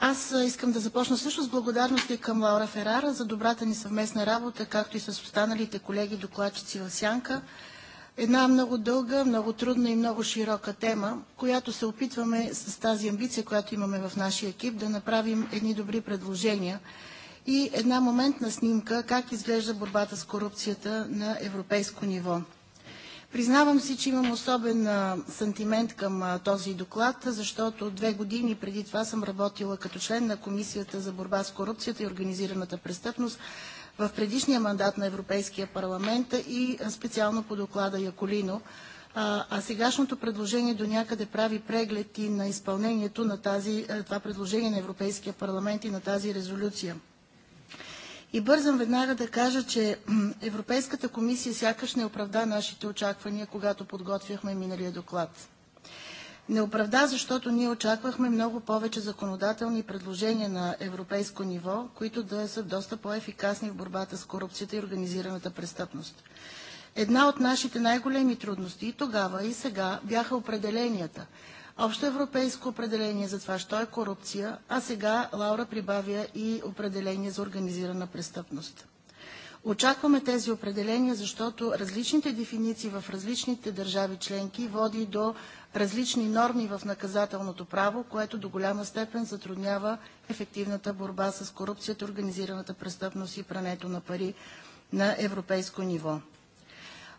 Аз искам да започна също с благодарности към Лаура Ферара за добрата ни съвместна работа, както и с останалите колеги докладчици в Сянка. Една много дълга, много трудна и много широка тема, която се опитваме с тази амбиция, която имаме в нашия екип, да направим едни добри предложения и една моментна снимка как изглежда борбата с корупцията на европейско ниво. Признавам си, че имам особен сантимент към този доклад, защото две години преди това съм работила като член на Комисията за борба с корупцията и организираната престъпност в предишния мандат на Европейския парламент и специално по доклада Яколино. А сегашното предложение до някъде прави преглед и на изпълнението на тази, това предложение на Европейския парламент и на тази резолюция. И бързам веднага да кажа, че Европейската комисия сякаш не оправда нашите очаквания, когато подготвяхме миналия доклад. Не оправда, защото ние очаквахме много повече законодателни предложения на европейско ниво, които да са доста по-ефикасни в борбата с корупцията и организираната престъпност. Една от нашите най-големи трудности и тогава, и сега бяха определенията – общо европейско определение за това, що е корупция, а сега Лаура прибавя и определение за организирана престъпност. Очакваме тези определения, защото различните дефиниции в различните държави членки води до различни норми в наказателното право, което до голяма степен затруднява ефективната борба с корупцията, организираната престъпност и прането на пари на европейско ниво.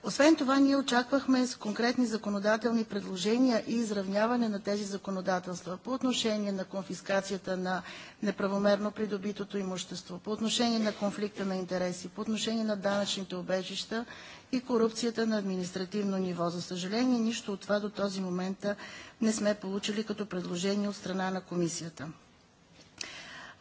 Освен това, ние очаквахме с конкретни законодателни предложения и изравняване на тези законодателства по отношение на конфискацията на неправомерно придобитото имущество, по отношение на конфликта на интереси, по отношение на данъчните обежища и корупцията на административно ниво. За съжаление, нищо от това до този момент не сме получили като предложение от страна на комисията.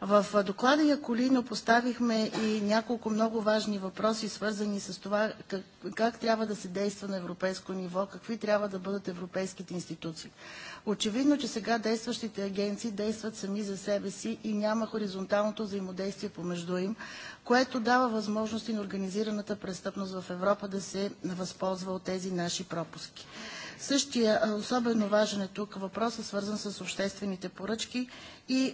В доклада Яколино поставихме и няколко много важни въпроси, свързани с това как, как трябва да се действа на европейско ниво, какви трябва да бъдат европейските институции. Очевидно, че сега действащите агенции действат сами за себе си и няма хоризонталното взаимодействие помежду им, което дава възможности на организираната престъпност в Европа да се възползва от тези наши пропуски. Същия, особено важен е тук въпросът, свързан с обществените поръчки и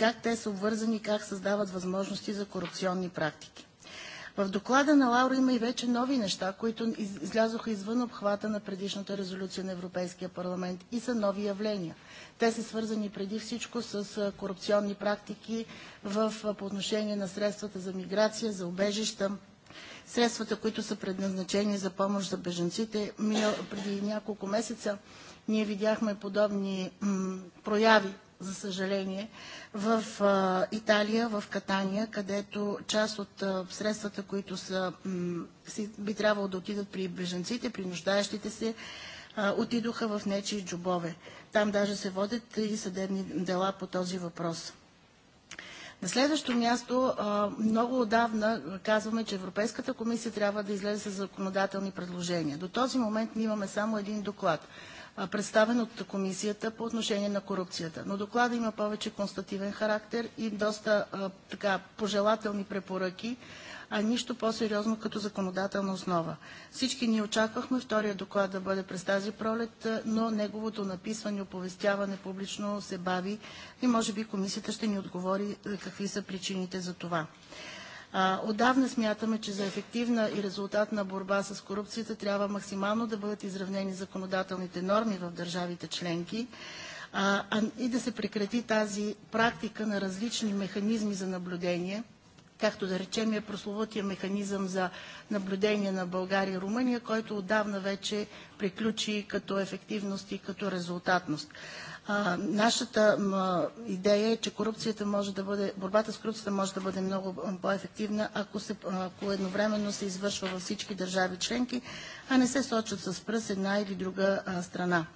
как те са обвързани и как създават възможности за корупционни практики. В доклада на Лаура има и вече нови неща, които излязоха извън обхвата на предишната резолюция на Европейския парламент и са нови явления. Те са свързани преди всичко с корупционни практики в, по отношение на средствата за миграция, за убежища, средствата, които са предназначени за помощ за беженците. Преди няколко месеца ние видяхме подобни прояви за съжаление, в Италия, в Катания, където част от средствата, които са, би трябвало да отидат при беженците, при нуждаещите се, отидоха в нечи джобове. Там даже се водят и съдебни дела по този въпрос. На следващо място, много отдавна казваме, че Европейската комисия трябва да излезе с законодателни предложения. До този момент ние имаме само един доклад – представен от комисията по отношение на корупцията. Но доклада има повече констативен характер и доста а, така пожелателни препоръки, а нищо по-сериозно като законодателна основа. Всички ние очаквахме втория доклад да бъде през тази пролет, но неговото написване и оповестяване публично се бави и може би комисията ще ни отговори какви са причините за това отдавна смятаме, че за ефективна и резултатна борба с корупцията трябва максимално да бъдат изравнени законодателните норми в държавите членки и да се прекрати тази практика на различни механизми за наблюдение, както да речем е прословутия механизъм за наблюдение на България и Румъния, който отдавна вече приключи като ефективност и като резултатност. А, нашата м, идея е, че корупцията може да бъде, борбата с корупцията може да бъде много по-ефективна, ако, се, ако едновременно се извършва във всички държави членки, а не се сочат с пръст една или друга а, страна.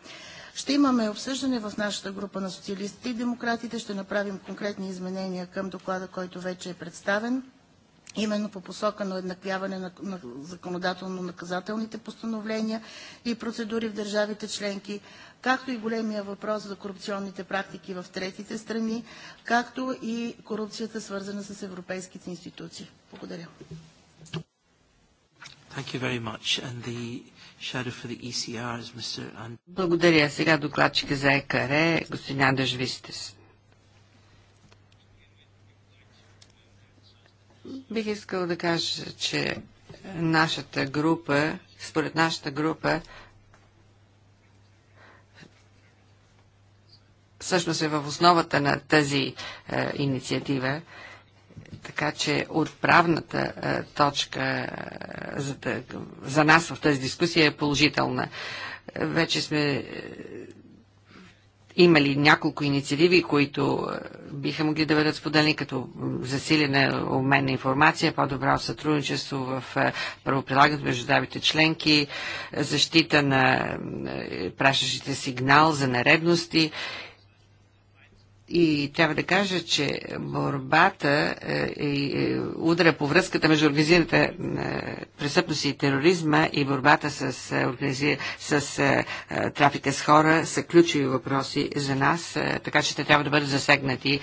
Ще имаме обсъждане в нашата група на социалистите и демократите. Ще направим конкретни изменения към доклада, който вече е представен именно по посока на еднаквяване на, на законодателно-наказателните постановления и процедури в държавите членки, както и големия въпрос за корупционните практики в третите страни, както и корупцията свързана с европейските институции. Благодаря. Thank you very much. And the shadow for the ECR is Mr. And... Благодаря. Сега докладчика за ЕКР, господин Андаш Вистес. Бих искал да кажа, че нашата група, според нашата група, всъщност е в основата на тази е, инициатива. Така че отправната е, точка е, за, да, за нас в тази дискусия е положителна. Вече сме е, има ли няколко инициативи, които е, биха могли да бъдат споделени като засилена обмен на информация, по-добро сътрудничество в е, правоприлагането между държавите членки, е, защита на пращащите сигнал за наредности и трябва да кажа, че борбата и е, е, е, удара по връзката между организираната престъпност и тероризма и борбата с, с трафика с хора са ключови въпроси за нас, така че те трябва да бъдат засегнати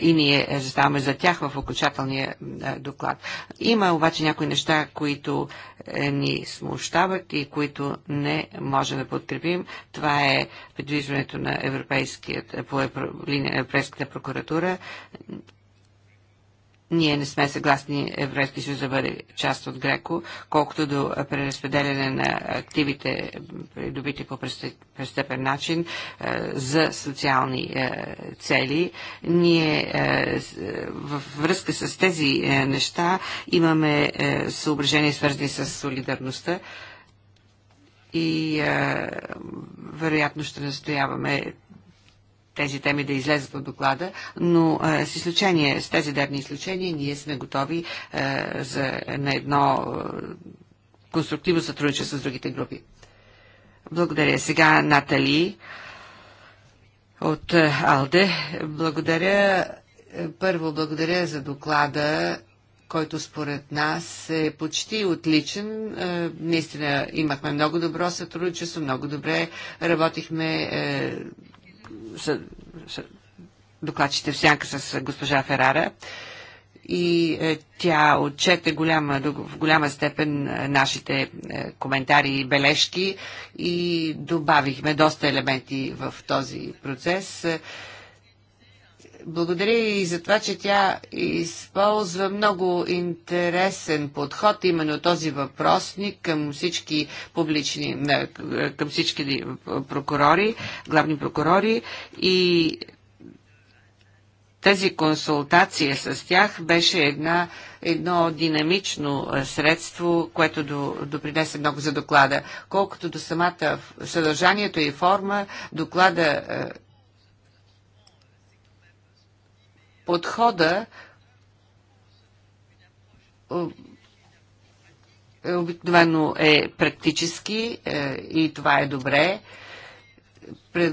и ние заставаме за тях в окончателния доклад. Има обаче някои неща, които ни смущават и които не можем да подкрепим. Това е предвиждането на европейският по линия Европейската прокуратура. Ние не сме съгласни Европейски съюз да бъде част от Греко, колкото до преразпределяне на активите, придобити по престъпен начин, е, за социални е, цели. Ние е, във връзка с тези неща имаме съображения, свързани с солидарността и вероятно ще настояваме тези теми да излезат от доклада, но е, с изключение, с тези дебни изключения, ние сме готови е, за, на едно е, конструктивно сътрудничество с другите групи. Благодаря. Сега Натали от Алде. Благодаря. Първо благодаря за доклада който според нас е почти отличен. Наистина имахме много добро сътрудничество, много добре работихме за, докладчите в сянка с госпожа Ферара и е, тя отчете голяма, в голяма степен е, нашите е, коментари и бележки и добавихме доста елементи в този процес. Е, благодаря и за това, че тя използва много интересен подход, именно този въпросник към всички публични, не, към всички прокурори, главни прокурори и тази консултация с тях беше една, едно динамично е, средство, което до, допринесе много за доклада. Колкото до самата съдържанието и форма, доклада е, подхода е, е, обикновено е практически е, и това е добре.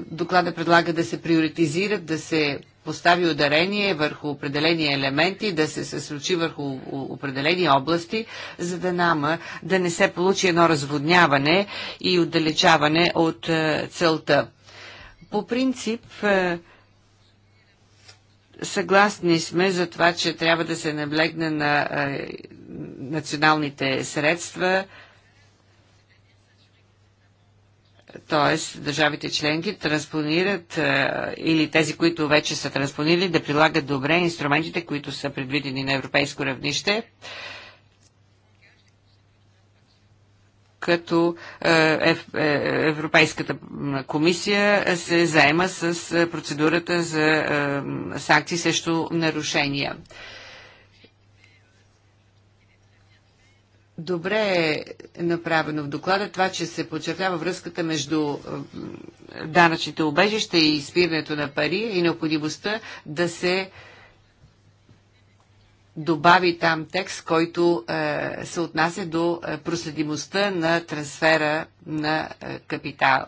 Доклада предлага да се приоритизират, да се постави ударение върху определени елементи, да се съсочи върху определени области, за да нама да не се получи едно разводняване и отдалечаване от целта. По принцип, Съгласни сме за това, че трябва да се наблегне на националните средства, т.е. държавите членки транспонират или тези, които вече са транспонирали, да прилагат добре инструментите, които са предвидени на европейско равнище. като е, е, е, Европейската комисия се заема с процедурата за санкции срещу нарушения. Добре е направено в доклада това, че се подчертава връзката между данъчните убежища и изпирането на пари и необходимостта да се добави там текст, който е, се отнася до е, проследимостта на трансфера на е, капитал.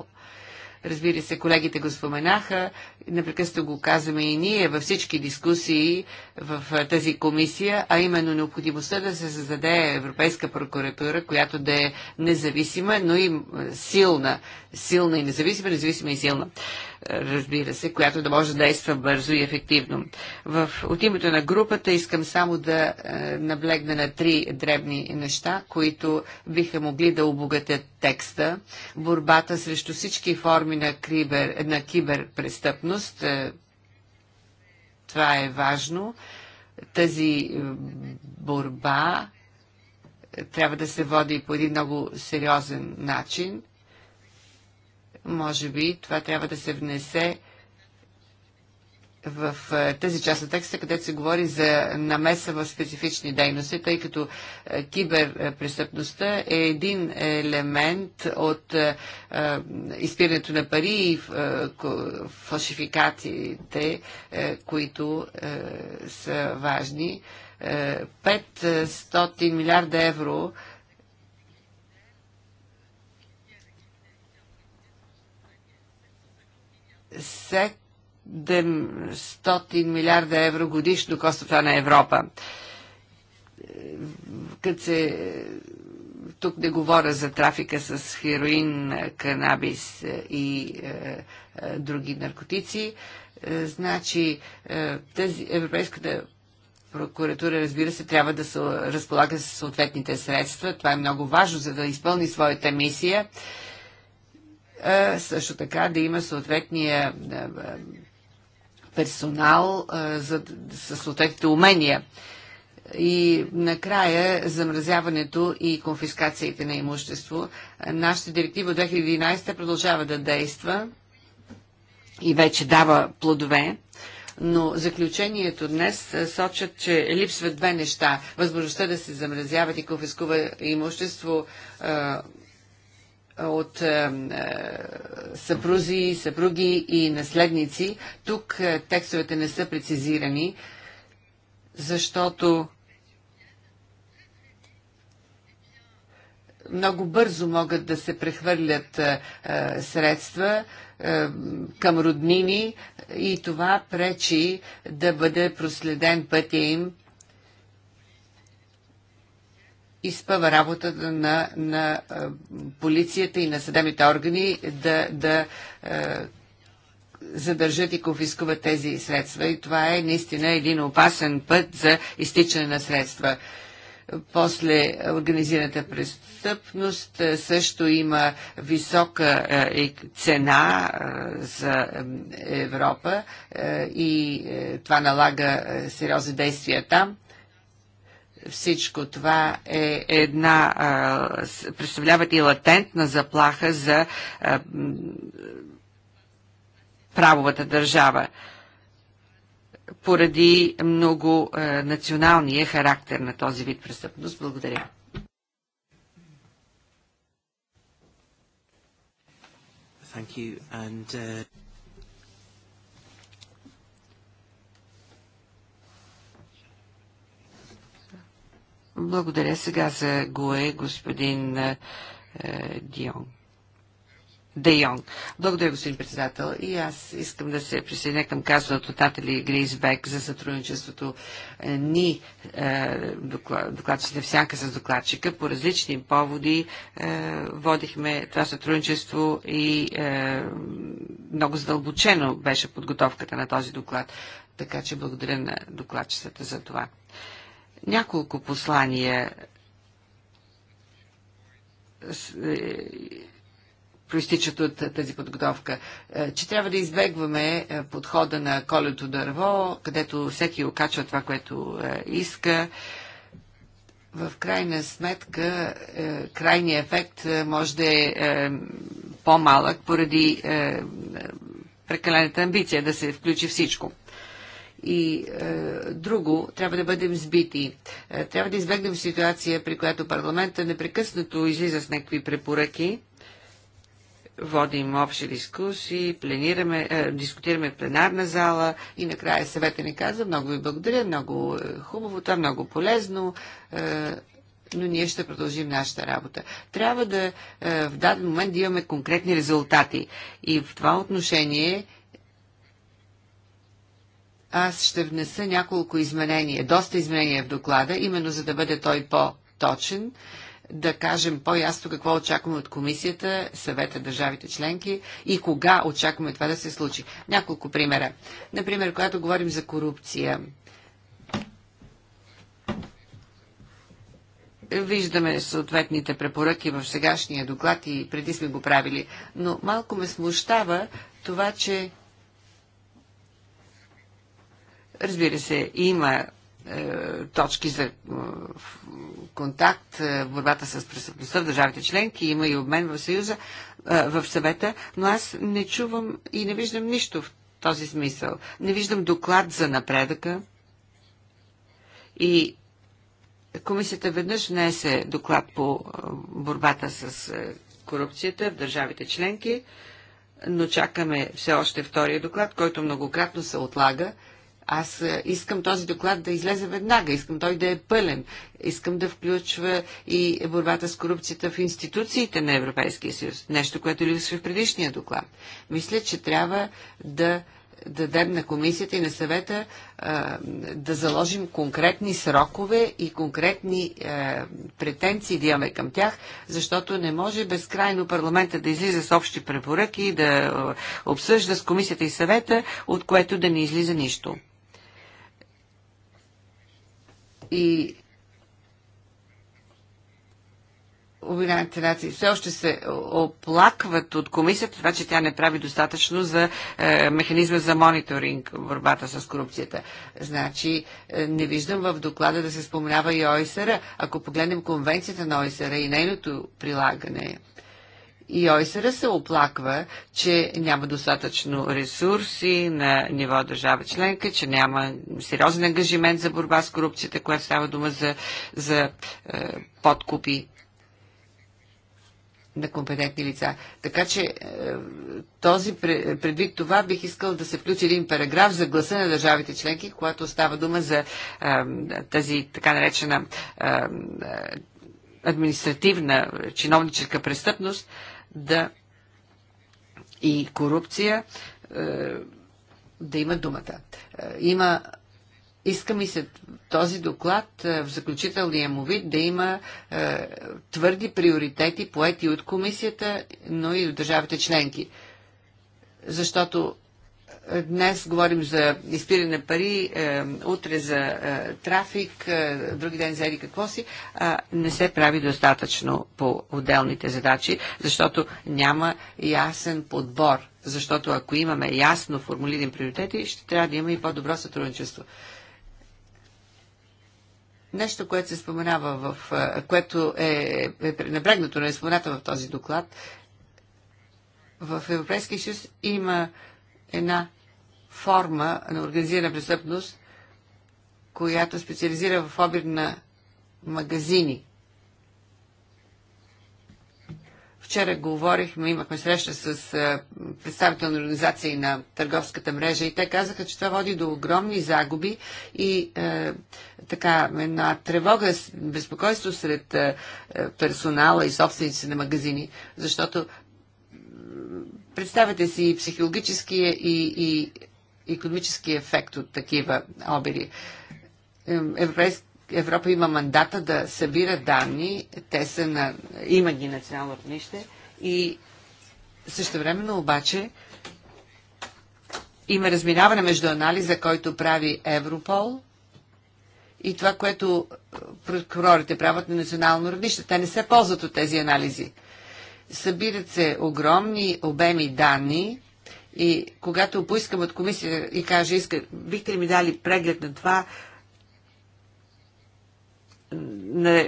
Разбира се, колегите го споменаха, Непрекъсто го казваме и ние във всички дискусии в тази комисия, а именно необходимостта да се създаде Европейска прокуратура, която да е независима, но и силна. Силна и независима, независима и силна. Разбира се, която да може да действа бързо и ефективно. В, от името на групата искам само да наблегна на три дребни неща, които биха могли да обогатят текста. Борбата срещу всички форми на, крибер, на киберпрестъпност мобилност. Е, това е важно. Тази борба е, трябва да се води по един много сериозен начин. Може би това трябва да се внесе в е, тази част на текста, където се говори за намеса в специфични дейности, тъй като е, киберпрестъпността е, е един елемент от изпирането на пари и фалшификациите, които са важни. 500 милиарда евро сек 700 милиарда евро годишно коства това на Европа. Като се... Тук не говоря за трафика с хероин, канабис и е, е други наркотици. Е, значи е, тази Европейската прокуратура, разбира се, трябва да се разполага с съответните средства. Това е много важно, за да изпълни своята мисия. Е, също така да има съответния е, персонал а, за, съответните умения. И накрая замразяването и конфискациите на имущество. Нашата директива от 2011 продължава да действа и вече дава плодове. Но заключението днес сочат, че липсват две неща. Възможността да се замразяват и конфискува имущество от е, е, съпрузи, съпруги и наследници. Тук е, текстовете не са прецизирани, защото много бързо могат да се прехвърлят средства към роднини и това пречи да бъде проследен пътя им изпъва работата на, на полицията и на съдебните органи да, да задържат и конфискуват тези средства. И това е наистина един опасен път за изтичане на средства. После организираната престъпност също има висока е, цена за Европа и е, това налага сериозни действия там всичко това е една, представляват и латентна заплаха за правовата държава поради много националния характер на този вид престъпност. Благодаря. Thank you. And, uh... Благодаря сега за Гуе, господин е, Дион. Де Йонг. Благодаря, господин председател. И аз искам да се присъединя към казаното от Натали Грейсбек за сътрудничеството е, ни, е, доклад, докладчите в сянка с докладчика. По различни поводи е, водихме това сътрудничество и е, много задълбочено беше подготовката на този доклад. Така че благодаря на докладчицата за това. Няколко послания е, проистичат от тази подготовка, е, че трябва да избегваме е, подхода на колето дърво, където всеки окачва това, което иска. В крайна сметка, крайният ефект може да е по-малък поради прекалената амбиция да се включи всичко и е, друго, трябва да бъдем сбити. Е, трябва да избегнем ситуация, при която парламента непрекъснато излиза с някакви препоръки. Водим общи дискусии, е, дискутираме в пленарна зала и накрая съвета ни каза много ви благодаря, много е, хубаво, това е много полезно. Е, но ние ще продължим нашата работа. Трябва да е, в даден момент да имаме конкретни резултати. И в това отношение аз ще внеса няколко изменения, доста изменения в доклада, именно за да бъде той по-точен, да кажем по-ясно какво очакваме от комисията, съвета, държавите членки и кога очакваме това да се случи. Няколко примера. Например, когато говорим за корупция, виждаме съответните препоръки в сегашния доклад и преди сме го правили, но малко ме смущава това, че Разбира се, има е, точки за е, контакт е, борбата с престъпността в държавите членки, има и обмен в Съюза, е, в съвета, но аз не чувам и не виждам нищо в този смисъл. Не виждам доклад за напредъка и комисията веднъж внесе доклад по борбата с корупцията в държавите членки, но чакаме все още втория доклад, който многократно се отлага аз е, искам този доклад да излезе веднага, искам той да е пълен, искам да включва и борбата с корупцията в институциите на Европейския съюз, нещо, което липсва в предишния доклад. Мисля, че трябва да дадем на комисията и на съвета а, е, да заложим конкретни срокове и конкретни а, е, претенции да имаме към тях, защото не може безкрайно парламента да излиза с общи препоръки, да обсъжда с комисията и съвета, от което да не излиза нищо и Обединените нации все още се оплакват от комисията, това, че тя не прави достатъчно за е, механизма за мониторинг в борбата с корупцията. Значи, е, не виждам в доклада да се споменава и ОИСР. Ако погледнем конвенцията на ОИСР и нейното прилагане, и ОИСР се оплаква, че няма достатъчно ресурси на ниво държава членка, че няма сериозен ангажимент за борба с корупцията, която става дума за, за е, подкупи на компетентни лица. Така че е, този предвид това бих искал да се включи един параграф за гласа на държавите членки, когато става дума за е, тази така наречена е, административна чиновническа престъпност, да и корупция е, да има думата. Е, има Иска ми се този доклад е, в заключителния му вид да има е, твърди приоритети, поети от комисията, но и от държавите членки. Защото Днес говорим за изпиране на пари, е, утре за е, трафик, е, други ден за еди какво си. не се прави достатъчно по отделните задачи, защото няма ясен подбор. Защото ако имаме ясно формулирани приоритети, ще трябва да има и по-добро сътрудничество. Нещо, което се споменава в, е, което е, е пренебрегнато, но е в този доклад, в Европейския съюз има една форма на организирана престъпност, която специализира в обир на магазини. Вчера говорихме, имахме среща с представителни организации на търговската мрежа и те казаха, че това води до огромни загуби и е, така една тревога, безпокойство сред е, персонала и собственици на магазини, защото представете си психологическия и, и економически ефект от такива обири. Европа има мандата да събира данни, те са на, има ги национално равнище и същевременно обаче има разминаване между анализа, който прави Европол и това, което е, прокурорите правят на национално равнище. Те не се ползват от тези анализи. Събират се огромни обеми данни, и когато поискам от комисия и кажа, иска, бихте ли ми дали преглед на това, на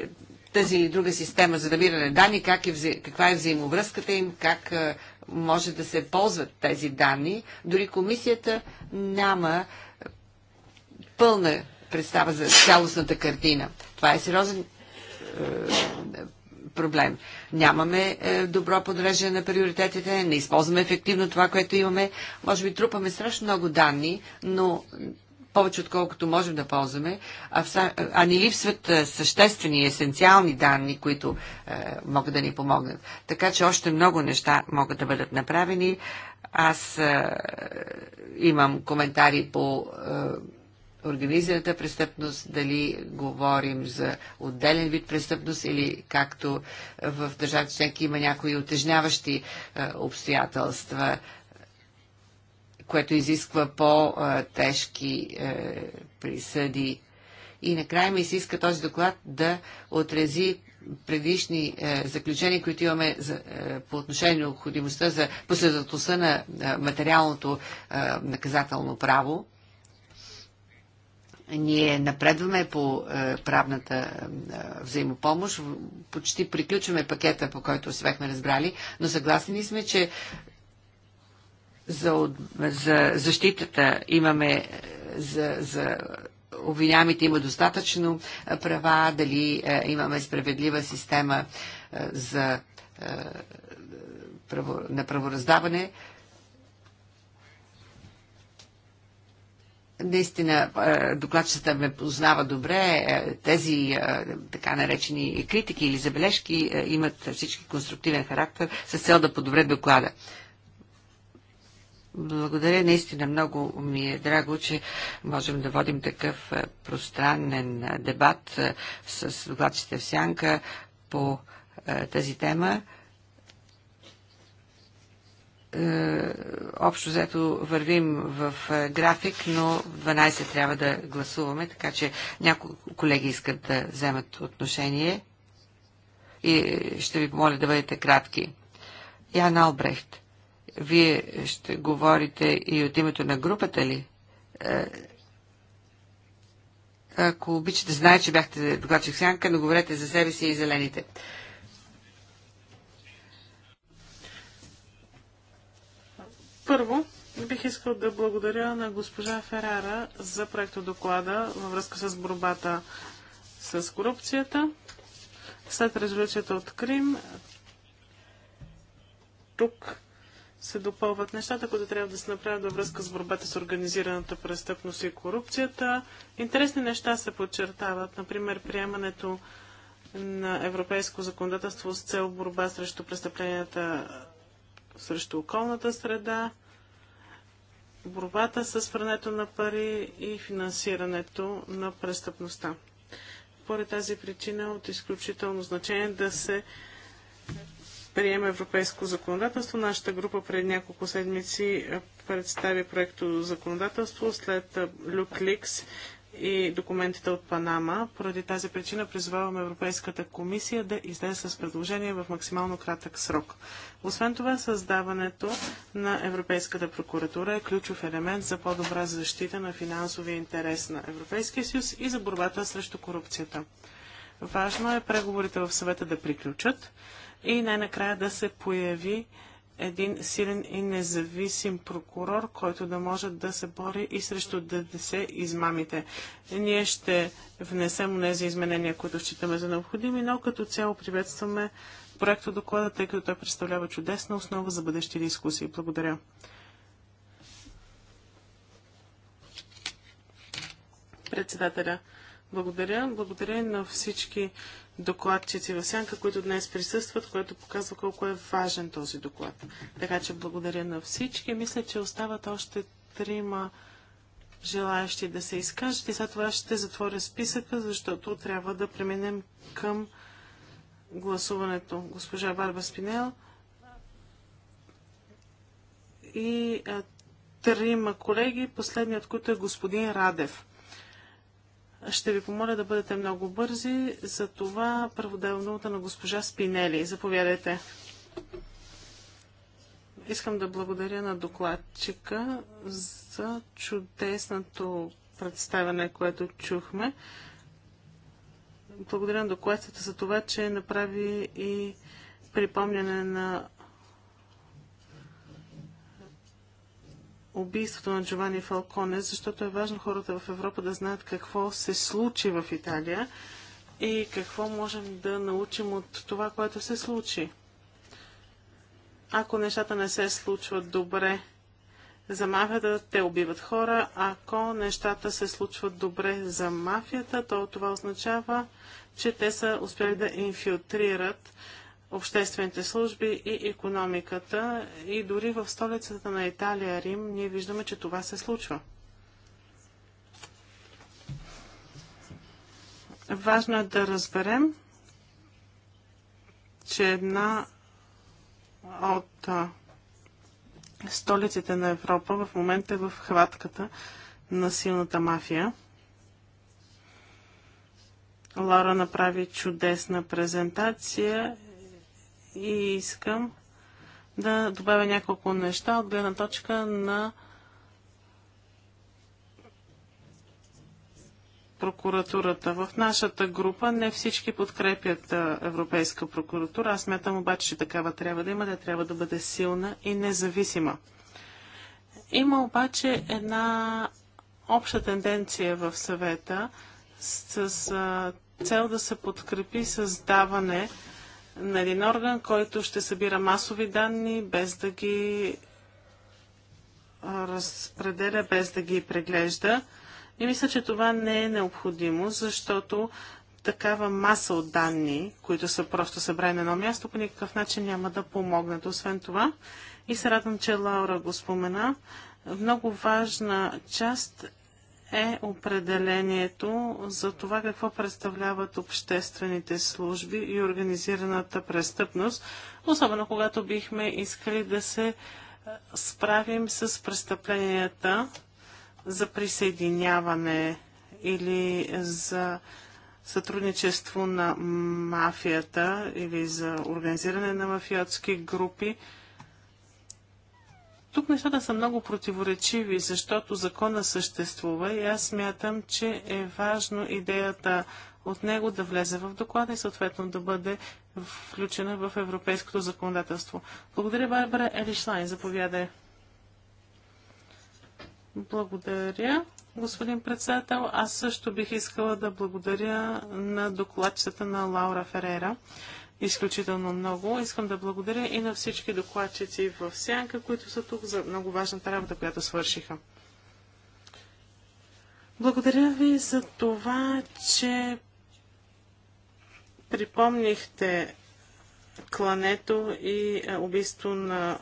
тази или друга система за набиране данни, как е, каква е взаимовръзката им, как може да се ползват тези данни. Дори комисията няма пълна представа за цялостната картина. Това е сериозен проблем. Нямаме е, добро подреждане на приоритетите, не използваме ефективно това, което имаме. Може би трупаме страшно много данни, но повече отколкото можем да ползваме, а, а ни липсват е, съществени, есенциални данни, които е, могат да ни помогнат. Така че още много неща могат да бъдат направени. Аз е, имам коментари по е, организираната престъпност, дали говорим за отделен вид престъпност или както в държавите членки има някои отежняващи е, обстоятелства, което изисква по-тежки е, присъди. И накрая ми се иска този доклад да отрези предишни е, заключения, които имаме за, е, по отношение на необходимостта за последователността на е, материалното е, наказателно право. Ние напредваме по е, правната е, взаимопомощ. Почти приключваме пакета, по който бяхме разбрали, но съгласни сме, че за, за защитата имаме е, за, за обвинямите има достатъчно права, дали имаме справедлива система за право, на правораздаване. Наистина, докладчета ме познава добре. Е, тези така наречени критики или забележки е, имат всички конструктивен характер с цел да подобрят доклада. Благодаря. Наистина много ми е драго, че можем да водим такъв е, пространен дебат с докладчите в сянка по тази тема. Е, общо взето вървим в е, график, но в 12 трябва да гласуваме, така че някои колеги искат да вземат отношение и е, ще ви помоля да бъдете кратки. Ян Албрехт, вие ще говорите и от името на групата ли? Ако обичате, знае, че бяхте докладчик сянка, но говорете за себе си и зелените. Първо, бих искал да благодаря на госпожа Ферара за проекта доклада във връзка с борбата с корупцията. След резолюцията от Крим, тук се допълват нещата, които трябва да се направят във връзка с борбата с организираната престъпност и корупцията. Интересни неща се подчертават, например приемането на европейско законодателство с цел борба срещу престъпленията срещу околната среда, борбата с прането на пари и финансирането на престъпността. Поради тази причина е от изключително значение да се приеме европейско законодателство. Нашата група пред няколко седмици представи проекто законодателство след Люк Ликс и документите от Панама. Поради тази причина призваваме Европейската комисия да излезе с предложение в максимално кратък срок. Освен това, създаването на Европейската прокуратура е ключов елемент за по-добра защита на финансовия интерес на Европейския съюз и за борбата срещу корупцията. Важно е преговорите в съвета да приключат и най-накрая да се появи един силен и независим прокурор, който да може да се бори и срещу ДДС измамите. Ние ще внесем тези изменения, които считаме за необходими, но като цяло приветстваме проекта доклада, тъй като той представлява чудесна основа за бъдещи дискусии. Благодаря. Председателя, благодаря. Благодаря на всички докладчици в сянка, които днес присъстват, което показва колко е важен този доклад. Така че благодаря на всички. Мисля, че остават още трима желаящи да се изкажат и след това ще затворя списъка, защото трябва да преминем към гласуването. Госпожа Барба Спинел и трима колеги, последният, който е господин Радев. Ще ви помоля да бъдете много бързи. За това първо на госпожа Спинели. Заповядайте. Искам да благодаря на докладчика за чудесното представяне, което чухме. Благодаря на докладчика за това, че направи и припомняне на убийството на Джовани Фалконе, защото е важно хората в Европа да знаят какво се случи в Италия и какво можем да научим от това, което се случи. Ако нещата не се случват добре за мафията, те убиват хора. Ако нещата се случват добре за мафията, то това означава, че те са успели да инфилтрират обществените служби и економиката и дори в столицата на Италия, Рим, ние виждаме, че това се случва. Важно е да разберем, че една от столиците на Европа в момента е в хватката на силната мафия. Лара направи чудесна презентация и искам да добавя няколко неща от гледна точка на прокуратурата. В нашата група не всички подкрепят Европейска прокуратура. Аз смятам обаче, че такава трябва да има. Тя да трябва да бъде силна и независима. Има обаче една обща тенденция в съвета с цел да се подкрепи създаване на един орган, който ще събира масови данни, без да ги разпределя, без да ги преглежда. И мисля, че това не е необходимо, защото такава маса от данни, които са просто събрани на едно място, по никакъв начин няма да помогнат. Освен това, и се радвам, че Лаура го спомена, много важна част е определението за това какво представляват обществените служби и организираната престъпност, особено когато бихме искали да се е, справим с престъпленията за присъединяване или за сътрудничество на мафията или за организиране на мафиотски групи. Тук нещата са много противоречиви, защото закона съществува и аз смятам, че е важно идеята от него да влезе в доклада и съответно да бъде включена в европейското законодателство. Благодаря, Барбара Елишлайн. Заповядай. Благодаря, господин председател. Аз също бих искала да благодаря на докладчета на Лаура Ферера изключително много. Искам да благодаря и на всички докладчици в Сянка, които са тук за много важната работа, която свършиха. Благодаря ви за това, че припомнихте клането и е, убийство на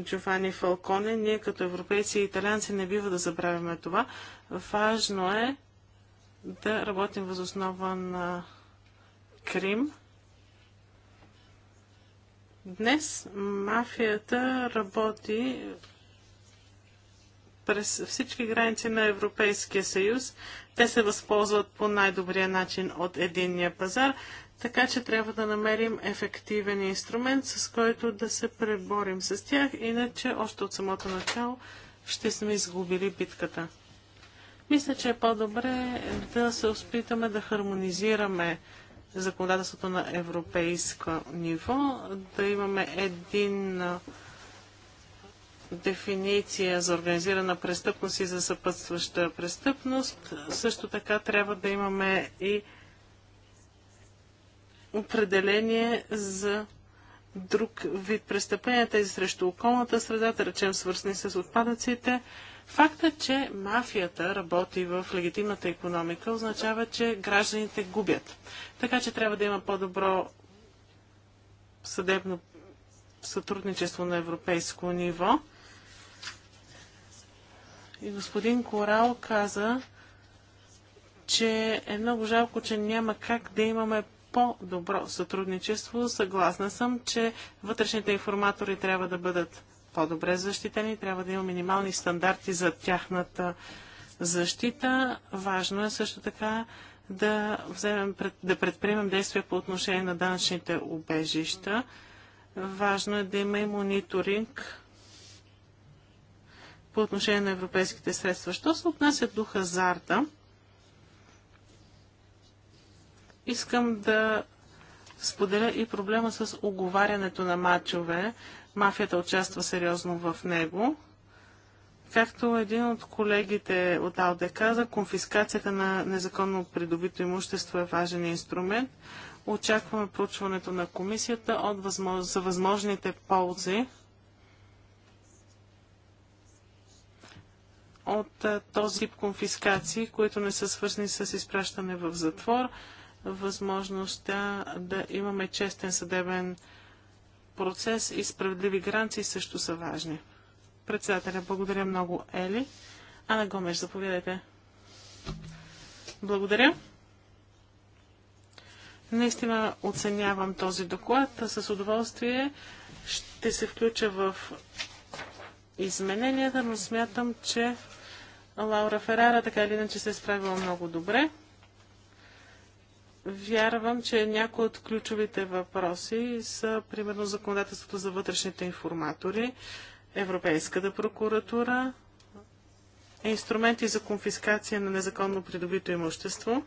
Джовани Фалконе. Ние като европейци и италианци не бива да забравяме това. Важно е да работим възоснова на Крим Днес мафията работи през всички граници на Европейския съюз. Те се възползват по най-добрия начин от единния пазар, така че трябва да намерим ефективен инструмент, с който да се преборим с тях, иначе още от самото начало ще сме изгубили битката. Мисля, че е по-добре да се опитаме да хармонизираме законодателството на европейско ниво, да имаме един дефиниция за организирана престъпност и за съпътстваща престъпност. Също така трябва да имаме и определение за друг вид престъпления, тези срещу околната среда, да речем свързани с отпадъците. Факта, че мафията работи в легитимната економика, означава, че гражданите губят. Така че трябва да има по-добро съдебно сътрудничество на европейско ниво. И господин Корал каза, че е много жалко, че няма как да имаме по-добро сътрудничество. Съгласна съм, че вътрешните информатори трябва да бъдат по-добре защитени, трябва да има минимални стандарти за тяхната защита. Важно е също така да, вземем, да предприемем действия по отношение на данъчните убежища. Важно е да има и мониторинг по отношение на европейските средства. Що се отнася до хазарта, искам да споделя и проблема с оговарянето на мачове мафията участва сериозно в него. Както един от колегите от АЛДЕ каза, конфискацията на незаконно придобито имущество е важен инструмент. Очакваме проучването на комисията от възмож... за възможните ползи от този тип конфискации, които не са свързани с изпращане в затвор, възможността да имаме честен съдебен процес и справедливи гаранции също са важни. Председателя, благодаря много, Ели. Ана Гомеш, заповядайте. Благодаря. Наистина оценявам този доклад. С удоволствие ще се включа в измененията, но смятам, че Лаура Ферара така или иначе се е справила много добре. Вярвам, че някои от ключовите въпроси са, примерно, законодателството за вътрешните информатори, Европейската прокуратура, инструменти за конфискация на незаконно придобито имущество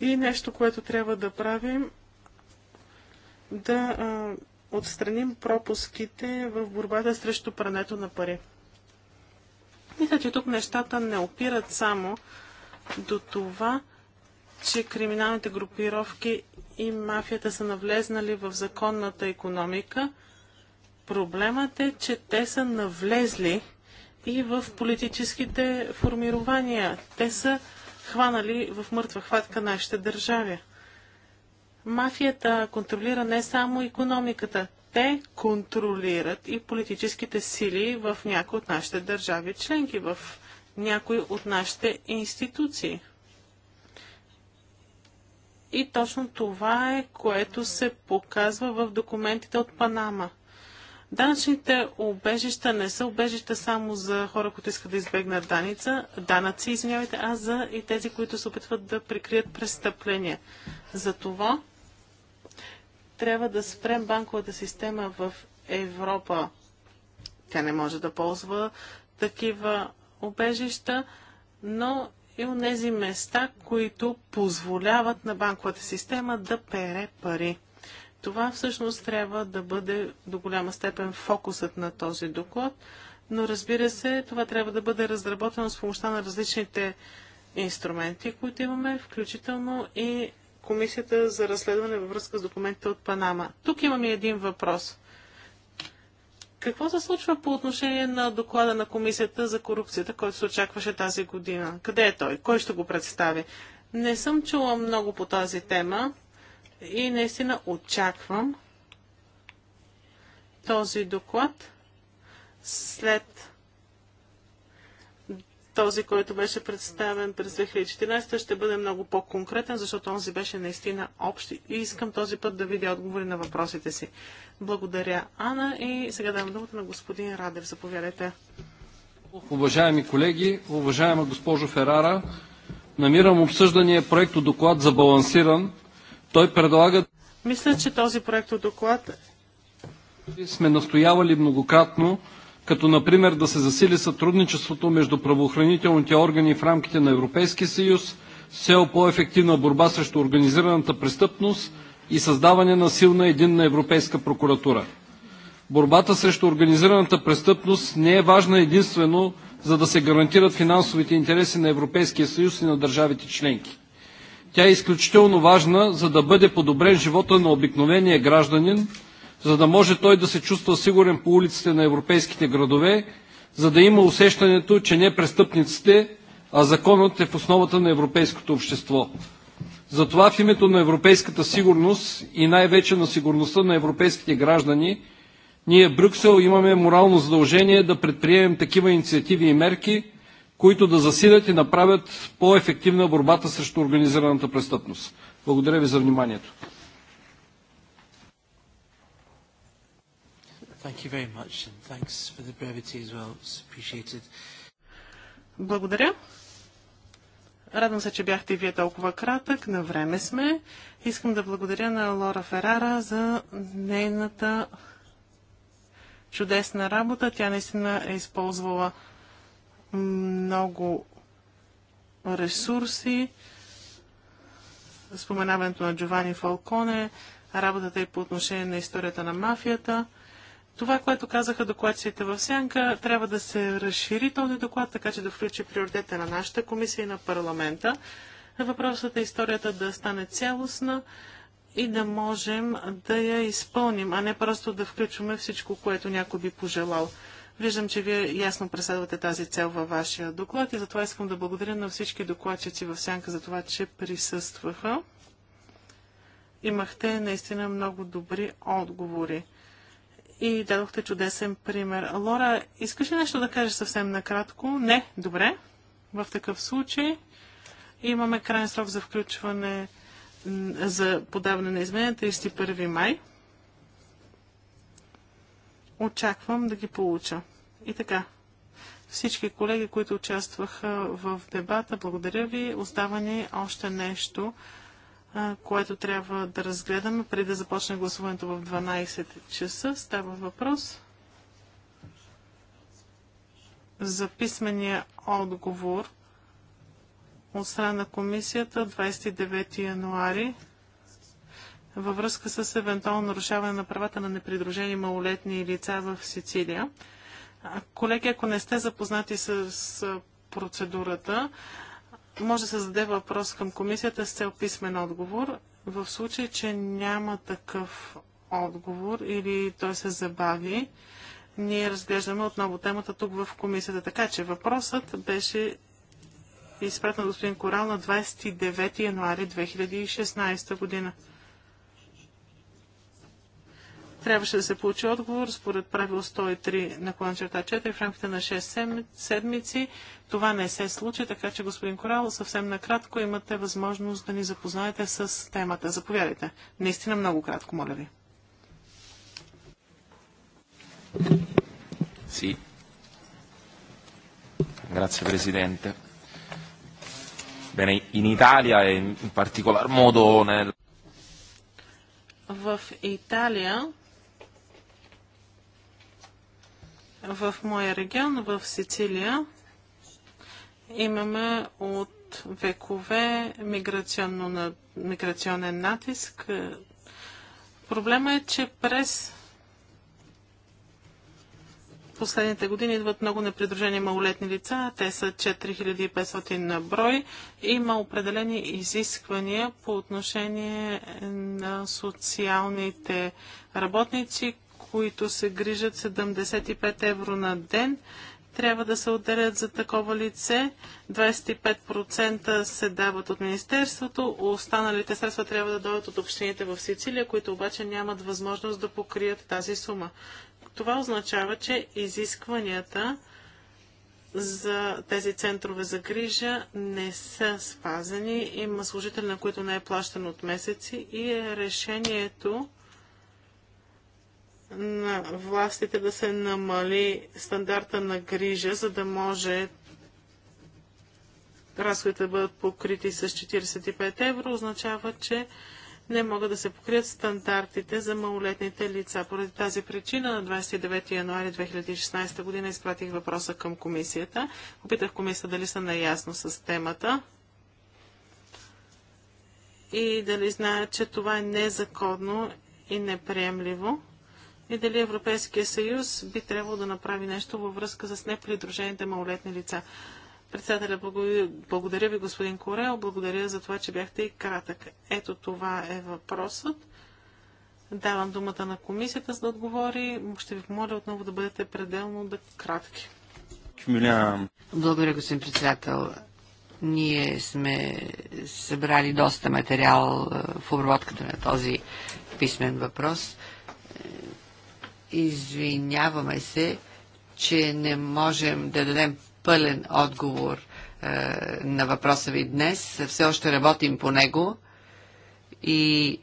и нещо, което трябва да правим, да а, отстраним пропуските в борбата срещу прането на пари. Мисля, че тук нещата не опират само до това, че криминалните групировки и мафията са навлезнали в законната економика. Проблемът е, че те са навлезли и в политическите формирования. Те са хванали в мъртва хватка нашите държави. Мафията контролира не само економиката, те контролират и политическите сили в някои от нашите държави членки, в някои от нашите институции. И точно това е, което се показва в документите от Панама. Данъчните обежища не са обежища само за хора, които искат да избегнат даница, данъци, извинявайте, а за и тези, които се опитват да прикрият престъпления. Затова трябва да спрем банковата система в Европа. Тя не може да ползва такива обежища, но и от тези места, които позволяват на банковата система да пере пари. Това всъщност трябва да бъде до голяма степен фокусът на този доклад, но разбира се, това трябва да бъде разработено с помощта на различните инструменти, които имаме, включително и Комисията за разследване във връзка с документите от Панама. Тук имаме един въпрос. Какво се случва по отношение на доклада на Комисията за корупцията, който се очакваше тази година? Къде е той? Кой ще го представи? Не съм чула много по тази тема и наистина очаквам този доклад след този, който беше представен през 2014, ще бъде много по-конкретен, защото онзи беше наистина общ и искам този път да видя отговори на въпросите си. Благодаря, Ана. И сега давам думата на господин Радев. Заповядайте. Уважаеми колеги, уважаема госпожо Ферара, намирам обсъждания проект от доклад за балансиран. Той предлага... Мисля, че този проект от доклад... Сме настоявали многократно като например да се засили сътрудничеството между правоохранителните органи в рамките на Европейския съюз с цел по-ефективна борба срещу организираната престъпност и създаване на силна единна европейска прокуратура. Борбата срещу организираната престъпност не е важна единствено за да се гарантират финансовите интереси на Европейския съюз и на държавите членки. Тя е изключително важна, за да бъде подобрен живота на обикновения гражданин, за да може той да се чувства сигурен по улиците на европейските градове, за да има усещането, че не престъпниците, а законът е в основата на европейското общество. Затова в името на европейската сигурност и най-вече на сигурността на европейските граждани, ние в Брюксел имаме морално задължение да предприемем такива инициативи и мерки, които да засилят и направят по-ефективна борбата срещу организираната престъпност. Благодаря ви за вниманието. Thank you very much and thanks for the brevity as well. It's appreciated. Благодаря. Радвам се, че бяхте и вие толкова кратък. На време сме. Искам да благодаря на Лора Ферара за нейната чудесна работа. Тя наистина е използвала много ресурси. Споменаването на Джовани Фалконе, работата и по отношение на историята на мафията – това, което казаха докладците в Сянка, трябва да се разшири този доклад, така че да включи приоритета на нашата комисия и на парламента. Въпросът е историята да стане цялостна и да можем да я изпълним, а не просто да включваме всичко, което някой би пожелал. Виждам, че вие ясно преследвате тази цел във вашия доклад и затова искам да благодаря на всички докладчици в Сянка за това, че присъстваха. Имахте наистина много добри отговори и дадохте чудесен пример. Лора, искаш ли нещо да кажеш съвсем накратко? Не? Добре. В такъв случай имаме крайен срок за включване за подаване на изменения 31 май. Очаквам да ги получа. И така, всички колеги, които участваха в дебата, благодаря ви. Остава ни още нещо което трябва да разгледаме преди да започне гласуването в 12 часа. Става въпрос за писмения отговор от страна на комисията 29 януари във връзка с евентуално нарушаване на правата на непридружени малолетни лица в Сицилия. Колеги, ако не сте запознати с процедурата, може да се зададе въпрос към комисията с цел писмен отговор. В случай, че няма такъв отговор или той се забави, ние разглеждаме отново темата тук в комисията. Така че въпросът беше изпратен от господин Корал на 29 януари 2016 година трябваше да се получи отговор според правило 103 на кланчерта 4 в рамките на 6 седмици. Това не се случи, така че господин Корал, съвсем накратко имате възможност да ни запознаете с темата. Заповядайте. Наистина много кратко, моля ви. Sì. Grazie Presidente. Bene, in Italia e in particolar modo nel... В Италия В моя регион, в Сицилия, имаме от векове миграционен натиск. Проблема е, че през последните години идват много непридружени малолетни лица. Те са 4500 на брой. Има определени изисквания по отношение на социалните работници, които се грижат 75 евро на ден, трябва да се отделят за такова лице. 25% се дават от Министерството, останалите средства трябва да дойдат от общините в Сицилия, които обаче нямат възможност да покрият тази сума. Това означава, че изискванията за тези центрове за грижа не са спазени. Има служители, на които не е плащан от месеци и е решението на властите да се намали стандарта на грижа, за да може разходите да бъдат покрити с 45 евро, означава, че не могат да се покрият стандартите за малолетните лица. Поради тази причина на 29 януари 2016 година изпратих въпроса към комисията. Опитах комисията дали са наясно с темата и дали знаят, че това е незаконно и неприемливо и дали Европейския съюз би трябвало да направи нещо във връзка с непридружените малолетни лица. Председателя, благодаря ви, господин Корел, благодаря за това, че бяхте и кратък. Ето това е въпросът. Давам думата на комисията, за да отговори. Ще ви помоля отново да бъдете пределно да кратки. Благодаря, господин председател. Ние сме събрали доста материал е, в обработката на този писмен въпрос е, Извиняваме се, че не можем да дадем пълен отговор е, на въпроса ви днес. Все още работим по него и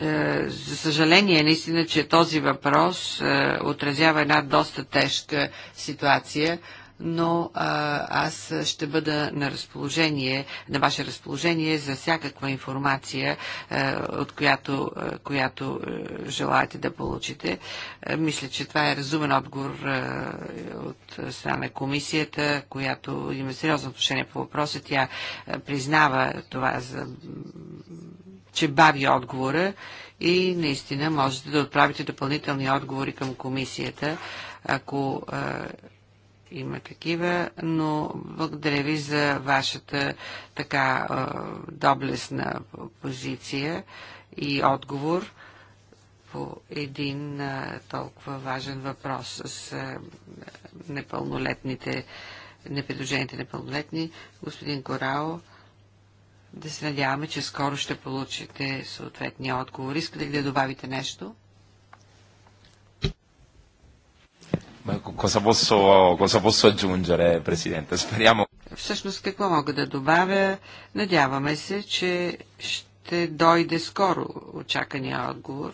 е, за съжаление, наистина, че този въпрос е, отразява една доста тежка ситуация но а, аз ще бъда на разположение, на ваше разположение за всякаква информация, а, от която, а, която желаете да получите. А, мисля, че това е разумен отговор а, от страна на комисията, която има сериозно отношение по въпроса. Тя а, признава това, за, че бави отговора и наистина можете да отправите допълнителни отговори към комисията, ако а, има такива, но благодаря ви за вашата така доблесна позиция и отговор по един толкова важен въпрос с непълнолетните, непредложените непълнолетни. Господин Корао, да се надяваме, че скоро ще получите съответния отговор. Искате ли да добавите нещо? Cosa posso, cosa posso aggiungere, Presidente? Speriamo... Всъщност какво мога да добавя? Надяваме се, че ще дойде скоро очакания отговор.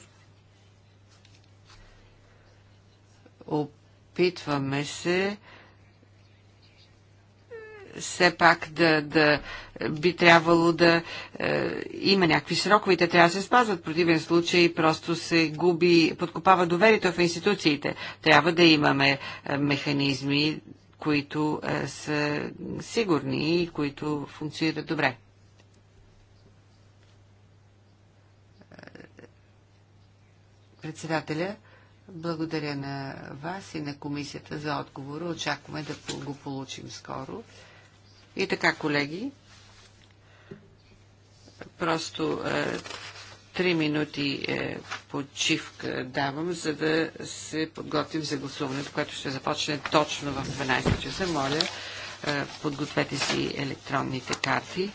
Опитваме се все пак да, да би трябвало да е, има някакви срокове и те трябва да се спазват. В противен случай просто се губи, подкопава доверието в институциите. Трябва да имаме е, механизми, които е, са сигурни и които функционират добре. Председателя, благодаря на вас и на комисията за отговора. Очакваме да го получим скоро. И така, колеги, просто е, три минути е, почивка давам, за да се подготвим за гласуването, което ще започне точно в 12 часа. Моля, е, подгответе си електронните карти.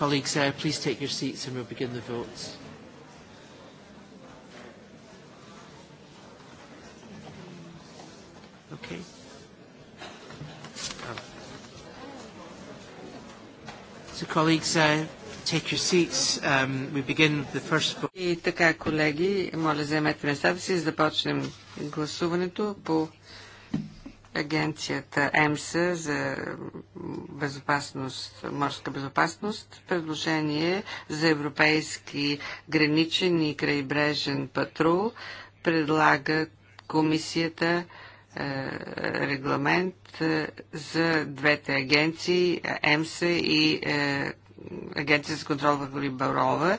Colleagues, uh, please take your seats and we'll begin the votes. Okay. Oh. So, colleagues, uh, take your seats. Um, we begin the first vote. И така, колеги, моля заемете местата си, за да почнем гласуването по агенцията ЕМСА за безопасност, морска безопасност, предложение за европейски граничен и крайбрежен патрул, предлага комисията е, регламент е, за двете агенции, ЕМСА и е, Агенция за контрол върху рибарова.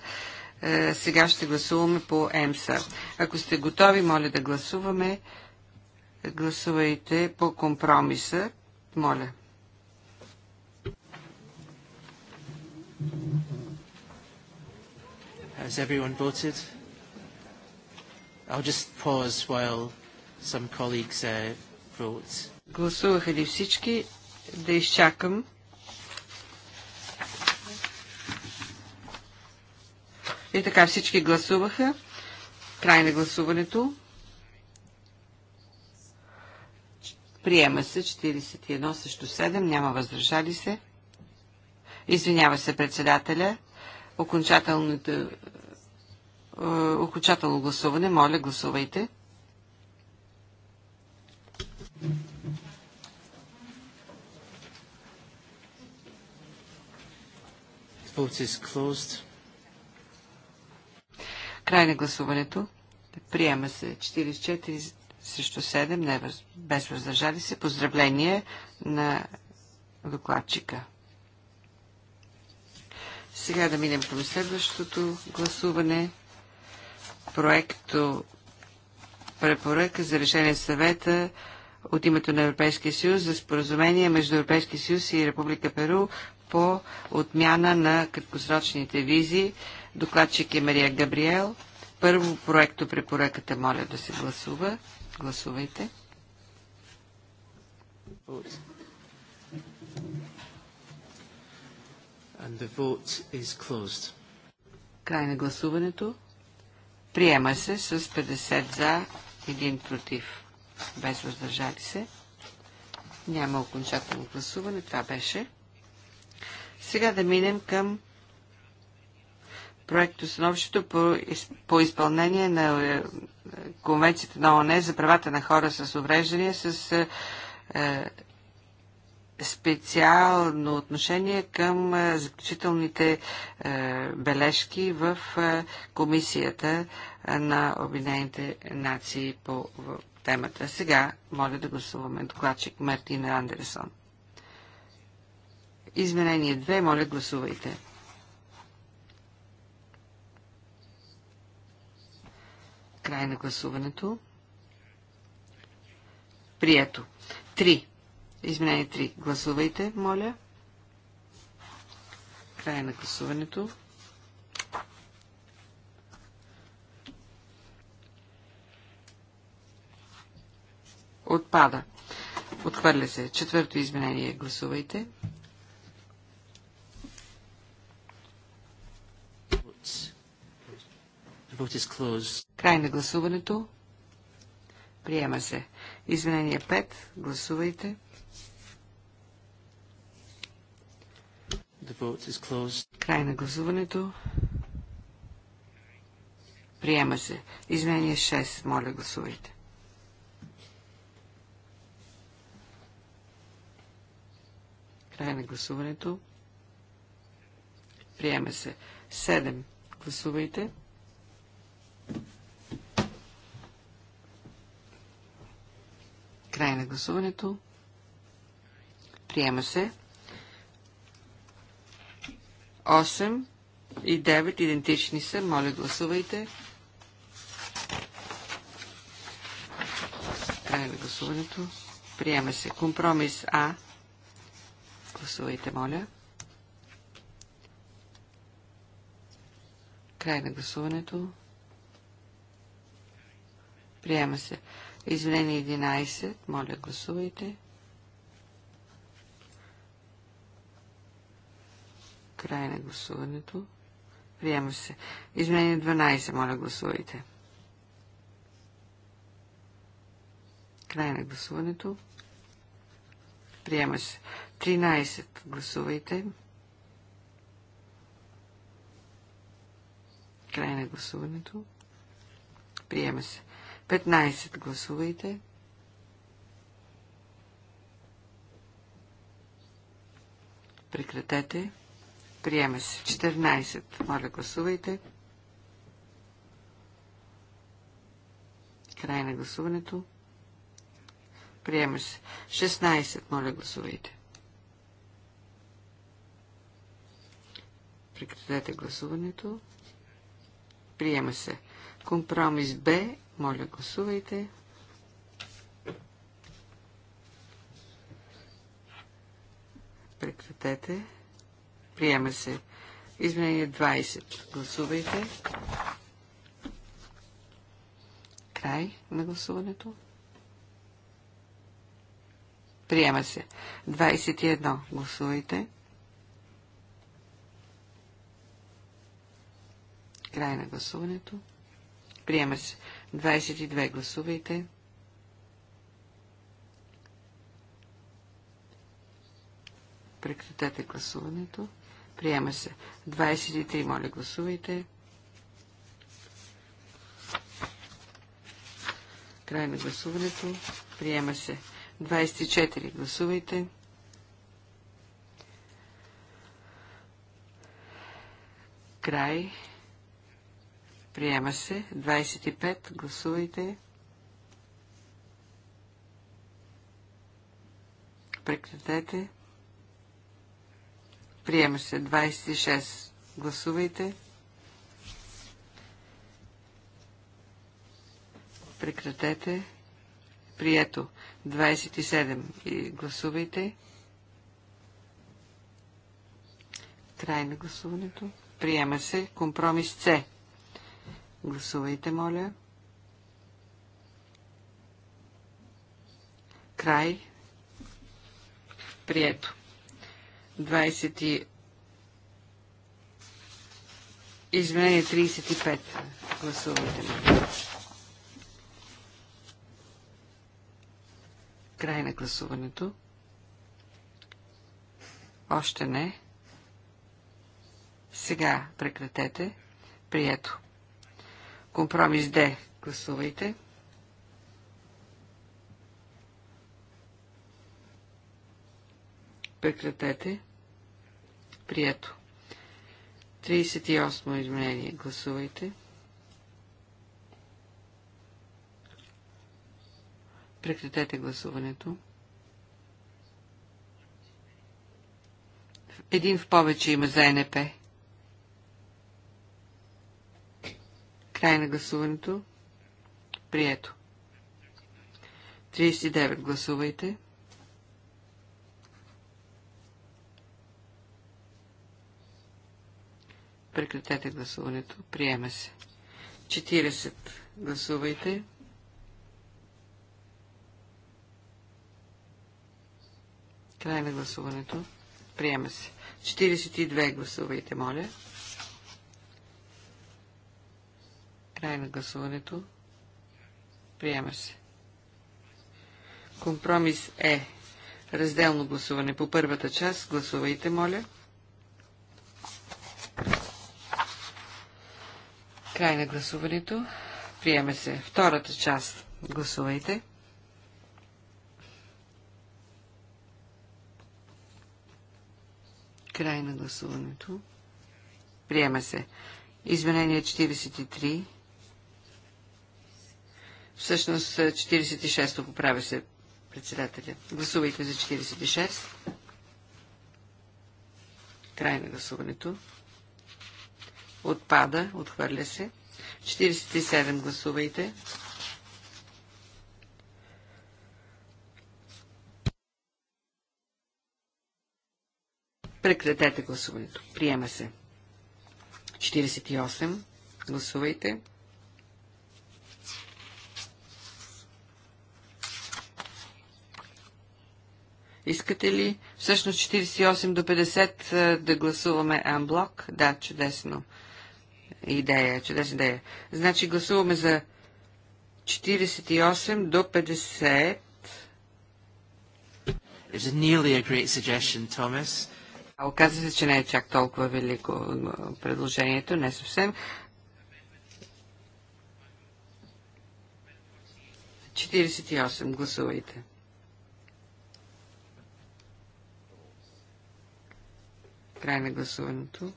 Сега ще гласуваме по ЕМСА. Ако сте готови, моля да гласуваме. Гласувайте по компромиса. Моля. Has everyone voted? I'll just pause while some colleagues uh, vote. Гласуваха ли всички? Да изчакам. И така всички гласуваха. Край на гласуването. Приема се 41 също 7, няма възражали се. Извинява се председателя. Окончателното е, окончателно гласуване. Моля, гласувайте. Край на гласуването. Приема се 44 срещу 7, не без въздържали се. Поздравление на докладчика. Сега да минем към следващото гласуване проекто препоръка за решение съвета от името на Европейския съюз за споразумение между Европейския съюз и Република Перу по отмяна на краткосрочните визи. Докладчик е Мария Габриел. Първо проекто препоръката моля да се гласува. Гласувайте. Край на гласуването. Приема се с 50 за, 1 против, без въздържали се. Няма окончателно гласуване, това беше. Сега да минем към проекто становището по, по изпълнение на е, Конвенцията на ОНЕ за правата на хора с увреждания с е, специално отношение към е, заключителните е, бележки в е, комисията на Обединените нации по темата. Сега моля да гласуваме докладчик Мартина Андерсон. Изменение 2, моля гласувайте. Край на гласуването. Прието. 3. Изменение 3. Гласувайте, моля. Край на гласуването. Отпада. Отхвърля се. Четвърто изменение. Гласувайте. Край на гласуването. Приема се. Изменение 5. Гласувайте. Край на гласуването. Приема се. Изменение 6. Моля, гласувайте. Край на гласуването. Приема се. 7. Гласувайте. Край на гласуването. Приема се. 8 и 9 идентични са. Моля, гласувайте. Край на гласуването. Приема се. Компромис А. Гласувайте, моля. Край на гласуването. Приема се. Извинение 11. Моля, гласувайте. Край на гласуването. Приема се. Изменение 12. Моля, гласувайте. Край на гласуването. Приема се. 13. Гласувайте. Край на гласуването. Приема се. 15. Гласувайте. Прекратете. Приема се. 14. Моля, гласувайте. Край на гласуването. Приема се. 16. Моля, гласувайте. Прекратете гласуването. Приема се. Компромис Б. Моля, гласувайте. Прекратете. Приема се. Изменение 20. Гласувайте. Край на гласуването. Приема се. 21. Гласувайте. Край на гласуването. Приема се. 22. Гласувайте. Прекратете гласуването. Приема се. 23. Моля, гласувайте. Край на гласуването. Приема се. 24. Гласувайте. Край. Приема се. 25. Гласувайте. Прекратете. Приема се 26. Гласувайте. Прекратете. Прието. 27. И гласувайте. Край на гласуването. Приема се компромис С. Гласувайте, моля. Край. Прието. 20... Изменение 35. Гласувайте. Край на гласуването. Още не. Сега прекратете. Прието. Компромис Д. Гласувайте. Прекратете. Прието. 38 изменение. Гласувайте. Прекратете гласуването. Един в повече има за НП. Край на гласуването. Прието. 39 гласувайте. Прекратете гласуването. Приема се. 40. Гласувайте. Край на гласуването. Приема се. 42. Гласувайте, моля. Край на гласуването. Приема се. Компромис е. Разделно гласуване по първата част. Гласувайте, моля. Край на гласуването. Приеме се втората част. Гласувайте. Край на гласуването. Приема се. Изменение 43. Всъщност 46-то е, поправя се председателя. Гласувайте за 46. Край на гласуването. Отпада, отхвърля се. 47 гласувайте. Прекратете гласуването. Приема се. 48. Гласувайте. Искате ли всъщност 48 до 50 да гласуваме анблок? Да, чудесно идея, чудесна идея. Значи гласуваме за 48 до 50. It's nearly a great suggestion, Thomas. А оказа се, че не е чак толкова велико предложението, не съвсем. 48 гласувайте. Край на гласуването.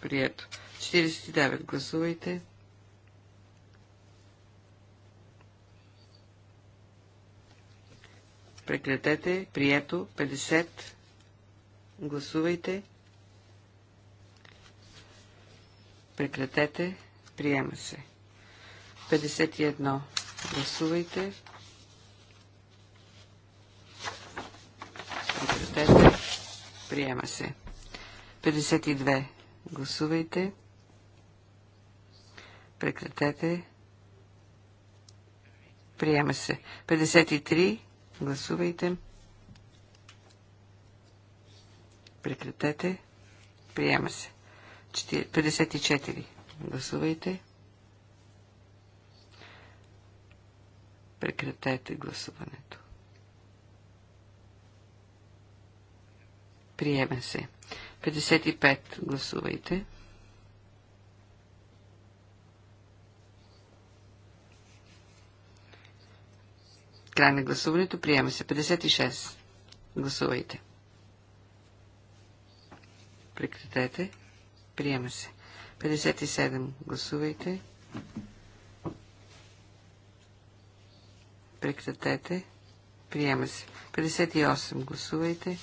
Прието. 49 гласувайте. Прекратете. Прието. 50. Гласувайте. Прекратете. Приема се. 51. Гласувайте. Прекратете. Приема се. 52. Гласувайте. Прекратете. Приема се. 53. Гласувайте. Прекратете. Приема се. 54. Гласувайте. Прекратете гласуването. Приема се. 55. Гласувайте. Край на гласуването. Приема се. 56. Гласувайте. Прекратете. Приема се. 57. Гласувайте. Прекратете. Приема се. 58. Гласувайте.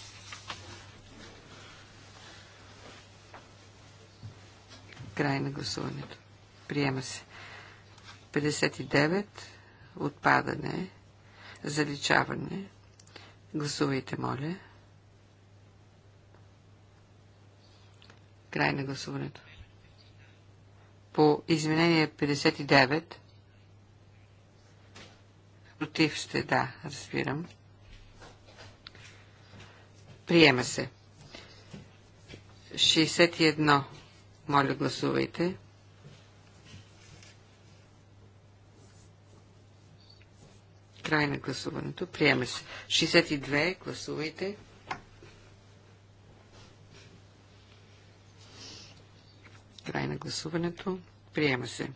Край на гласуването. Приема се. 59. Отпадане заличаване. Гласувайте, моля. Край на гласуването. По изменение 59. Против ще, да, разбирам. Приема се. 61. Моля, гласувайте. Край на гласуването. Приема се. 62. Гласувайте. Край на гласуването. Приема се.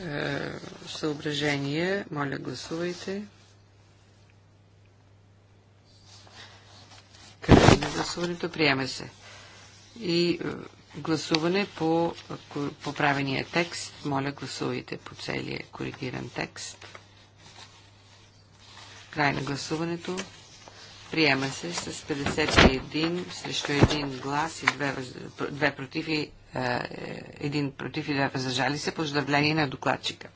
Е, Съображение. Моля, гласувайте. Край на гласуването. Приема се. И е, гласуване по поправения текст. Моля, гласувайте по целия коригиран текст. Край на гласуването. Приема се с 51 срещу 1 глас и 2, против и е, е, един против и две въздържали се, поздравление на докладчика.